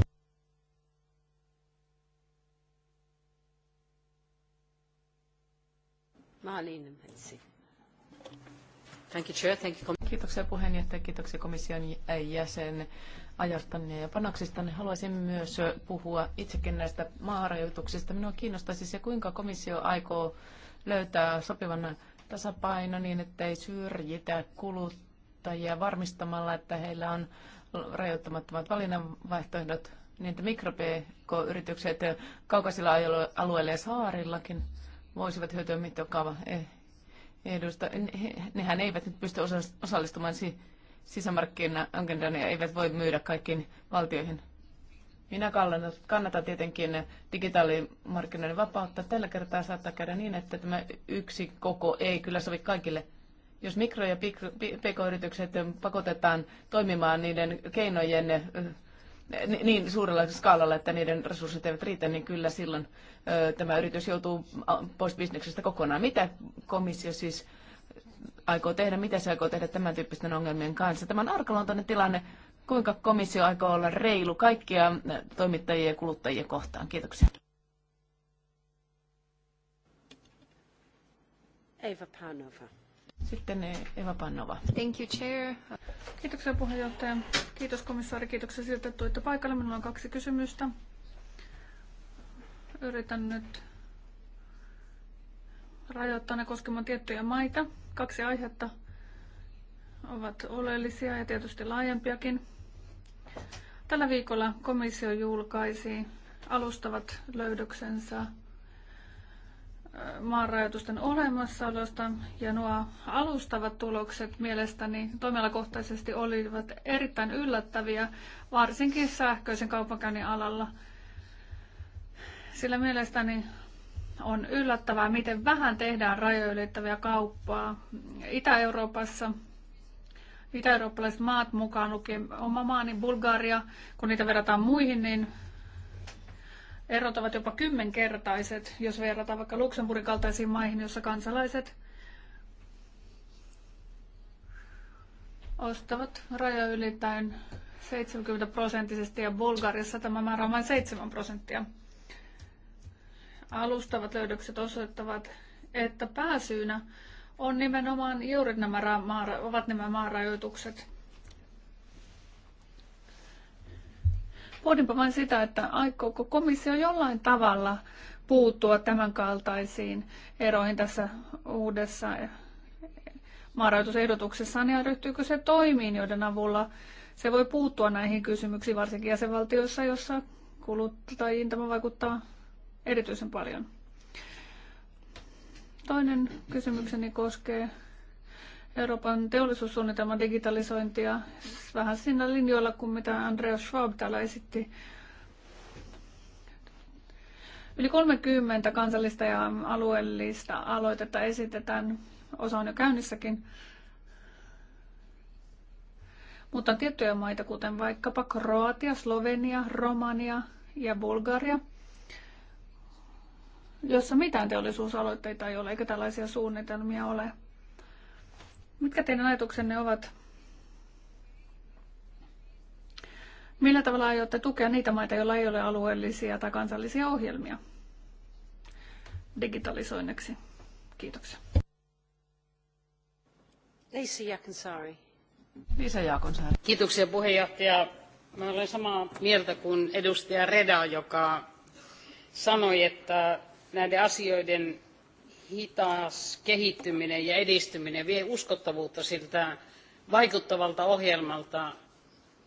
Kiitoksia puheenjohtaja, kiitoksia komission jäsen ajastanne ja panoksistanne. Haluaisin myös puhua itsekin näistä maarajoituksista. Minua kiinnostaisi se, kuinka komissio aikoo löytää sopivan tasapaino niin, että ei syrjitä kuluttajia varmistamalla, että heillä on rajoittamattomat valinnanvaihtoehdot, niin että mikropk-yritykset kaukaisilla alueilla ja saarillakin voisivat hyötyä mittokaava e- edusta. Nehän eivät nyt pysty osallistumaan sisämarkkinaan, ja eivät voi myydä kaikkiin valtioihin minä kannatan tietenkin digitaalimarkkinoiden vapautta. Tällä kertaa saattaa käydä niin, että tämä yksi koko ei kyllä sovi kaikille. Jos mikro- ja pk-yritykset pakotetaan toimimaan niiden keinojen niin suurella skaalalla, että niiden resurssit eivät riitä, niin kyllä silloin tämä yritys joutuu pois bisneksestä kokonaan. Mitä komissio siis aikoo tehdä, mitä se aikoo tehdä tämän tyyppisten ongelmien kanssa? Tämä on arkaluontoinen tilanne. Kuinka komissio aikoo olla reilu kaikkia toimittajia ja kuluttajia kohtaan? Kiitoksia. Eva Panova. Sitten eh, Eva Panova. Thank you, Chair. Kiitoksia puheenjohtaja. Kiitos komissaari. Kiitoksia siitä, että tuitte paikalle. Minulla on kaksi kysymystä. Yritän nyt rajoittaa ne koskemaan tiettyjä maita. Kaksi aihetta ovat oleellisia ja tietysti laajempiakin. Tällä viikolla komissio julkaisi alustavat löydöksensä äh, maanrajoitusten olemassaolosta ja nuo alustavat tulokset mielestäni toimialakohtaisesti olivat erittäin yllättäviä, varsinkin sähköisen kaupankäynnin alalla. Sillä mielestäni on yllättävää, miten vähän tehdään rajoja ylittäviä kauppaa Itä-Euroopassa itä-eurooppalaiset maat mukaan lukien oma maani Bulgaria, kun niitä verrataan muihin, niin erot ovat jopa kymmenkertaiset, jos verrataan vaikka Luxemburgin kaltaisiin maihin, jossa kansalaiset ostavat raja ylittäen 70 prosenttisesti ja Bulgariassa tämä määrä on vain 7 prosenttia. Alustavat löydökset osoittavat, että pääsyynä on nimenomaan juuri nämä, ovat nämä maarajoitukset. Pohdinpa vain sitä, että aikooko komissio jollain tavalla puuttua tämän kaltaisiin eroihin tässä uudessa maarajoitusehdotuksessaan ja ryhtyykö se toimiin, joiden avulla se voi puuttua näihin kysymyksiin, varsinkin jäsenvaltioissa, jossa kuluttajiin tämä vaikuttaa erityisen paljon. Toinen kysymykseni koskee Euroopan teollisuussuunnitelman digitalisointia vähän siinä linjoilla kuin mitä Andreas Schwab täällä esitti. Yli 30 kansallista ja alueellista aloitetta esitetään, osa on jo käynnissäkin. Mutta on tiettyjä maita, kuten vaikkapa Kroatia, Slovenia, Romania ja Bulgaria, jossa mitään teollisuusaloitteita ei ole eikä tällaisia suunnitelmia ole. Mitkä teidän ajatuksenne ovat? Millä tavalla aiotte tukea niitä maita, joilla ei ole alueellisia tai kansallisia ohjelmia digitalisoinneksi? Kiitoksia. Lisa Jaakonsaari. Lisa Jaakonsaari. Kiitoksia puheenjohtaja. Mä olen samaa mieltä kuin edustaja Reda, joka sanoi, että näiden asioiden hitaas kehittyminen ja edistyminen vie uskottavuutta siltä vaikuttavalta ohjelmalta,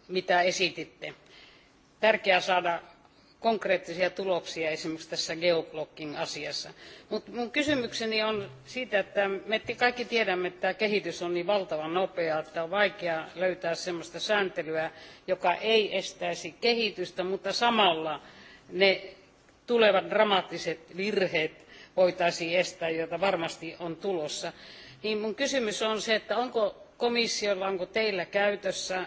mitä esititte. Tärkeää saada konkreettisia tuloksia esimerkiksi tässä geoblocking-asiassa. Mutta mun kysymykseni on siitä, että me kaikki tiedämme, että tämä kehitys on niin valtavan nopeaa, että on vaikea löytää sellaista sääntelyä, joka ei estäisi kehitystä, mutta samalla ne tulevat dramaattiset virheet voitaisiin estää, joita varmasti on tulossa. Niin mun kysymys on se, että onko komissiolla, onko teillä käytössä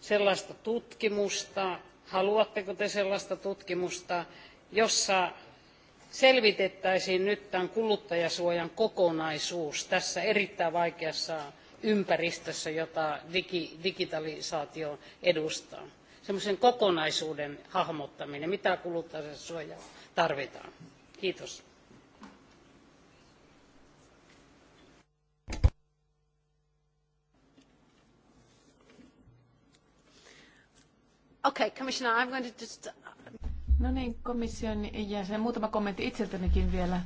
sellaista tutkimusta, haluatteko te sellaista tutkimusta, jossa selvitettäisiin nyt tämän kuluttajasuojan kokonaisuus tässä erittäin vaikeassa ympäristössä, jota digitalisaatio edustaa semmoisen kokonaisuuden hahmottaminen, mitä kuluttajansuojaa tarvitaan. Kiitos. Okay, Commissioner, I'm going to just... No niin, komission jäsen. Muutama kommentti itseltänikin vielä.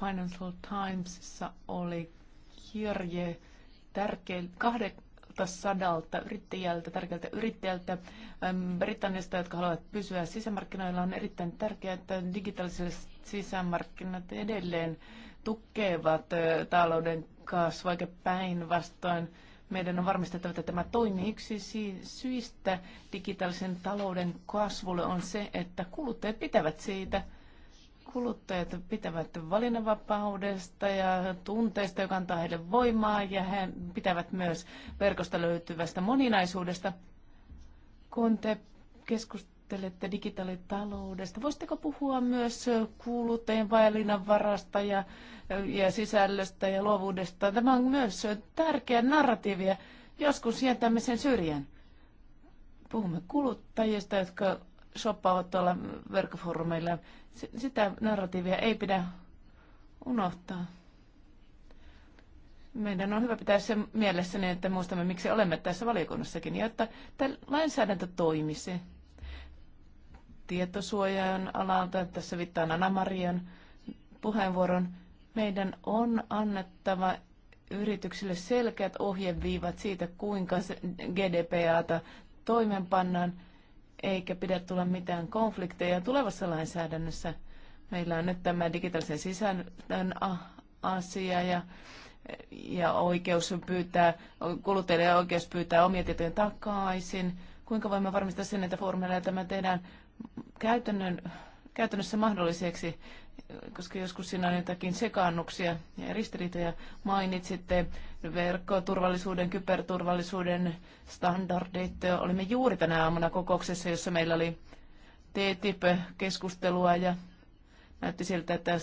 Financial Timesissa oli kirje tärkeä kahden, sadalta yrittäjältä, tärkeältä yrittäjältä Britanniasta, jotka haluavat pysyä sisämarkkinoilla. On erittäin tärkeää, että digitaaliset sisämarkkinat edelleen tukevat talouden kasvua, eikä päinvastoin. Meidän on varmistettava, että tämä toimii. Yksi syistä digitaalisen talouden kasvulle on se, että kuluttajat pitävät siitä – kuluttajat pitävät valinnanvapaudesta ja tunteista, joka antaa heille voimaa, ja he pitävät myös verkosta löytyvästä moninaisuudesta. Kun te keskustelette digitaalitaloudesta, voisitteko puhua myös kuluttajien valinnanvarasta ja, ja sisällöstä ja luovuudesta? Tämä on myös tärkeä narratiivi, ja joskus jätämme sen syrjään. Puhumme kuluttajista, jotka shoppaavat tuolla verkkofoorumeilla. Sitä narratiivia ei pidä unohtaa. Meidän on hyvä pitää se mielessäni, niin, että muistamme, miksi olemme tässä valiokunnassakin, jotta tämä lainsäädäntö toimisi. Tietosuojan alalta, tässä viittaan Anna-Marian puheenvuoron, meidän on annettava yrityksille selkeät ohjeviivat siitä, kuinka GDPAta toimenpannaan – eikä pidä tulla mitään konflikteja tulevassa lainsäädännössä. Meillä on nyt tämä digitaalisen sisällön asia ja, ja oikeus pyytää, kuluttajille oikeus pyytää omia tietojen takaisin. Kuinka voimme varmistaa sen, että foorumeilla tämä tehdään käytännön, käytännössä mahdolliseksi koska joskus siinä on jotakin sekaannuksia ja ristiriitoja. Mainitsitte verkkoturvallisuuden, kyberturvallisuuden standardit. Olimme juuri tänä aamuna kokouksessa, jossa meillä oli TTIP-keskustelua ja näytti siltä, että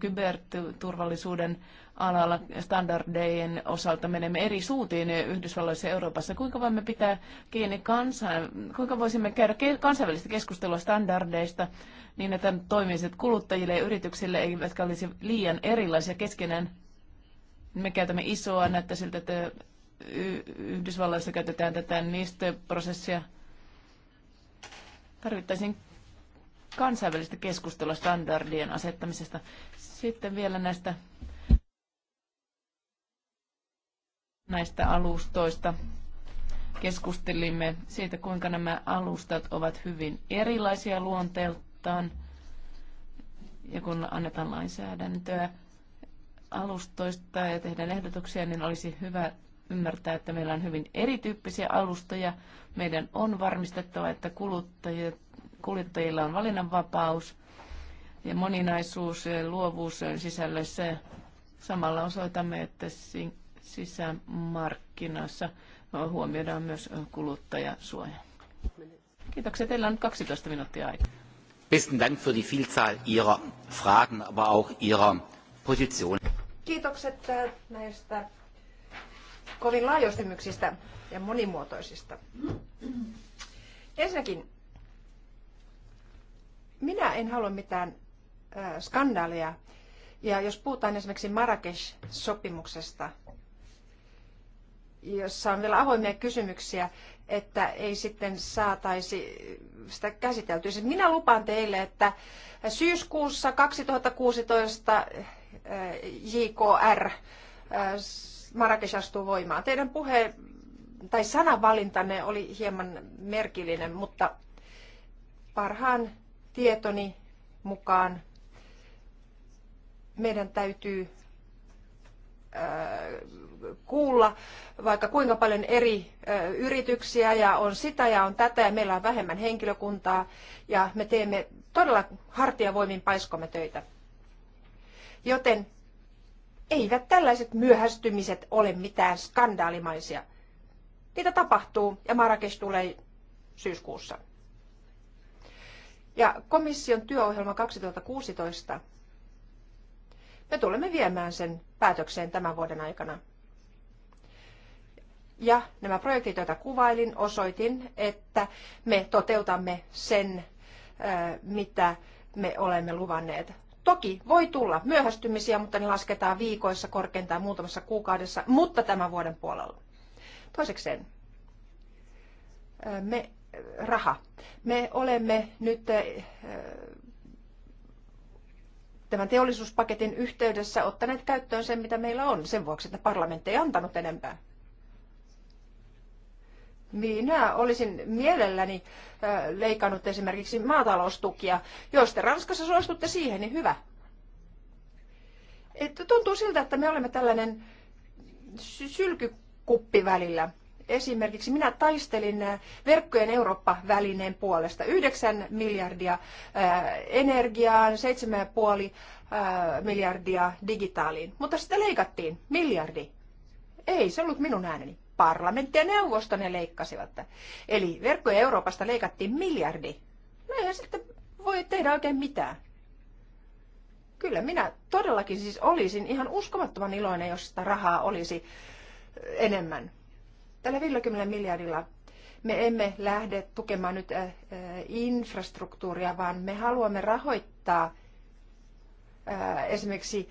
kyberturvallisuuden alalla standardejen osalta menemme eri suuntiin Yhdysvalloissa ja Euroopassa. Kuinka voimme pitää kiinni kansan, kuinka voisimme käydä kansainvälistä keskustelua standardeista niin, että toimiset kuluttajille ja yrityksille eivätkä olisi liian erilaisia keskenään? Me käytämme isoa, näyttää siltä, että Yhdysvalloissa käytetään tätä niistä prosessia Tarvittaisiin kansainvälistä keskustelua standardien asettamisesta. Sitten vielä näistä, näistä alustoista. Keskustelimme siitä, kuinka nämä alustat ovat hyvin erilaisia luonteeltaan. Ja kun annetaan lainsäädäntöä alustoista ja tehdään ehdotuksia, niin olisi hyvä ymmärtää, että meillä on hyvin erityyppisiä alustoja. Meidän on varmistettava, että kuluttajat kuljettajilla on valinnanvapaus ja moninaisuus ja luovuus sisällössä. Samalla osoitamme, että sisämarkkinoissa huomioidaan myös kuluttajasuoja. Kiitoksia. Teillä on nyt 12 minuuttia aikaa. Besten Dank für die Vielzahl Ihrer Fragen, aber auch Ihrer Position. Kiitokset äh, näistä kovin laajoistimyksistä ja monimuotoisista. Ensinnäkin minä en halua mitään äh, skandaalia. Ja jos puhutaan esimerkiksi Marrakesh-sopimuksesta, jossa on vielä avoimia kysymyksiä, että ei sitten saataisi sitä käsiteltyä. Siis minä lupaan teille, että syyskuussa 2016 JKR Marrakesh astuu voimaan. Teidän puhe tai sanavalintanne oli hieman merkillinen, mutta parhaan tietoni mukaan meidän täytyy kuulla vaikka kuinka paljon eri yrityksiä ja on sitä ja on tätä ja meillä on vähemmän henkilökuntaa ja me teemme todella hartiavoimin paiskomme töitä. Joten eivät tällaiset myöhästymiset ole mitään skandaalimaisia. Niitä tapahtuu ja Marrakesh tulee syyskuussa. Ja komission työohjelma 2016, me tulemme viemään sen päätökseen tämän vuoden aikana. Ja nämä projektit, joita kuvailin, osoitin, että me toteutamme sen, mitä me olemme luvanneet. Toki voi tulla myöhästymisiä, mutta ne lasketaan viikoissa, korkeintaan muutamassa kuukaudessa, mutta tämän vuoden puolella. Toisekseen, me raha. Me olemme nyt eh, tämän teollisuuspaketin yhteydessä ottaneet käyttöön sen, mitä meillä on, sen vuoksi, että parlamentti ei antanut enempää. Minä olisin mielelläni eh, leikannut esimerkiksi maataloustukia. Jos te Ranskassa suostutte siihen, niin hyvä. Et tuntuu siltä, että me olemme tällainen sylkykuppi välillä esimerkiksi minä taistelin äh, verkkojen Eurooppa-välineen puolesta. 9 miljardia äh, energiaan, 7,5 äh, miljardia digitaaliin. Mutta sitä leikattiin miljardi. Ei, se ollut minun ääneni. Parlamentti ja neuvosto ne leikkasivat. Eli verkkojen Euroopasta leikattiin miljardi. No eihän sitten voi tehdä oikein mitään. Kyllä minä todellakin siis olisin ihan uskomattoman iloinen, jos sitä rahaa olisi enemmän. Tällä 50 miljardilla me emme lähde tukemaan nyt äh, äh, infrastruktuuria, vaan me haluamme rahoittaa äh, esimerkiksi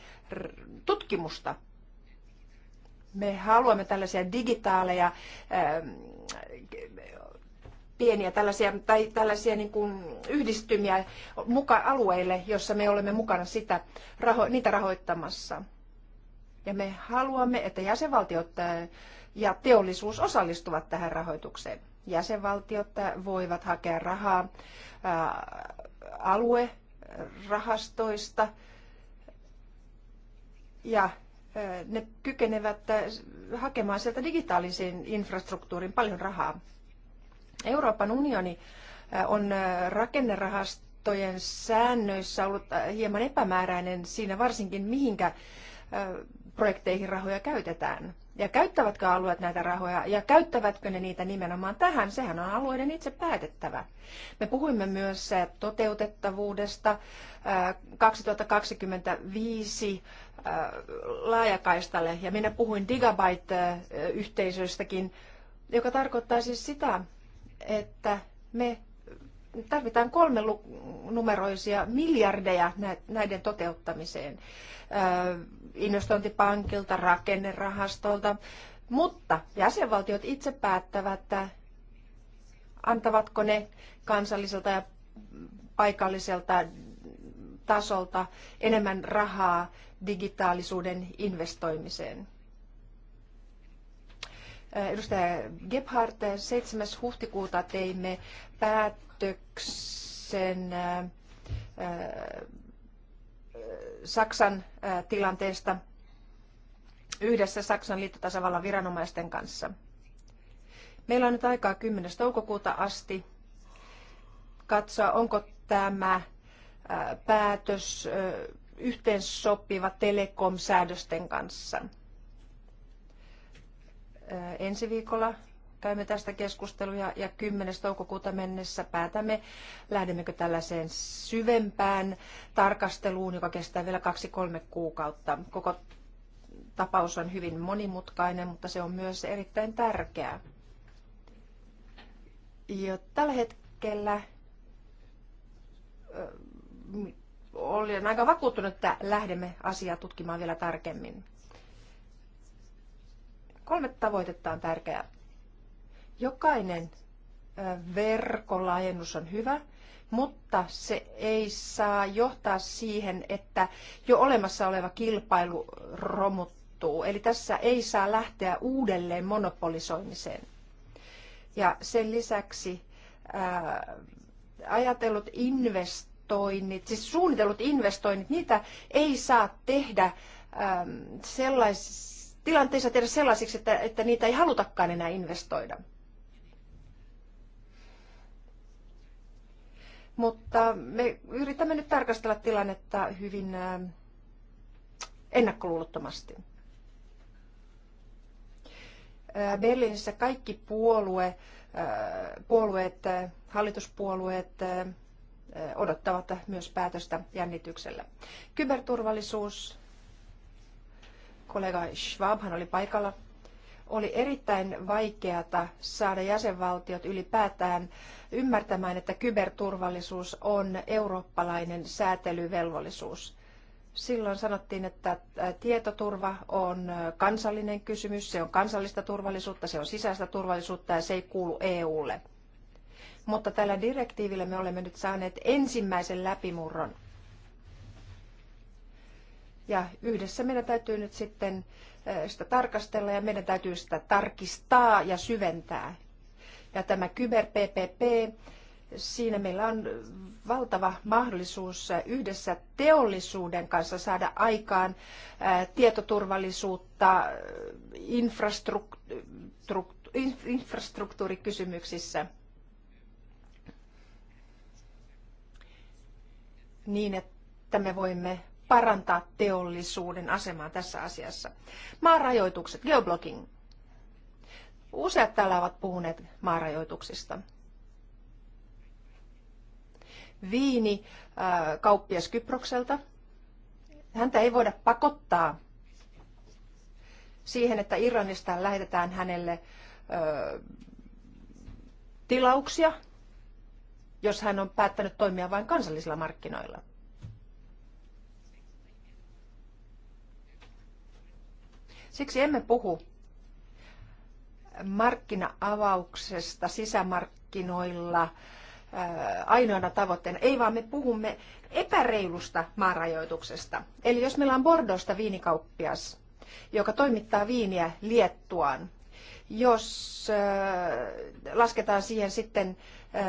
tutkimusta. Me haluamme tällaisia digitaaleja pieniä tällaisia, tai tällaisia niin kuin yhdistymiä muka alueille, jossa me olemme mukana sitä, niitä rahoittamassa. Ja me haluamme, että jäsenvaltiot ja teollisuus osallistuvat tähän rahoitukseen. Jäsenvaltiot voivat hakea rahaa aluerahastoista ja ne kykenevät hakemaan sieltä digitaalisiin infrastruktuurin paljon rahaa. Euroopan unioni on rakennerahastojen säännöissä ollut hieman epämääräinen siinä varsinkin, mihinkä projekteihin rahoja käytetään. Ja käyttävätkö alueet näitä rahoja ja käyttävätkö ne niitä nimenomaan tähän? Sehän on alueiden itse päätettävä. Me puhuimme myös eh, toteutettavuudesta 2025 eh, eh, laajakaistalle ja minä puhuin gigabyte-yhteisöistäkin, joka tarkoittaa siis sitä, että me tarvitaan kolme numeroisia miljardeja näiden toteuttamiseen investointipankilta, rakennerahastolta, mutta jäsenvaltiot itse päättävät, että antavatko ne kansalliselta ja paikalliselta tasolta enemmän rahaa digitaalisuuden investoimiseen. Edustaja Gebhardt, 7. huhtikuuta teimme päät- päätöksen äh, äh, Saksan äh, tilanteesta yhdessä Saksan liittotasavallan viranomaisten kanssa. Meillä on nyt aikaa 10. toukokuuta asti katsoa, onko tämä päätös yhteensopiva telekom-säädösten kanssa. Ensi viikolla käymme tästä keskusteluja ja 10. toukokuuta mennessä päätämme, lähdemmekö tällaiseen syvempään tarkasteluun, joka kestää vielä 2-3 kuukautta. Koko tapaus on hyvin monimutkainen, mutta se on myös erittäin tärkeä. Jo tällä hetkellä olen aika vakuuttunut, että lähdemme asiaa tutkimaan vielä tarkemmin. Kolme tavoitetta on tärkeää Jokainen verkolaajennus on hyvä, mutta se ei saa johtaa siihen, että jo olemassa oleva kilpailu romuttuu. Eli tässä ei saa lähteä uudelleen monopolisoimiseen. Ja sen lisäksi ää, ajatellut investoinnit, siis suunnitellut investoinnit, niitä ei saa tehdä sellaisissa tilanteissa tehdä sellaisiksi, että, että niitä ei halutakaan enää investoida. Mutta me yritämme nyt tarkastella tilannetta hyvin ennakkoluulottomasti. Berliinissä kaikki puolue, puolueet, hallituspuolueet odottavat myös päätöstä jännityksellä. Kyberturvallisuus. Kollega hän oli paikalla oli erittäin vaikeata saada jäsenvaltiot ylipäätään ymmärtämään, että kyberturvallisuus on eurooppalainen säätelyvelvollisuus. Silloin sanottiin, että tietoturva on kansallinen kysymys, se on kansallista turvallisuutta, se on sisäistä turvallisuutta ja se ei kuulu EUlle. Mutta tällä direktiivillä me olemme nyt saaneet ensimmäisen läpimurron. Ja yhdessä meidän täytyy nyt sitten sitä tarkastella ja meidän täytyy sitä tarkistaa ja syventää. Ja tämä kyber PPP, siinä meillä on valtava mahdollisuus yhdessä teollisuuden kanssa saada aikaan tietoturvallisuutta infrastruktuurikysymyksissä. Niin, että me voimme parantaa teollisuuden asemaa tässä asiassa. Maarajoitukset, geoblocking. Useat täällä ovat puhuneet maarajoituksista. Viini kauppias Kyprokselta. Häntä ei voida pakottaa siihen, että Irlannista lähetetään hänelle ö, tilauksia, jos hän on päättänyt toimia vain kansallisilla markkinoilla. Siksi emme puhu markkina-avauksesta sisämarkkinoilla ainoana tavoitteena. Ei vaan me puhumme epäreilusta maarajoituksesta. Eli jos meillä on Bordosta viinikauppias, joka toimittaa viiniä Liettuaan, jos lasketaan siihen sitten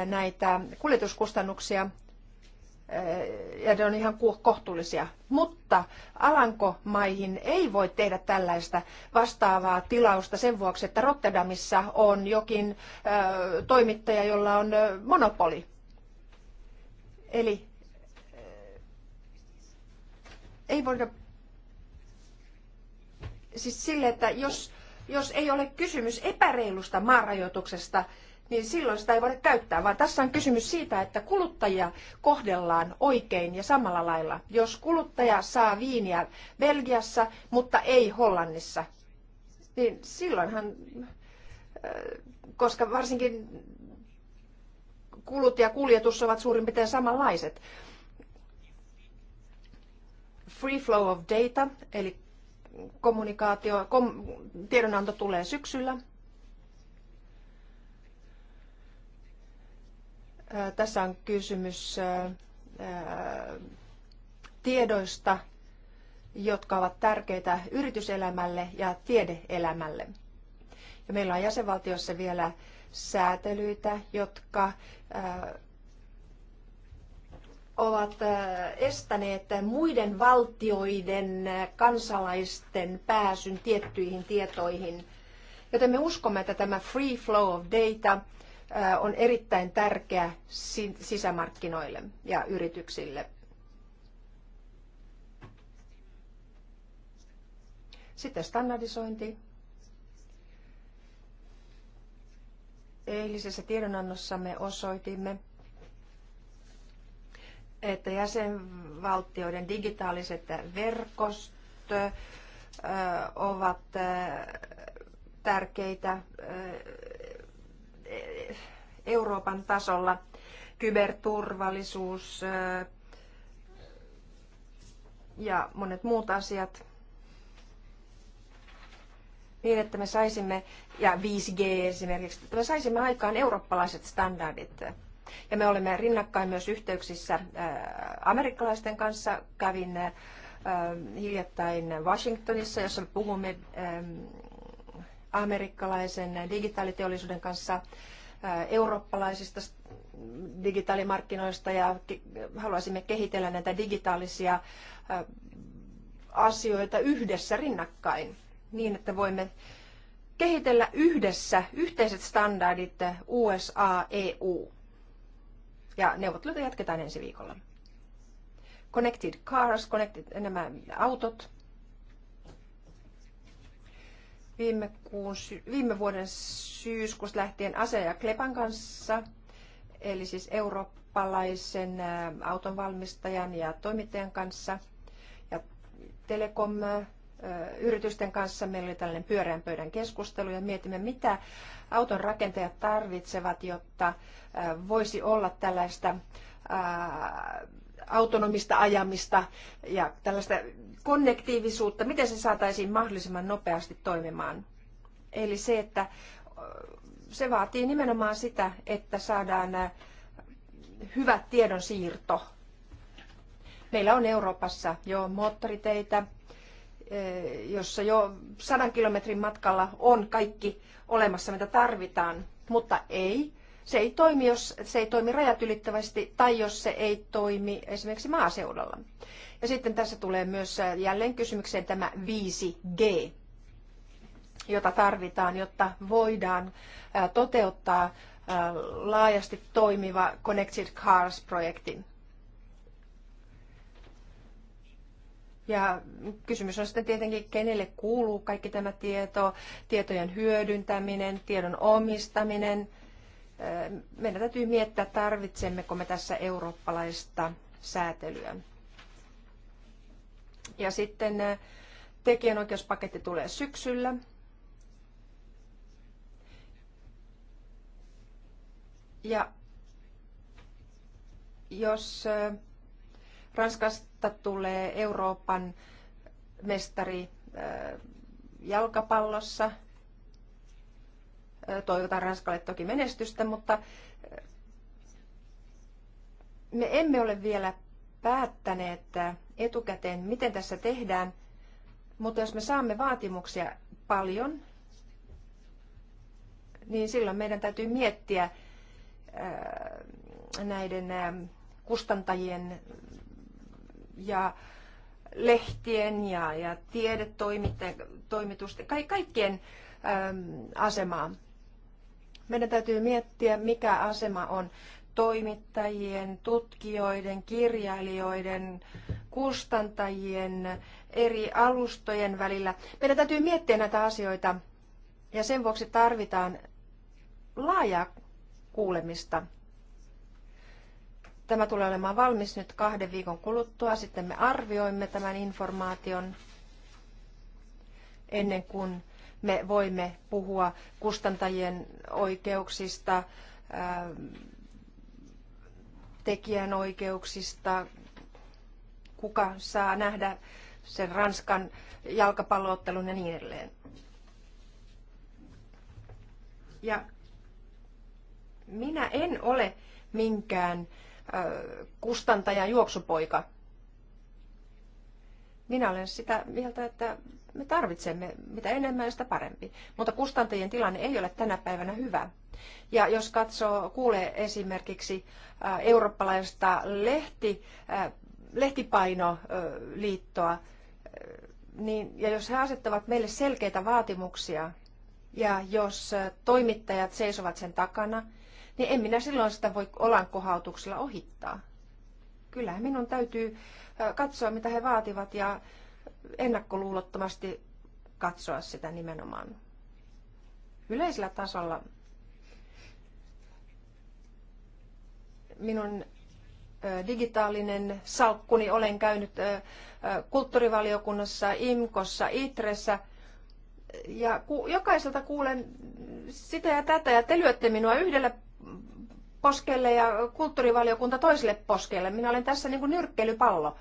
näitä kuljetuskustannuksia, ja ne on ihan kohtuullisia. Mutta Alankomaihin ei voi tehdä tällaista vastaavaa tilausta sen vuoksi, että Rotterdamissa on jokin toimittaja, jolla on monopoli. Eli ei voida... Siis sille, että jos, jos ei ole kysymys epäreilusta maarajoituksesta, niin silloin sitä ei voida käyttää, vaan tässä on kysymys siitä, että kuluttajia kohdellaan oikein ja samalla lailla. Jos kuluttaja saa viiniä Belgiassa, mutta ei Hollannissa, niin silloinhan, äh, koska varsinkin kulut ja kuljetus ovat suurin piirtein samanlaiset. Free flow of data, eli kommunikaatio, kom, tiedonanto tulee syksyllä Tässä on kysymys tiedoista, jotka ovat tärkeitä yrityselämälle ja tiedeelämälle. Ja meillä on jäsenvaltiossa vielä säätelyitä, jotka ovat estäneet muiden valtioiden kansalaisten pääsyn tiettyihin tietoihin. Joten me uskomme, että tämä free flow of data – on erittäin tärkeä sisämarkkinoille ja yrityksille. Sitten standardisointi. Eilisessä me osoitimme, että jäsenvaltioiden digitaaliset verkostot ovat tärkeitä Euroopan tasolla kyberturvallisuus ja monet muut asiat niin, että me saisimme, ja 5G esimerkiksi, että me saisimme aikaan eurooppalaiset standardit. Ja me olemme rinnakkain myös yhteyksissä amerikkalaisten kanssa. Kävin hiljattain Washingtonissa, jossa puhumme amerikkalaisen digitaaliteollisuuden kanssa äh, eurooppalaisista digitaalimarkkinoista ja haluaisimme kehitellä näitä digitaalisia äh, asioita yhdessä rinnakkain niin, että voimme kehitellä yhdessä yhteiset standardit USA-EU. E ja neuvotteluita jatketaan ensi viikolla. Connected cars, connected, nämä autot, viime, kuun, viime vuoden syyskuussa lähtien Ase ja Klepan kanssa, eli siis eurooppalaisen auton valmistajan ja toimittajan kanssa ja Telekom yritysten kanssa meillä oli tällainen pyöreän pöydän keskustelu ja mietimme, mitä auton rakentajat tarvitsevat, jotta voisi olla tällaista autonomista ajamista ja tällaista konnektiivisuutta, miten se saataisiin mahdollisimman nopeasti toimimaan. Eli se, että se vaatii nimenomaan sitä, että saadaan hyvä tiedonsiirto. Meillä on Euroopassa jo moottoriteitä, jossa jo sadan kilometrin matkalla on kaikki olemassa, mitä tarvitaan, mutta ei. Se ei toimi, jos se ei toimi rajat ylittävästi tai jos se ei toimi esimerkiksi maaseudulla. Ja sitten tässä tulee myös äh, jälleen kysymykseen tämä 5G, jota tarvitaan, jotta voidaan äh, toteuttaa äh, laajasti toimiva Connected Cars-projekti. Ja kysymys on sitten tietenkin, kenelle kuuluu kaikki tämä tieto, tietojen hyödyntäminen, tiedon omistaminen. Meidän täytyy miettiä, tarvitsemmeko me tässä eurooppalaista säätelyä. Ja sitten äh, tekijänoikeuspaketti tulee syksyllä. Ja jos äh, Ranskasta tulee Euroopan mestari äh, jalkapallossa, toivotan Ranskalle toki menestystä, mutta me emme ole vielä päättäneet etukäteen, miten tässä tehdään, mutta jos me saamme vaatimuksia paljon, niin silloin meidän täytyy miettiä äh, näiden ähm, kustantajien ja lehtien ja, ja tiedetoimitusten, ka- kaikkien äm, asemaa. Meidän täytyy miettiä, mikä asema on toimittajien, tutkijoiden, kirjailijoiden, kustantajien, eri alustojen välillä. Meidän täytyy miettiä näitä asioita ja sen vuoksi tarvitaan laajaa kuulemista. Tämä tulee olemaan valmis nyt kahden viikon kuluttua. Sitten me arvioimme tämän informaation ennen kuin me voimme puhua kustantajien oikeuksista, tekijänoikeuksista, kuka saa nähdä sen Ranskan jalkapalloottelun ja niin edelleen. Ja minä en ole minkään ö, kustantajan juoksupoika. Minä olen sitä mieltä, että me tarvitsemme mitä enemmän, sitä parempi. Mutta kustantajien tilanne ei ole tänä päivänä hyvä. Ja jos katsoo, kuulee esimerkiksi äh, eurooppalaista lehti, äh, lehtipainoliittoa, äh, niin, ja jos he asettavat meille selkeitä vaatimuksia, ja jos toimittajat seisovat sen takana, niin en minä silloin sitä voi olan kohautuksella ohittaa. Kyllä minun täytyy katsoa, mitä he vaativat, ja ennakkoluulottomasti katsoa sitä nimenomaan. Yleisellä tasolla minun digitaalinen salkkuni. Olen käynyt kulttuurivaliokunnassa, IMKossa, ITRessä ja jokaiselta kuulen sitä ja tätä ja te lyötte minua yhdelle poskelle ja kulttuurivaliokunta toiselle poskelle. Minä olen tässä niin kuin nyrkkelypallo,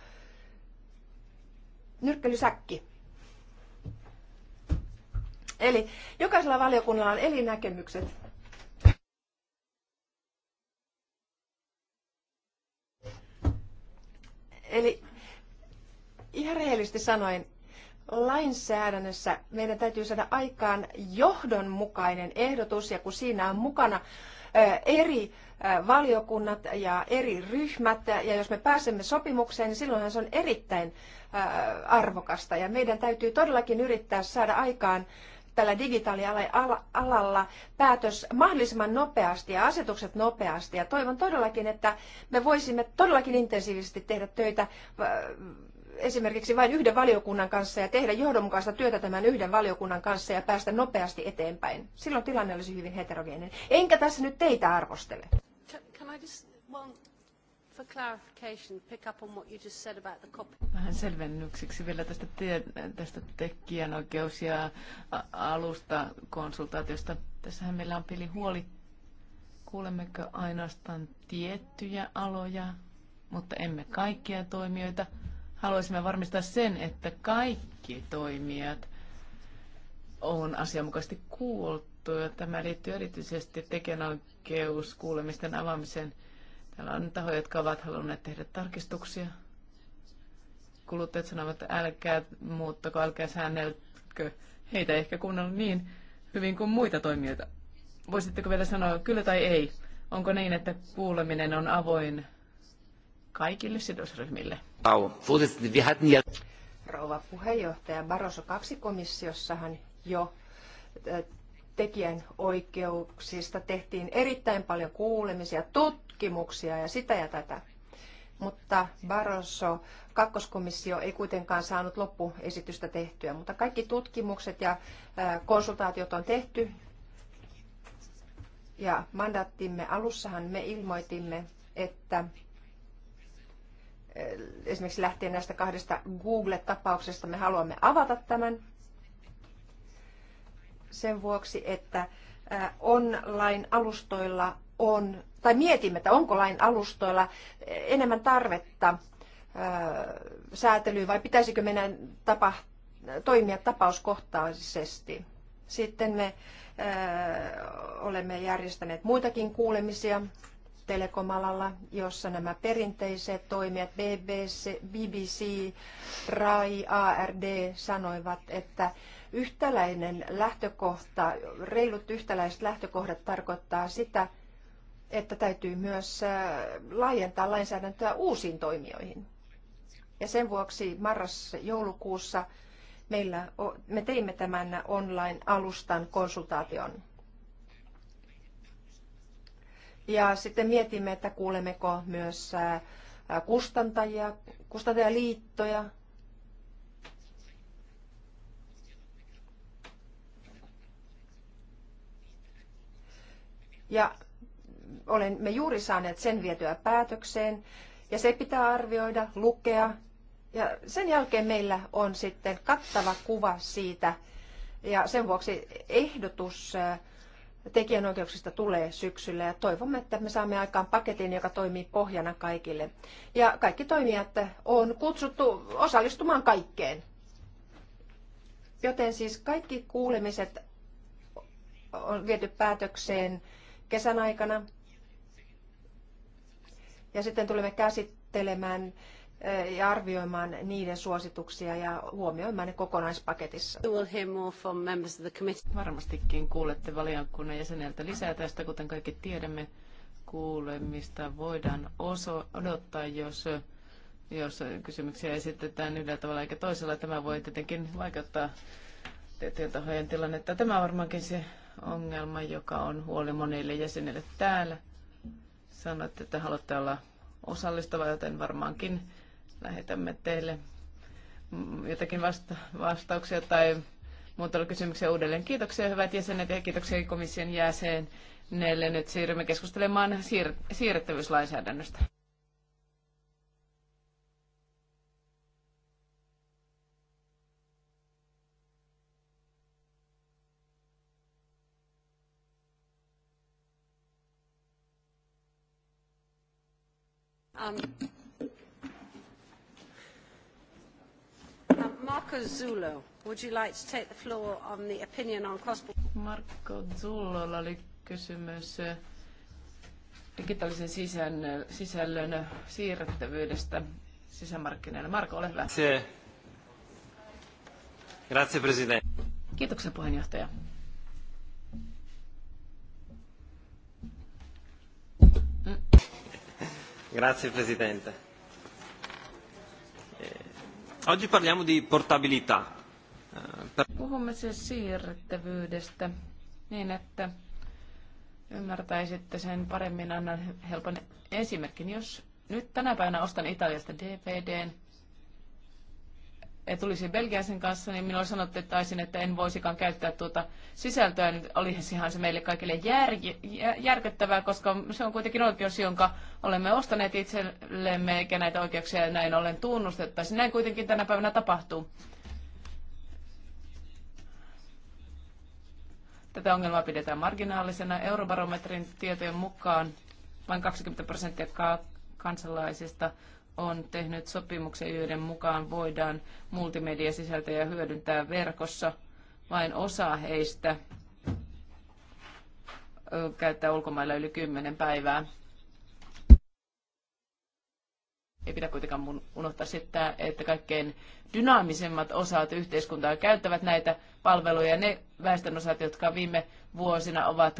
nyrkkelysäkki. Eli jokaisella valiokunnalla on eri näkemykset Eli ihan rehellisesti sanoen, lainsäädännössä meidän täytyy saada aikaan johdonmukainen ehdotus, ja kun siinä on mukana eri valiokunnat ja eri ryhmät, ja jos me pääsemme sopimukseen, niin silloinhan se on erittäin arvokasta, ja meidän täytyy todellakin yrittää saada aikaan tällä digitaalialalla päätös mahdollisimman nopeasti ja asetukset nopeasti. Ja toivon todellakin, että me voisimme todellakin intensiivisesti tehdä töitä äh, esimerkiksi vain yhden valiokunnan kanssa ja tehdä johdonmukaista työtä tämän yhden valiokunnan kanssa ja päästä nopeasti eteenpäin. Silloin tilanne olisi hyvin heterogeeninen. Enkä tässä nyt teitä arvostele. Can, can for clarification, pick up on what you just said about the copy. Vähän selvennykseksi vielä tästä, te- tästä tekijänoikeus- ja alusta konsultaatiosta. Tässähän meillä on pili huoli. Kuulemmeko ainoastaan tiettyjä aloja, mutta emme kaikkia toimijoita. Haluaisimme varmistaa sen, että kaikki toimijat on asianmukaisesti kuultu. tämä liittyy erityisesti tekijänoikeuskuulemisten avaamiseen – Täällä on tahoja, jotka ovat halunneet tehdä tarkistuksia. Kuluttajat sanovat, että älkää muuttako, älkää säännelkö. Heitä ehkä kunnolla niin hyvin kuin muita toimijoita. Voisitteko vielä sanoa kyllä tai ei? Onko niin, että kuuleminen on avoin kaikille sidosryhmille? Rouva puheenjohtaja Barroso 2 komissiossahan jo tekijän oikeuksista tehtiin erittäin paljon kuulemisia. Totta tutkimuksia ja sitä ja tätä. Mutta Barroso kakkoskomissio ei kuitenkaan saanut loppuesitystä tehtyä, mutta kaikki tutkimukset ja konsultaatiot on tehty. Ja mandaattimme alussahan me ilmoitimme, että esimerkiksi lähtien näistä kahdesta Google-tapauksesta me haluamme avata tämän sen vuoksi, että online-alustoilla on, tai mietimme, että onko lain alustoilla enemmän tarvetta säätelyyn vai pitäisikö meidän tapa, toimia tapauskohtaisesti. Sitten me ö, olemme järjestäneet muitakin kuulemisia telekomalalla, jossa nämä perinteiset toimijat BBC, BBC, RAI, ARD sanoivat, että yhtäläinen lähtökohta, reilut yhtäläiset lähtökohdat tarkoittaa sitä, että täytyy myös äh, laajentaa lainsäädäntöä uusiin toimijoihin. Ja sen vuoksi marras-joulukuussa meillä, me teimme tämän online-alustan konsultaation. Ja sitten mietimme, että kuulemmeko myös äh, kustantajia, kustantajaliittoja. Ja olen me juuri saaneet sen vietyä päätökseen ja se pitää arvioida, lukea ja sen jälkeen meillä on sitten kattava kuva siitä ja sen vuoksi ehdotus tekijänoikeuksista tulee syksyllä ja toivomme, että me saamme aikaan paketin, joka toimii pohjana kaikille. Ja kaikki toimijat on kutsuttu osallistumaan kaikkeen. Joten siis kaikki kuulemiset on viety päätökseen kesän aikana ja sitten tulemme käsittelemään eh, ja arvioimaan niiden suosituksia ja huomioimaan ne kokonaispaketissa. Varmastikin kuulette valiokunnan jäseneltä lisää tästä, kuten kaikki tiedämme. Kuulemista voidaan oso- odottaa, jos, jos kysymyksiä esitetään yhdellä tavalla eikä toisella. Tämä voi tietenkin vaikuttaa tiettyjen tahojen tilannetta. Tämä on varmaankin se ongelma, joka on huoli monille jäsenille täällä Sanoitte, että haluatte olla osallistava, joten varmaankin lähetämme teille jotakin vasta- vastauksia tai muuta kysymyksiä uudelleen. Kiitoksia hyvät jäsenet ja kiitoksia komission jäsenelle. Nyt siirrymme keskustelemaan siir- siirrettävyyslainsäädännöstä. Um, Marco Zullo, would you like to take the floor on the opinion on cross-border? Marco Zullolla oli kysymys eh, digitaalisen sisällön, sisällön siirrettävyydestä sisämarkkinoille. Marko, ole hyvä. Grazie. Grazie, Presidente. Kiitoksia puheenjohtaja. Grazie Presidente. Eh, Oggi parliamo di portabilità. Eh, Puhumme siis siirrettävyydestä niin, että ymmärtäisitte sen paremmin. Annan helpon esimerkin. Jos nyt tänä päivänä ostan Italiasta DVDn, tulisi Belgian sen kanssa, niin minulle sanottaisiin, että en voisikaan käyttää tuota sisältöä. Niin olisihan se meille kaikille jär, järkyttävää, koska se on kuitenkin oikeus, jonka olemme ostaneet itsellemme, eikä näitä oikeuksia näin ollen tunnustettaisiin. Näin kuitenkin tänä päivänä tapahtuu. Tätä ongelmaa pidetään marginaalisena. Eurobarometrin tietojen mukaan vain 20 prosenttia kansalaisista on tehnyt sopimuksen, joiden mukaan voidaan multimediasisältöjä hyödyntää verkossa. Vain osa heistä käyttää ulkomailla yli 10 päivää. Ei pidä kuitenkaan unohtaa sitä, että kaikkein dynaamisemmat osat yhteiskuntaa käyttävät näitä palveluja. Ne väestönosat, jotka viime vuosina ovat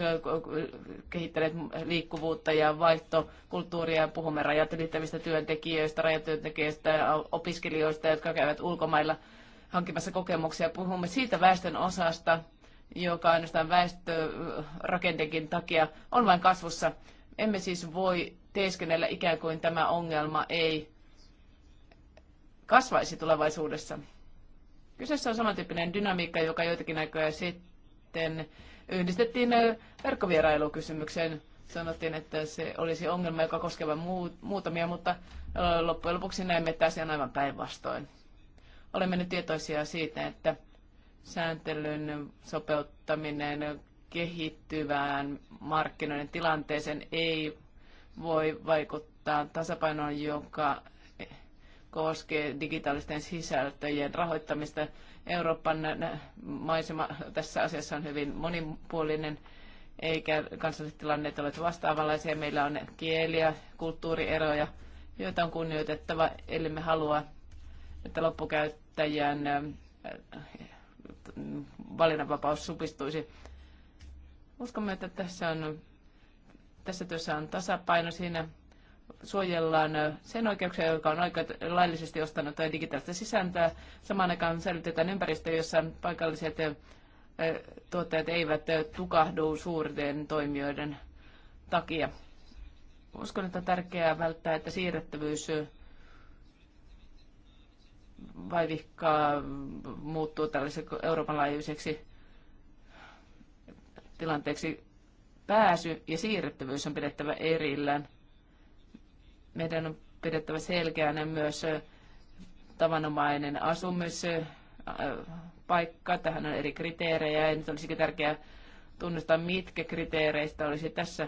kehittäneet liikkuvuutta ja vaihtokulttuuria, puhumme rajat ylittävistä työntekijöistä, rajatyöntekijöistä, opiskelijoista, jotka käyvät ulkomailla hankkimassa kokemuksia. Puhumme siitä väestön osasta, joka ainoastaan väestörakenteenkin takia on vain kasvussa. Emme siis voi teeskennellä ikään kuin tämä ongelma ei kasvaisi tulevaisuudessa. Kyseessä on samantyyppinen dynamiikka, joka joitakin aikoja sitten yhdistettiin verkkovierailukysymykseen. Sanottiin, että se olisi ongelma, joka koskeva muutamia, mutta loppujen lopuksi näemme, että asia on aivan päinvastoin. Olemme nyt tietoisia siitä, että sääntelyn sopeuttaminen kehittyvään markkinoiden tilanteeseen ei voi vaikuttaa tasapainoon, joka koskee digitaalisten sisältöjen rahoittamista. Euroopan maisema tässä asiassa on hyvin monipuolinen, eikä kansalliset tilanneet ole vastaavanlaisia. Meillä on kieliä, kulttuurieroja, joita on kunnioitettava, eli me halua, että loppukäyttäjän valinnanvapaus supistuisi. Uskomme, että tässä, on, tässä työssä on tasapaino siinä, suojellaan sen oikeuksia, joka on aika laillisesti ostanut tai digitaalista sisääntöä. Samaan aikaan säilytetään ympäristö, jossa paikalliset tuottajat eivät tukahdu suurten toimijoiden takia. Uskon, että on tärkeää välttää, että siirrettävyys vaivihkaa muuttuu tällaiseksi Euroopan laajuiseksi tilanteeksi. Pääsy ja siirrettävyys on pidettävä erillään meidän on pidettävä selkeänä myös tavanomainen asumispaikka. Tähän on eri kriteerejä ja nyt olisikin tärkeää tunnustaa, mitkä kriteereistä olisi tässä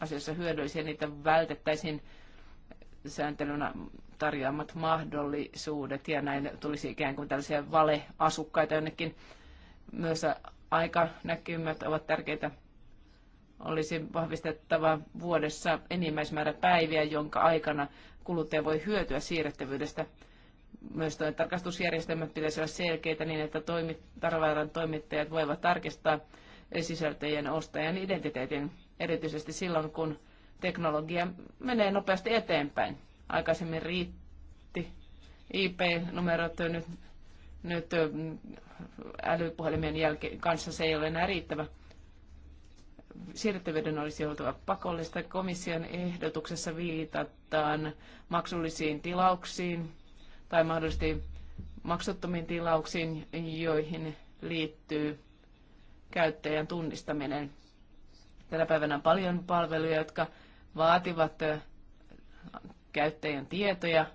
asiassa hyödyllisiä. Niitä vältettäisiin sääntelyn tarjoamat mahdollisuudet ja näin tulisi ikään kuin tällaisia valeasukkaita jonnekin. Myös aikanäkymät ovat tärkeitä olisi vahvistettava vuodessa enimmäismäärä päiviä, jonka aikana kuluttaja voi hyötyä siirrettävyydestä. Myös tarkastusjärjestelmät pitäisi olla selkeitä niin, että tarvitaan tarvailan toimittajat voivat tarkistaa sisältöjen ostajan identiteetin, erityisesti silloin, kun teknologia menee nopeasti eteenpäin. Aikaisemmin riitti IP-numerot, nyt, nyt mm, älypuhelimien jälkeen kanssa se ei ole enää riittävä siirrettävyyden olisi oltava pakollista. Komission ehdotuksessa viitataan maksullisiin tilauksiin tai mahdollisesti maksuttomiin tilauksiin, joihin liittyy käyttäjän tunnistaminen. Tänä päivänä on paljon palveluja, jotka vaativat äh, käyttäjän tietoja,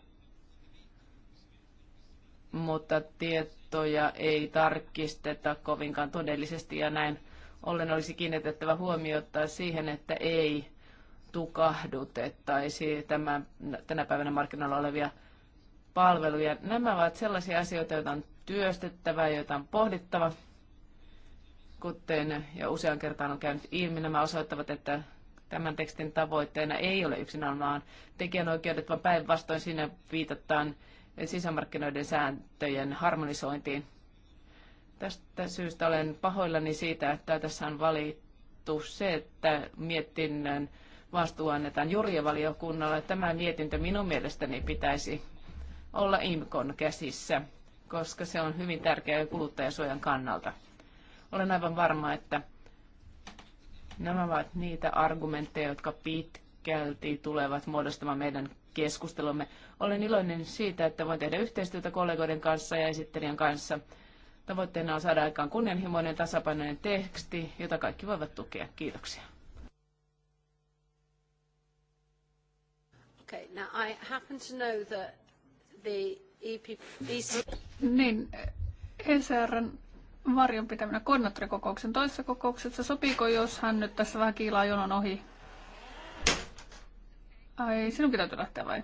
mutta tietoja ei tarkisteta kovinkaan todellisesti ja näin ollen olisi kiinnitettävä huomiota siihen, että ei tukahdutettaisi tämä tänä päivänä markkinoilla olevia palveluja. Nämä ovat sellaisia asioita, joita on työstettävä, joita on pohdittava. Kuten jo usean kertaan on käynyt ilmi, nämä osoittavat, että tämän tekstin tavoitteena ei ole yksinomaan tekijänoikeudet, vaan päinvastoin siinä viitataan sisämarkkinoiden sääntöjen harmonisointiin. Tästä syystä olen pahoillani siitä, että tässä on valittu se, että mietinnän vastuu annetaan jurjevaliokunnalle. Tämä mietintö minun mielestäni pitäisi olla IMKon käsissä, koska se on hyvin tärkeä kuluttajasuojan kannalta. Olen aivan varma, että nämä ovat niitä argumentteja, jotka pitkälti tulevat muodostamaan meidän keskustelumme. Olen iloinen siitä, että voin tehdä yhteistyötä kollegoiden kanssa ja esittelijän kanssa – Tavoitteena on saada aikaan kunnianhimoinen tasapainoinen teksti, jota kaikki voivat tukea. Kiitoksia. Okay, now I happen to know that the EP... E niin, ECRn varjon pitäminen koordinaattorikokouksen toisessa kokouksessa. Sopiiko, jos hän nyt tässä vähän kiilaa jonon ohi? Ai, sinunkin täytyy lähteä vai?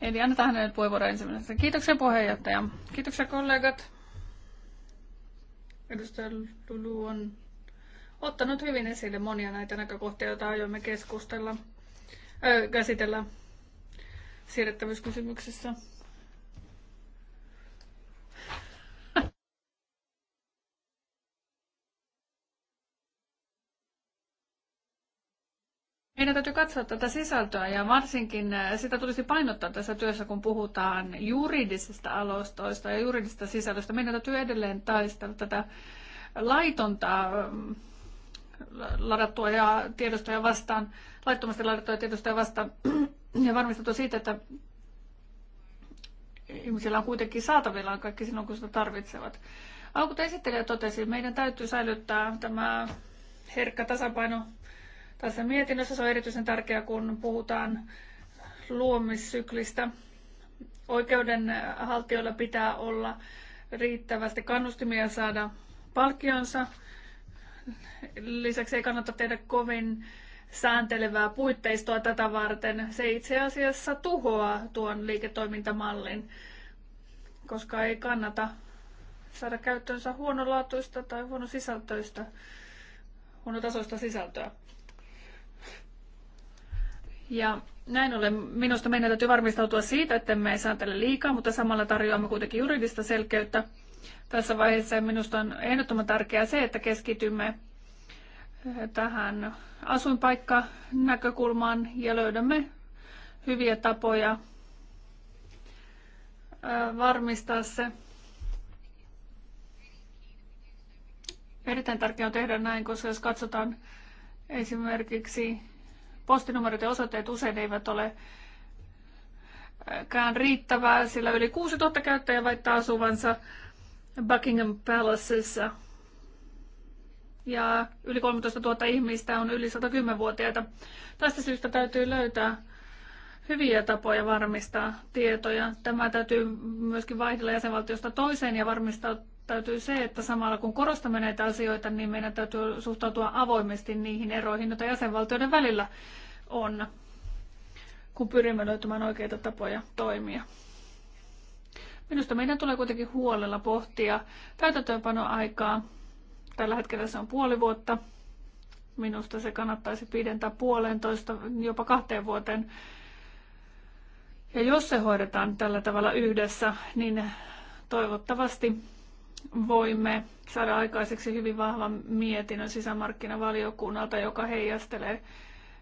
Eli annetaan hänelle puheenvuoro ensimmäisenä. Kiitoksia puheenjohtaja. Kiitoksia kollegat. Edustaja Lulu on ottanut hyvin esille monia näitä näkökohtia, joita aiomme keskustella, öö, käsitellä siirrettävyyskysymyksessä. Meidän täytyy katsoa tätä sisältöä ja varsinkin äh, sitä tulisi painottaa tässä työssä, kun puhutaan juridisista alostoista ja juridisista sisällöistä. Meidän täytyy edelleen taistella tätä laitonta ähm, ladattua ja tiedostoja vastaan, laittomasti ladattua tiedostoja vastaan ja varmistettua siitä, että ihmisillä on kuitenkin saatavillaan kaikki silloin, kun sitä tarvitsevat. Aivan esittelijä totesi, meidän täytyy säilyttää tämä herkkä tasapaino tässä mietinnössä se on erityisen tärkeää, kun puhutaan luomissyklistä. Oikeudenhaltijoilla pitää olla riittävästi kannustimia saada palkkionsa. Lisäksi ei kannata tehdä kovin sääntelevää puitteistoa tätä varten. Se itse asiassa tuhoaa tuon liiketoimintamallin, koska ei kannata saada käyttöönsä huonolaatuista tai huonosisältöistä, huonotasoista sisältöä. Ja näin ollen minusta meidän täytyy varmistautua siitä, että me sääntele liikaa, mutta samalla tarjoamme kuitenkin juridista selkeyttä. Tässä vaiheessa minusta on ehdottoman tärkeää se, että keskitymme eh, tähän asuinpaikkanäkökulmaan ja löydämme hyviä tapoja eh, varmistaa se. Erittäin tärkeää on tehdä näin, koska jos katsotaan esimerkiksi Postinumerot ja osoitteet usein eivät ole kään riittävää, sillä yli 6000 käyttäjää väittää asuvansa Buckingham Palaceissa. Ja yli 13 000 ihmistä on yli 110-vuotiaita. Tästä syystä täytyy löytää hyviä tapoja varmistaa tietoja. Tämä täytyy myöskin vaihdella jäsenvaltiosta toiseen ja varmistaa täytyy se, että samalla kun korostamme näitä asioita, niin meidän täytyy suhtautua avoimesti niihin eroihin, joita jäsenvaltioiden välillä on, kun pyrimme löytämään oikeita tapoja toimia. Minusta meidän tulee kuitenkin huolella pohtia täytäntöönpanoaikaa. Tällä hetkellä se on puoli vuotta. Minusta se kannattaisi pidentää puolentoista, jopa kahteen vuoteen. Ja jos se hoidetaan tällä tavalla yhdessä, niin toivottavasti voimme saada aikaiseksi hyvin vahvan mietinnön sisämarkkinavaliokunnalta, joka heijastelee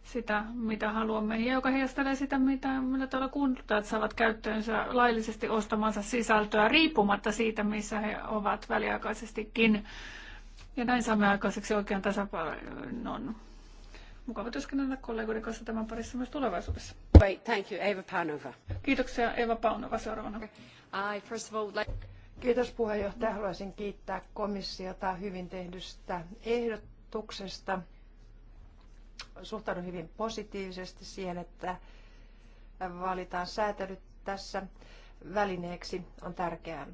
sitä, mitä haluamme, ja joka heijastelee sitä, mitä, millä tavalla kuluttajat saavat käyttöönsä laillisesti ostamansa sisältöä, riippumatta siitä, missä he ovat väliaikaisestikin. Ja näin saamme aikaiseksi oikean tasapainon. Mukava työskennellä kollegoiden kanssa tämän parissa myös tulevaisuudessa. thank you, Eva Paunova. Kiitoksia, Eva Paunova, seuraavana. I first of all, like... Kiitos puheenjohtaja. Haluaisin kiittää komissiota hyvin tehdystä ehdotuksesta. Suhtaudun hyvin positiivisesti siihen, että valitaan säätelyt tässä välineeksi on tärkeää.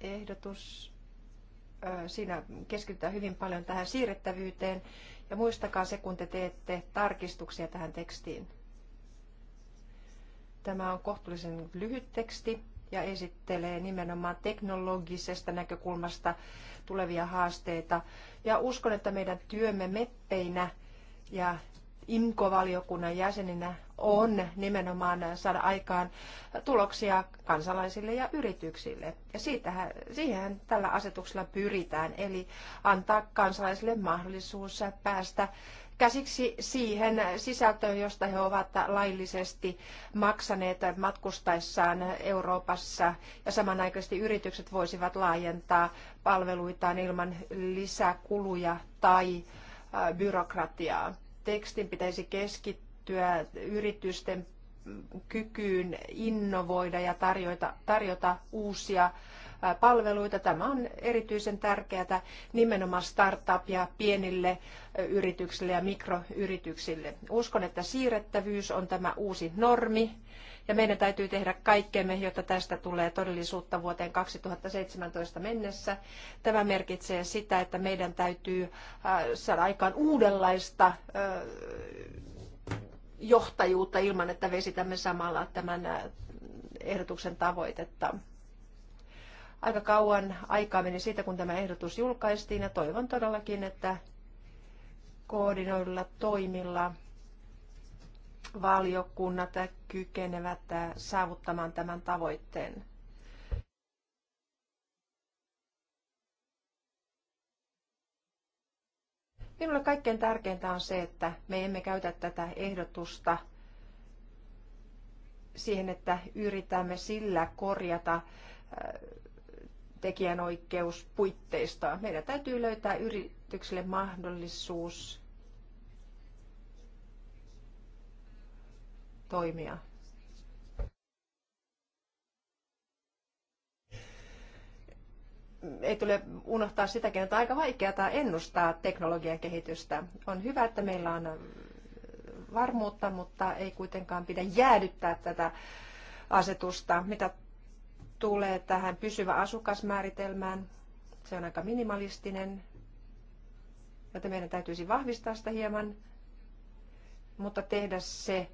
Ehdotus, siinä keskitytään hyvin paljon tähän siirrettävyyteen ja muistakaa se, kun te teette tarkistuksia tähän tekstiin. Tämä on kohtuullisen lyhyt teksti, ja esittelee nimenomaan teknologisesta näkökulmasta tulevia haasteita. Ja uskon, että meidän työmme meppeinä ja IMKO-valiokunnan jäseninä on nimenomaan saada aikaan tuloksia kansalaisille ja yrityksille. Ja siitähän, siihen tällä asetuksella pyritään, eli antaa kansalaisille mahdollisuus päästä käsiksi siihen sisältöön, josta he ovat laillisesti maksaneet matkustaessaan Euroopassa ja samanaikaisesti yritykset voisivat laajentaa palveluitaan ilman lisäkuluja tai byrokratiaa. Tekstin pitäisi keskittyä yritysten kykyyn innovoida ja tarjota, tarjota uusia palveluita. Tämä on erityisen tärkeää nimenomaan startupia pienille yrityksille ja mikroyrityksille. Uskon, että siirrettävyys on tämä uusi normi ja meidän täytyy tehdä kaikkemme, jotta tästä tulee todellisuutta vuoteen 2017 mennessä. Tämä merkitsee sitä, että meidän täytyy saada aikaan uudenlaista johtajuutta ilman, että vesitämme samalla tämän ehdotuksen tavoitetta. Aika kauan aikaa meni siitä, kun tämä ehdotus julkaistiin ja toivon todellakin, että koordinoidulla toimilla valiokunnat kykenevät saavuttamaan tämän tavoitteen. Minulle kaikkein tärkeintä on se, että me emme käytä tätä ehdotusta siihen, että yritämme sillä korjata äh, tekijänoikeuspuitteista. Meidän täytyy löytää yrityksille mahdollisuus toimia. Ei tule unohtaa sitäkin, että on aika vaikeaa ennustaa teknologian kehitystä. On hyvä, että meillä on varmuutta, mutta ei kuitenkaan pidä jäädyttää tätä asetusta. Mitä tulee tähän pysyvä asukasmääritelmään, se on aika minimalistinen, joten meidän täytyisi vahvistaa sitä hieman, mutta tehdä se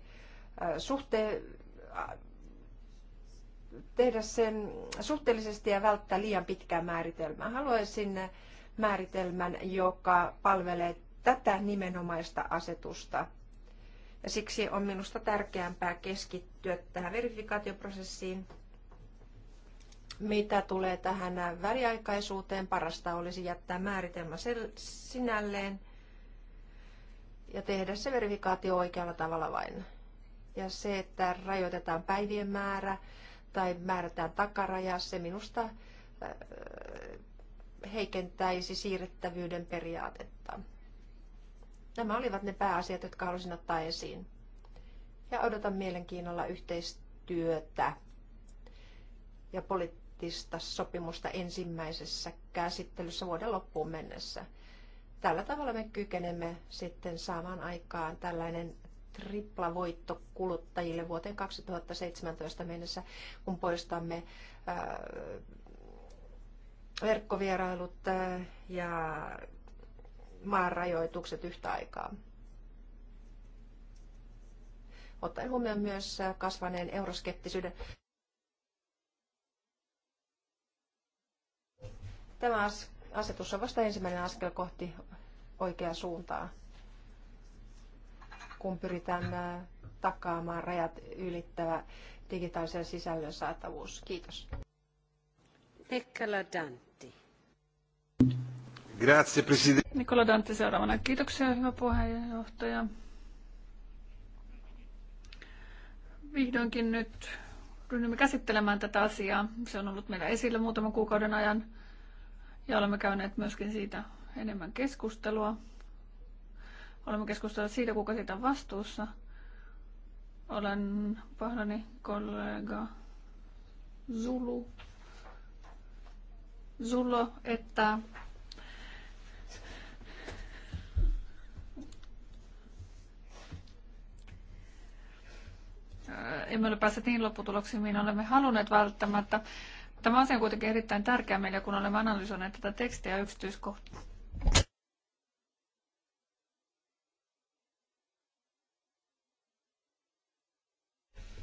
äh, suhteen tehdä sen suhteellisesti ja välttää liian pitkää määritelmää. Haluaisin määritelmän, joka palvelee tätä nimenomaista asetusta. Ja siksi on minusta tärkeämpää keskittyä tähän verifikaatioprosessiin mitä tulee tähän väliaikaisuuteen, parasta olisi jättää määritelmä sinälleen ja tehdä se verifikaatio oikealla tavalla vain. Ja se, että rajoitetaan päivien määrä tai määrätään takaraja, se minusta äh, heikentäisi siirrettävyyden periaatetta. Nämä olivat ne pääasiat, jotka halusin ottaa esiin. Ja odotan mielenkiinnolla yhteistyötä ja poliittista poliittista sopimusta ensimmäisessä käsittelyssä vuoden loppuun mennessä. Tällä tavalla me kykenemme sitten saamaan aikaan tällainen triplavoitto kuluttajille vuoteen 2017 mennessä, kun poistamme äh, verkkovierailut äh, ja maanrajoitukset yhtä aikaa. Ottaen huomioon myös äh, kasvaneen euroskeptisyyden Tämä asetus on vasta ensimmäinen askel kohti oikeaa suuntaa, kun pyritään takaamaan rajat ylittävä digitaalisen sisällön saatavuus. Kiitos. Pekkala Dantti. Grazie, presidente. Nikola Dantti seuraavana. Kiitoksia, hyvä puheenjohtaja. Vihdoinkin nyt ryhdymme käsittelemään tätä asiaa. Se on ollut meillä esillä muutaman kuukauden ajan. Ja olemme käyneet myöskin siitä enemmän keskustelua. Olemme keskustelleet siitä, kuka siitä on vastuussa. Olen pahdani kollega Zulu. Zulo, että emme ole päässeet niin lopputuloksiin, mihin olemme halunneet välttämättä. Tämä asia on kuitenkin erittäin tärkeä meille, kun olemme analysoineet tätä tekstiä yksityiskohtaa.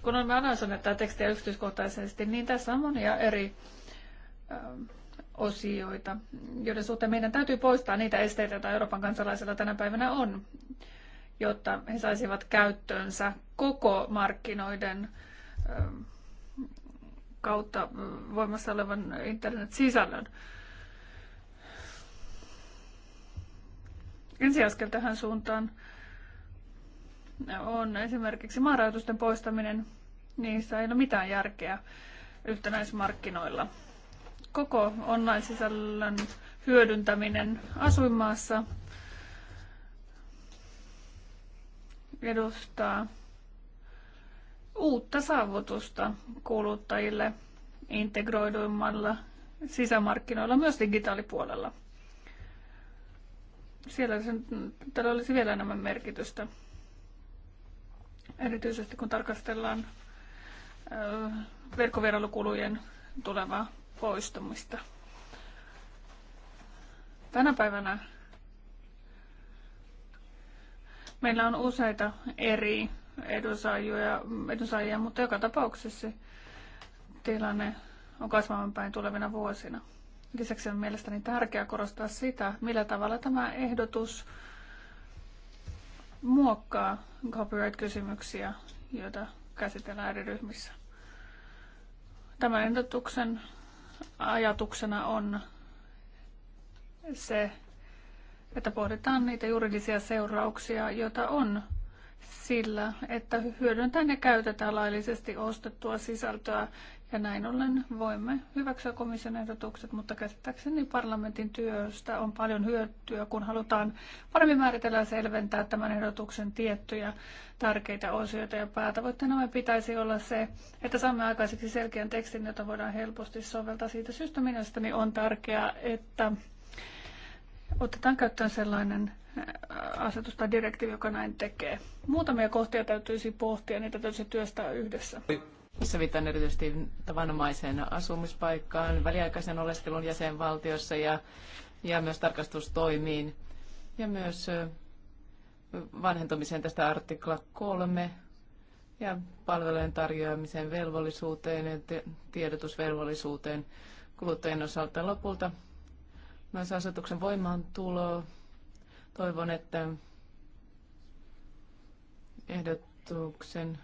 kun olemme analysoineet tätä tekstiä yksityiskohtaisesti, niin tässä on monia eri ähm, osioita, joiden suhteen meidän täytyy poistaa niitä esteitä, joita Euroopan kansalaisilla tänä päivänä on, jotta he saisivat käyttöönsä koko markkinoiden ö, ähm, kautta voimassa olevan internet-sisällön. Ensiaskel tähän suuntaan on esimerkiksi maarajoitusten poistaminen. Niissä ei ole mitään järkeä yhtenäismarkkinoilla. Koko online-sisällön hyödyntäminen asuinmaassa edustaa uutta saavutusta kuluttajille integroiduimmalla sisämarkkinoilla myös digitaalipuolella. Siellä sen, tällä olisi vielä enemmän merkitystä, erityisesti kun tarkastellaan verkkovierailukulujen tulevaa poistumista. Tänä päivänä meillä on useita eri edunsaajia, edunsaajia, mutta joka tapauksessa tilanne on kasvamaan päin tulevina vuosina. Lisäksi on mielestäni tärkeää korostaa sitä, millä tavalla tämä ehdotus muokkaa copyright-kysymyksiä, joita käsitellään eri ryhmissä. Tämän ehdotuksen ajatuksena on se, että pohditaan niitä juridisia seurauksia, joita on sillä, että hyödyntään ja käytetään laillisesti ostettua sisältöä ja näin ollen voimme hyväksyä komission ehdotukset, mutta käsittääkseni parlamentin työstä on paljon hyötyä, kun halutaan paremmin määritellä ja selventää tämän ehdotuksen tiettyjä tärkeitä osioita. Ja päätavoitteena pitäisi olla se, että saamme aikaiseksi selkeän tekstin, jota voidaan helposti soveltaa. Siitä syystä mielestäni on tärkeää, että otetaan käyttöön sellainen äh, asetus tai direktiivi, joka näin tekee. Muutamia kohtia täytyisi pohtia, niitä täytyisi työstää yhdessä. Missä viittaan erityisesti tavanomaiseen asumispaikkaan, väliaikaisen oleskelun jäsenvaltiossa ja, ja myös tarkastustoimiin. Ja myös vanhentumiseen tästä artikla 3 ja palvelujen tarjoamisen velvollisuuteen ja tiedotusvelvollisuuteen kuluttajien osalta lopulta myös asetuksen voimaantulo. Toivon, että ehdotuksen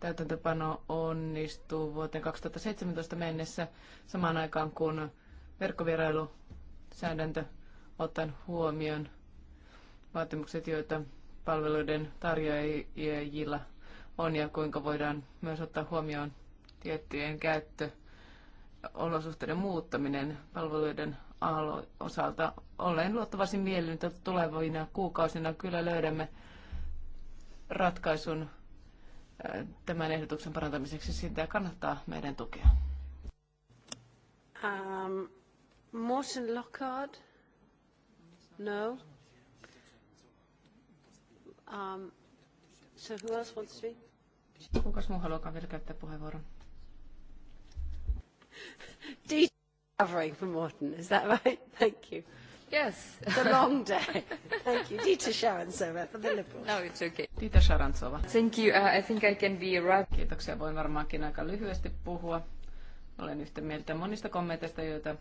täytäntöpano onnistuu vuoteen 2017 mennessä samaan aikaan, kun verkkovierailusäädäntö ottaen huomioon vaatimukset, joita palveluiden tarjoajilla on ja kuinka voidaan myös ottaa huomioon tiettyjen olosuhteiden muuttaminen palveluiden osalta. Olen luottavasti mielin, että tulevina kuukausina kyllä löydämme ratkaisun äh, tämän ehdotuksen parantamiseksi. Sitä kannattaa meidän tukea. Um, Morten Lockhart? No? Um, so who else wants to speak? Kukas muu haluaa vielä käyttää puheenvuoron? recovering from Morton. Is that right? Thank you. Yes. It's a long day. Thank you. Dita Sharantsova for the Liberals. No, it's okay. Dita Sharantsova. Thank you. Uh, I think I can be right. Kiitoksia. Voin varmaankin aika lyhyesti puhua. Olen yhtä mieltä monista kommenteista, joita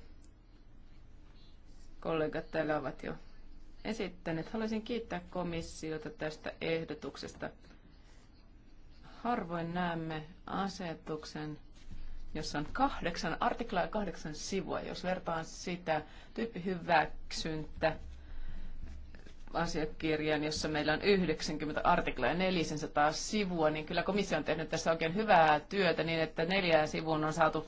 kollegat täällä ovat jo esittäneet. Haluaisin kiittää komissiota tästä ehdotuksesta. Harvoin näemme asetuksen jossa on kahdeksan artiklaa ja kahdeksan sivua. Jos vertaan sitä tyyppihyväksyntä asiakirjaan, jossa meillä on 90 artiklaa ja 400 sivua, niin kyllä komissio on tehnyt tässä oikein hyvää työtä niin, että neljään sivuun on saatu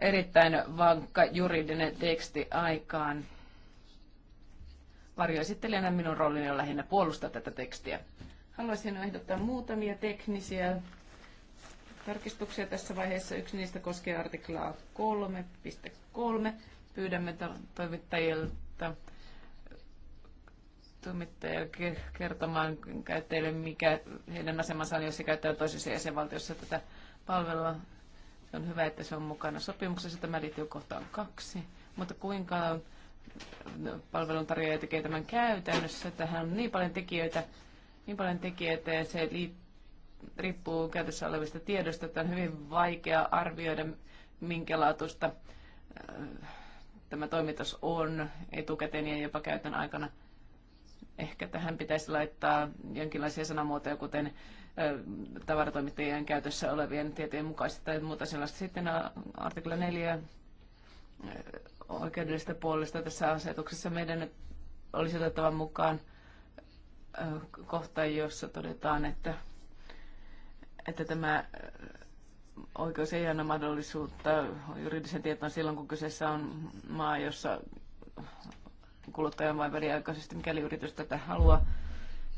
erittäin vankka juridinen teksti aikaan. Varjoesittelijänä minun roolini on lähinnä puolustaa tätä tekstiä. Haluaisin ehdottaa muutamia teknisiä tarkistuksia tässä vaiheessa. Yksi niistä koskee artiklaa 3.3. Pyydämme toimittajilta toimittajia kertomaan käyttäjille, mikä heidän asemansa on, jos he käyttää toisessa jäsenvaltiossa tätä palvelua. Se on hyvä, että se on mukana sopimuksessa. Tämä liittyy kohtaan kaksi. Mutta kuinka palveluntarjoaja tekee tämän käytännössä? Tähän on niin paljon tekijöitä, niin paljon tekijöitä ja se liittyy riippuu käytössä olevista tiedoista, että on hyvin vaikea arvioida, minkälaatuista äh, tämä toimitus on etukäteen ja jopa käytön aikana. Ehkä tähän pitäisi laittaa jonkinlaisia sanamuotoja, kuten äh, tavaratoimittajien käytössä olevien tietojen mukaisesti tai muuta sellaista. Sitten äh, artikla 4 oikeudellisesta puolesta tässä asetuksessa meidän olisi otettava mukaan kohta, jossa todetaan, että että tämä äh, oikeus ei anna mahdollisuutta juridisen tietoon silloin, kun kyseessä on maa, jossa kuluttaja vain väliaikaisesti, mikäli yritys tätä haluaa.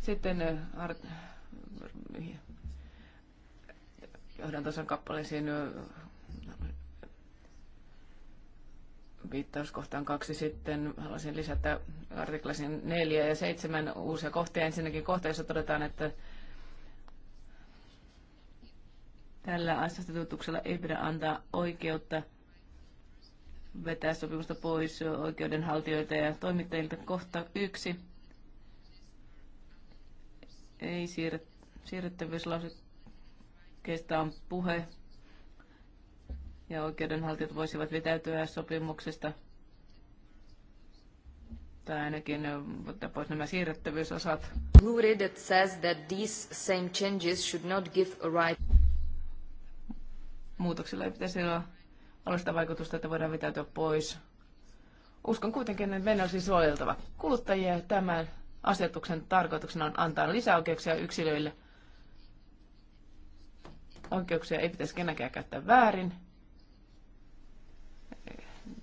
Sitten äh, tuossa kappaleisiin äh, viittauskohtaan kaksi sitten haluaisin lisätä artiklasin neljä ja seitsemän uusia kohtia. Ensinnäkin kohta, jossa todetaan, että Tällä asetetutuksella ei pidä antaa oikeutta vetää sopimusta pois oikeudenhaltijoilta ja toimittajilta. Kohta yksi. Ei siirret, siirrettävyyslausekkeesta on puhe. Ja oikeudenhaltijat voisivat vetäytyä sopimuksesta tai ainakin ottaa pois nämä siirrettävyysosat. Blue says that these same changes should not give a right muutoksilla ei pitäisi olla alusta vaikutusta, että voidaan vetäytyä pois. Uskon kuitenkin, että meidän olisi suojeltava kuluttajia. Tämän asetuksen tarkoituksena on antaa lisäoikeuksia yksilöille. Oikeuksia ei pitäisi kenenkään käyttää väärin.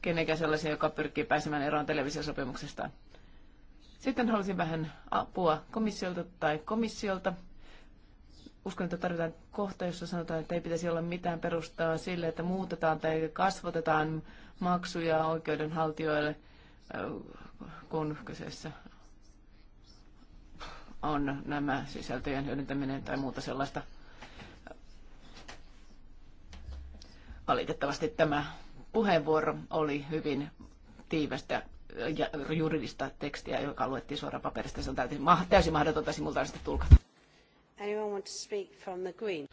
Kenenkään sellaisia, joka pyrkii pääsemään eroon televisiosopimuksestaan. Sitten halusin vähän apua komissiolta tai komissiolta – Uskon, että tarvitaan kohta, jossa sanotaan, että ei pitäisi olla mitään perustaa sille, että muutetaan tai kasvatetaan maksuja oikeudenhaltijoille, äh, kun kyseessä on nämä sisältöjen hyödyntäminen tai muuta sellaista. Valitettavasti tämä puheenvuoro oli hyvin tiivästä juridista tekstiä, joka luettiin suoraan paperista. Se on täysin, täysin mahdotonta simultaanisesti tulkata. Anyone want to speak from the green?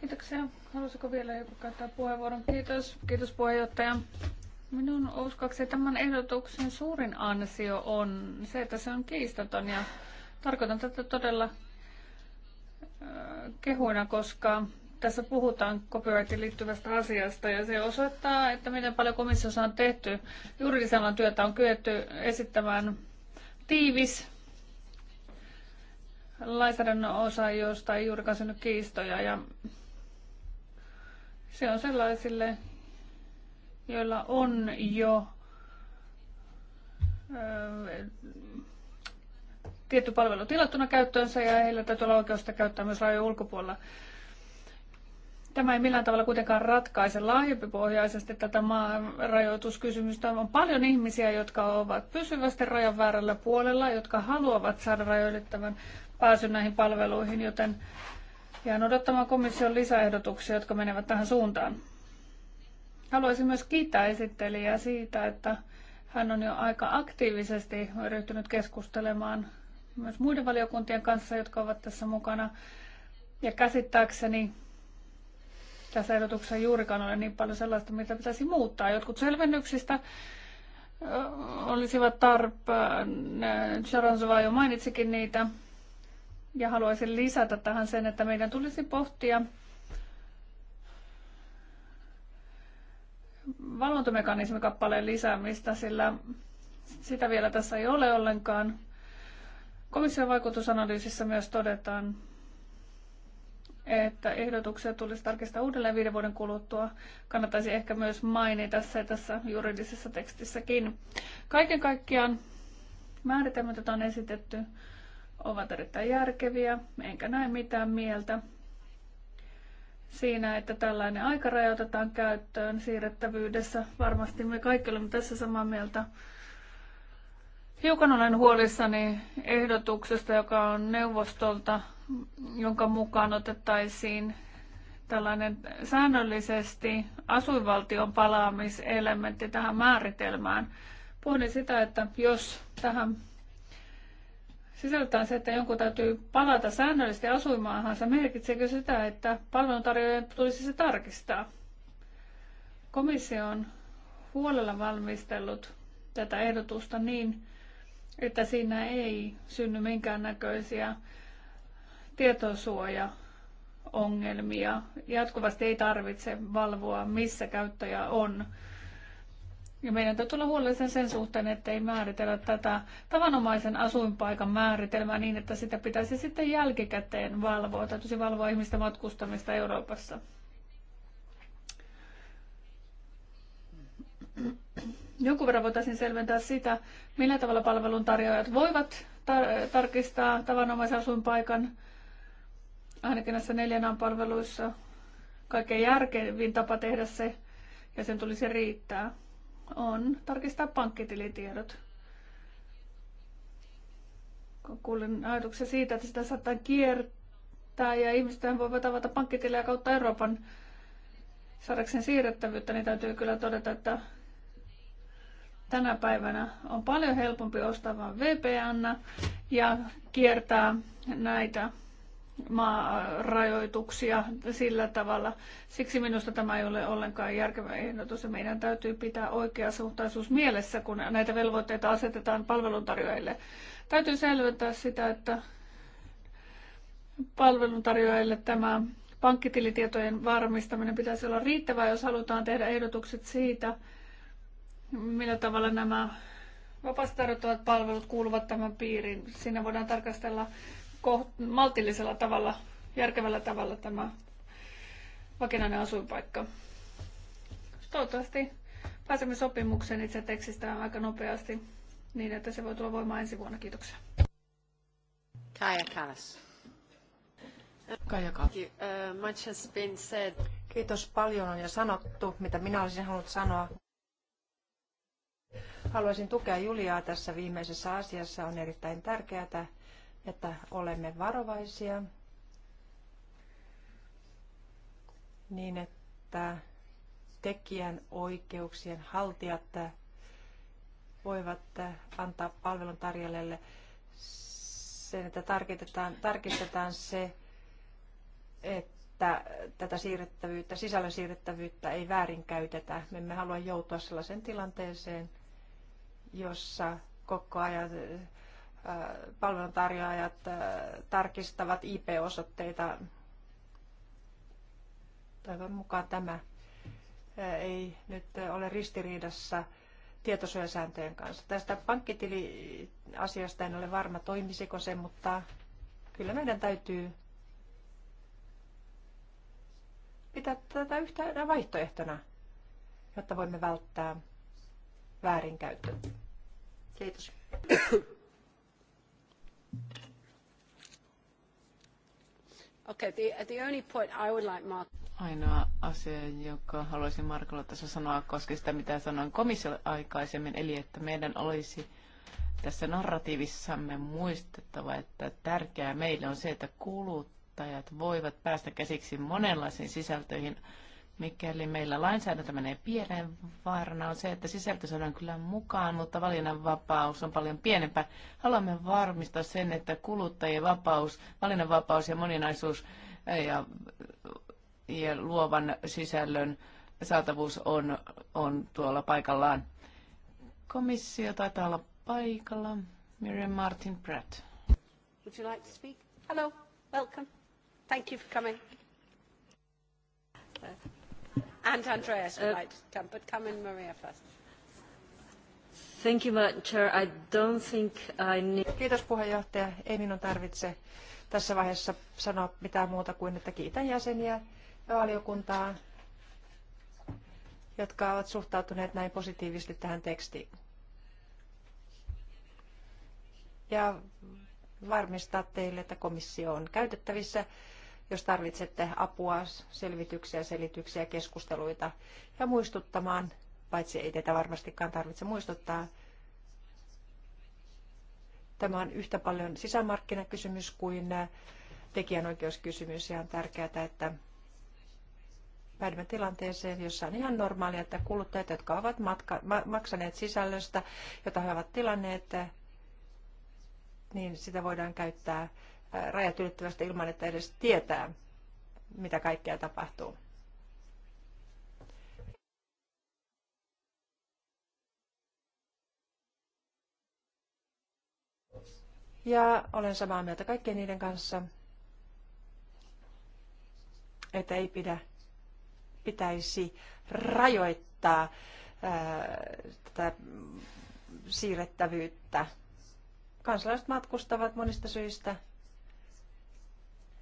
Kiitoksia. Haluaisiko vielä joku käyttää puheenvuoron? Kiitos. Kiitos puheenjohtaja. Minun uskoakseni tämän ehdotuksen suurin ansio on se, että se on kiistaton ja tarkoitan tätä todella äh, kehuina, koska tässä puhutaan copyrightiin liittyvästä asiasta ja se osoittaa, että miten paljon komissiossa on tehty. Juridisella työtä on kyetty esittämään tiivis lainsäädännön osa, josta ei juurikaan synny kiistoja. Ja se on sellaisille, joilla on jo tietty palvelu tilattuna käyttöönsä ja heillä täytyy olla sitä käyttää myös rajojen ulkopuolella. Tämä ei millään tavalla kuitenkaan ratkaise laajempipohjaisesti tätä maanrajoituskysymystä. On paljon ihmisiä, jotka ovat pysyvästi rajan väärällä puolella, jotka haluavat saada rajoitettavan pääsy näihin palveluihin, joten jään odottamaan komission lisäehdotuksia, jotka menevät tähän suuntaan. Haluaisin myös kiittää esittelijää siitä, että hän on jo aika aktiivisesti ryhtynyt keskustelemaan myös muiden valiokuntien kanssa, jotka ovat tässä mukana. Ja käsittääkseni tässä ehdotuksessa juurikaan ole niin paljon sellaista, mitä pitäisi muuttaa. Jotkut selvennyksistä olisivat tarpeen. Sharon Suva jo mainitsikin niitä. Ja haluaisin lisätä tähän sen, että meidän tulisi pohtia valvontamekanismikappaleen lisäämistä, sillä sitä vielä tässä ei ole ollenkaan. Komission vaikutusanalyysissä myös todetaan, että ehdotuksia tulisi tarkistaa uudelleen viiden vuoden kuluttua. Kannattaisi ehkä myös mainita se tässä juridisessa tekstissäkin. Kaiken kaikkiaan määritelmät, joita on esitetty, ovat erittäin järkeviä, enkä näe mitään mieltä siinä, että tällainen aikaraja otetaan käyttöön siirrettävyydessä. Varmasti me kaikki olemme tässä samaa mieltä. Hiukan olen huolissani ehdotuksesta, joka on neuvostolta, jonka mukaan otettaisiin tällainen säännöllisesti asuinvaltion palaamiselementti tähän määritelmään. Pohdin sitä, että jos tähän sisältää se, että jonkun täytyy palata säännöllisesti asuimaahansa, merkitseekö sitä, että palveluntarjoajan tulisi se tarkistaa? Komissio on huolella valmistellut tätä ehdotusta niin, että siinä ei synny minkäännäköisiä tietosuoja-ongelmia. Jatkuvasti ei tarvitse valvoa, missä käyttäjä on ja meidän täytyy olla huolellisen sen suhteen, että ei määritellä tätä tavanomaisen asuinpaikan määritelmää niin, että sitä pitäisi sitten jälkikäteen valvoa. Täytyisi valvoa ihmistä matkustamista Euroopassa. Jonkun verran voitaisiin selventää sitä, millä tavalla palveluntarjoajat voivat tar- tarkistaa tavanomaisen asuinpaikan, ainakin näissä neljänään palveluissa. Kaikkein järkevin tapa tehdä se, ja sen tulisi riittää on tarkistaa pankkitilitiedot. Kun kuulin ajatuksen siitä, että sitä saattaa kiertää ja ihmisten voivat avata pankkitilejä kautta Euroopan saadakseen siirrettävyyttä, niin täytyy kyllä todeta, että tänä päivänä on paljon helpompi ostaa vain VPN ja kiertää näitä maarajoituksia sillä tavalla. Siksi minusta tämä ei ole ollenkaan järkevä ehdotus ja meidän täytyy pitää oikeasuhtaisuus mielessä, kun näitä velvoitteita asetetaan palveluntarjoajille. Täytyy selventää sitä, että palveluntarjoajille tämä pankkitilitietojen varmistaminen pitäisi olla riittävää, jos halutaan tehdä ehdotukset siitä, millä tavalla nämä vapaasti tarjottavat palvelut kuuluvat tämän piiriin. Siinä voidaan tarkastella maltillisella tavalla, järkevällä tavalla tämä vakinainen asuinpaikka. Toivottavasti pääsemme sopimukseen itse tekstistä aika nopeasti niin, että se voi tulla voimaan ensi vuonna. Kiitoksia. Kaija Kallas. Kaija Kallas. Uh, much has been said. Kiitos paljon on jo sanottu, mitä minä olisin halunnut sanoa. Haluaisin tukea Juliaa tässä viimeisessä asiassa. On erittäin tärkeää, että olemme varovaisia niin, että tekijän oikeuksien haltijat voivat antaa palvelun tarjolle sen, että tarkistetaan, tarkistetaan se, että tätä siirrettävyyttä, sisällön siirrettävyyttä ei väärinkäytetä. Me emme halua joutua sellaiseen tilanteeseen, jossa koko ajan palveluntarjoajat äh, tarkistavat IP-osoitteita. Toivon mukaan tämä äh, ei nyt ole ristiriidassa tietosuojasääntöjen kanssa. Tästä pankkitiliasiasta en ole varma, toimisiko se, mutta kyllä meidän täytyy pitää tätä yhtä vaihtoehtona, jotta voimme välttää väärinkäyttöä. Kiitos. Okay, the, only point I would like Mark... Ainoa asia, joka haluaisin Markolla tässä sanoa, koski sitä, mitä sanoin komissiolle aikaisemmin, eli että meidän olisi tässä narratiivissamme muistettava, että tärkeää meille on se, että kuluttajat voivat päästä käsiksi monenlaisiin sisältöihin Mikäli meillä lainsäädäntö menee pieleen, vaarana on se, että sisältö saadaan kyllä mukaan, mutta valinnanvapaus on paljon pienempää. Haluamme varmistaa sen, että kuluttajien vapaus, valinnanvapaus ja moninaisuus eh, ja, ja luovan sisällön saatavuus on, on tuolla paikallaan. Komissio taitaa olla paikalla. Miriam Martin Pratt. Would you like to speak? Hello, welcome. Thank you for coming. And Andreas would uh, like to come, but come in Maria first. Thank you, Madam Chair. I don't think I need... Kiitos puheenjohtaja. Ei minun tarvitse tässä vaiheessa sanoa mitään muuta kuin, että kiitän jäseniä ja valiokuntaa, jotka ovat suhtautuneet näin positiivisesti tähän tekstiin. Ja varmistaa teille, että komissio on käytettävissä jos tarvitsette apua, selvityksiä, selityksiä, keskusteluita ja muistuttamaan, paitsi ei teitä varmastikaan tarvitse muistuttaa, tämä on yhtä paljon sisämarkkinakysymys kuin äh, tekijänoikeuskysymys ja on tärkeää, että päädymme tilanteeseen, jossa on ihan normaalia, että kuluttajat, jotka ovat matka- ma- maksaneet sisällöstä, jota he ovat tilanneet, äh, niin sitä voidaan käyttää rajat ylittävästä ilman, että edes tietää, mitä kaikkea tapahtuu. Ja olen samaa mieltä kaikkien niiden kanssa, että ei pidä, pitäisi rajoittaa ää, tätä siirrettävyyttä. Kansalaiset matkustavat monista syistä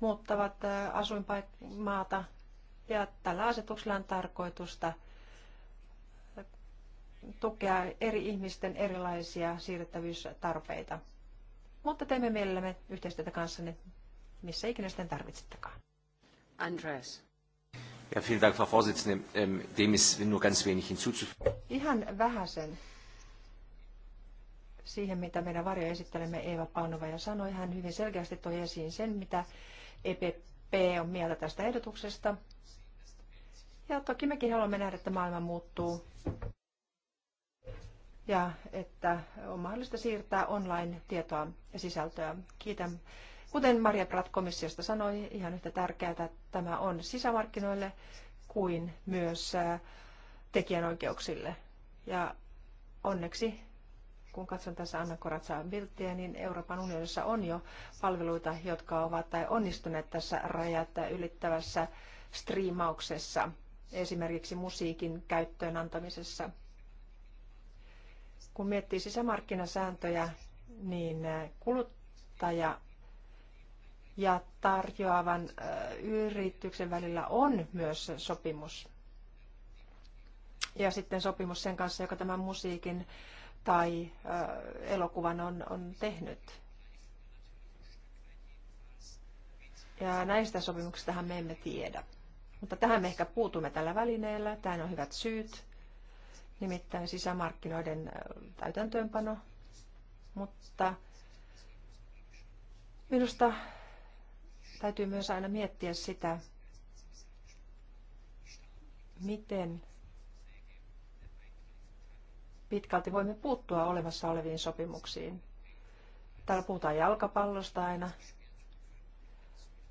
muuttavat asuinmaata. Ja tällä asetuksella on tarkoitusta tukea eri ihmisten erilaisia siirrettävyystarpeita. Mutta teemme mielellämme yhteistyötä kanssanne, missä ikinä sitten tarvitsettekaan. Andreas. Ja, vielen Dank, Frau Vorsitzende. Ähm, dem ist nur ganz wenig hinzuzufügen. Ihan vähäsen siihen, mitä meidän varjoesittelemme Eeva Paunova ja sanoi. Hän hyvin selkeästi toi esiin sen, mitä EPP on mieltä tästä ehdotuksesta. Ja toki mekin haluamme nähdä, että maailma muuttuu ja että on mahdollista siirtää online-tietoa ja sisältöä. Kiitän. Kuten Maria Pratt komissiosta sanoi, ihan yhtä tärkeää että tämä on sisämarkkinoille kuin myös äh, tekijänoikeuksille. Ja onneksi kun katson tässä Anna Koratsaa Bilttiä, niin Euroopan unionissa on jo palveluita, jotka ovat tai onnistuneet tässä rajat ylittävässä striimauksessa, esimerkiksi musiikin käyttöön antamisessa. Kun miettii sisämarkkinasääntöjä, niin äh, kuluttaja ja tarjoavan äh, yrityksen välillä on myös sopimus. Ja sitten sopimus sen kanssa, joka tämän musiikin tai elokuvan on, on tehnyt. Ja näistä sopimuksistahan me emme tiedä. Mutta tähän me ehkä puutumme tällä välineellä. Tähän on hyvät syyt, nimittäin sisämarkkinoiden täytäntöönpano. Mutta minusta täytyy myös aina miettiä sitä, miten pitkälti voimme puuttua olemassa oleviin sopimuksiin. Täällä puhutaan jalkapallosta aina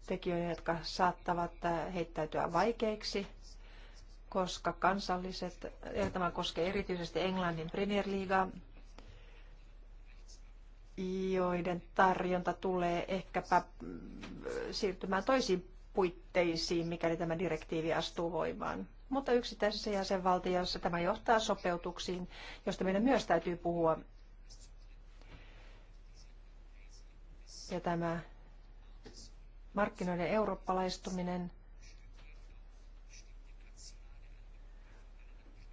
tekijöitä, jotka saattavat äh, heittäytyä vaikeiksi, koska kansalliset, ja äh, tämä koskee erityisesti Englannin Premier Leaguea, joiden tarjonta tulee ehkäpä äh, siirtymään toisiin puitteisiin, mikäli tämä direktiivi astuu voimaan mutta yksittäisissä jäsenvaltioissa tämä johtaa sopeutuksiin, josta meidän myös täytyy puhua. Ja tämä markkinoiden eurooppalaistuminen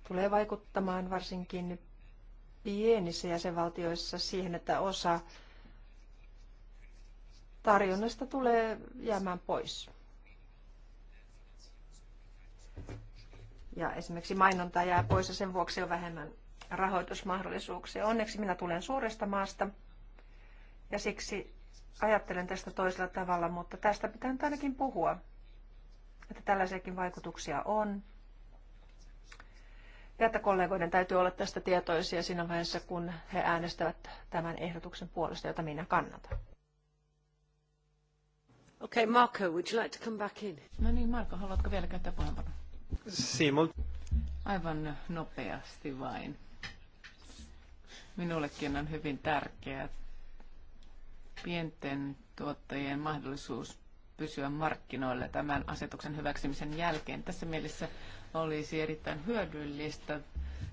tulee vaikuttamaan varsinkin pienissä jäsenvaltioissa siihen, että osa tarjonnasta tulee jäämään pois. Ja esimerkiksi mainonta jää pois ja sen vuoksi on vähemmän rahoitusmahdollisuuksia. Onneksi minä tulen suuresta maasta ja siksi ajattelen tästä toisella tavalla, mutta tästä pitää nyt ainakin puhua, että tällaisiakin vaikutuksia on. Ja että kollegoiden täytyy olla tästä tietoisia siinä vaiheessa, kun he äänestävät tämän ehdotuksen puolesta, jota minä kannatan. Okay, Marco, would you like to come back in? No niin, Marko, haluatko vielä käyttää puheenvuoron? Aivan nopeasti vain. Minullekin on hyvin tärkeää pienten tuottajien mahdollisuus pysyä markkinoilla tämän asetuksen hyväksymisen jälkeen. Tässä mielessä olisi erittäin hyödyllistä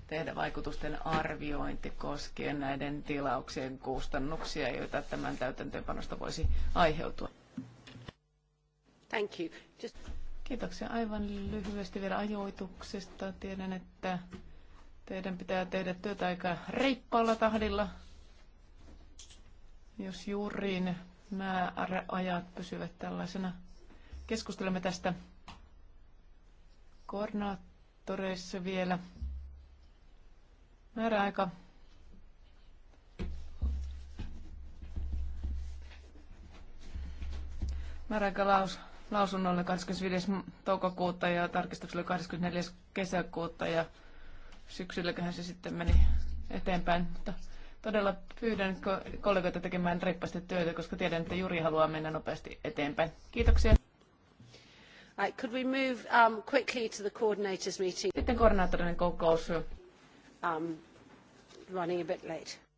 tehdä vaikutusten arviointi koskien näiden tilauksien kustannuksia, joita tämän täytäntöönpanosta voisi aiheutua. Thank you. Just... Kiitoksia aivan lyhyesti vielä ajoituksesta. Tiedän, että teidän pitää tehdä työtä aika reippaalla tahdilla, jos juuriin määräajat pysyvät tällaisena. Keskustelemme tästä koordinaattoreissa vielä. Määräaika Määräaika lausa lausunnolle 25. toukokuuta ja tarkistukselle 24. kesäkuuta ja syksylläköhän se sitten meni eteenpäin. Mutta todella pyydän kollegoita tekemään reippaasti työtä, koska tiedän, että Juri haluaa mennä nopeasti eteenpäin. Kiitoksia. Right, could we move um, quickly to the coordinators meeting? Sitten koordinaattorinen kokous. Um, running a bit late.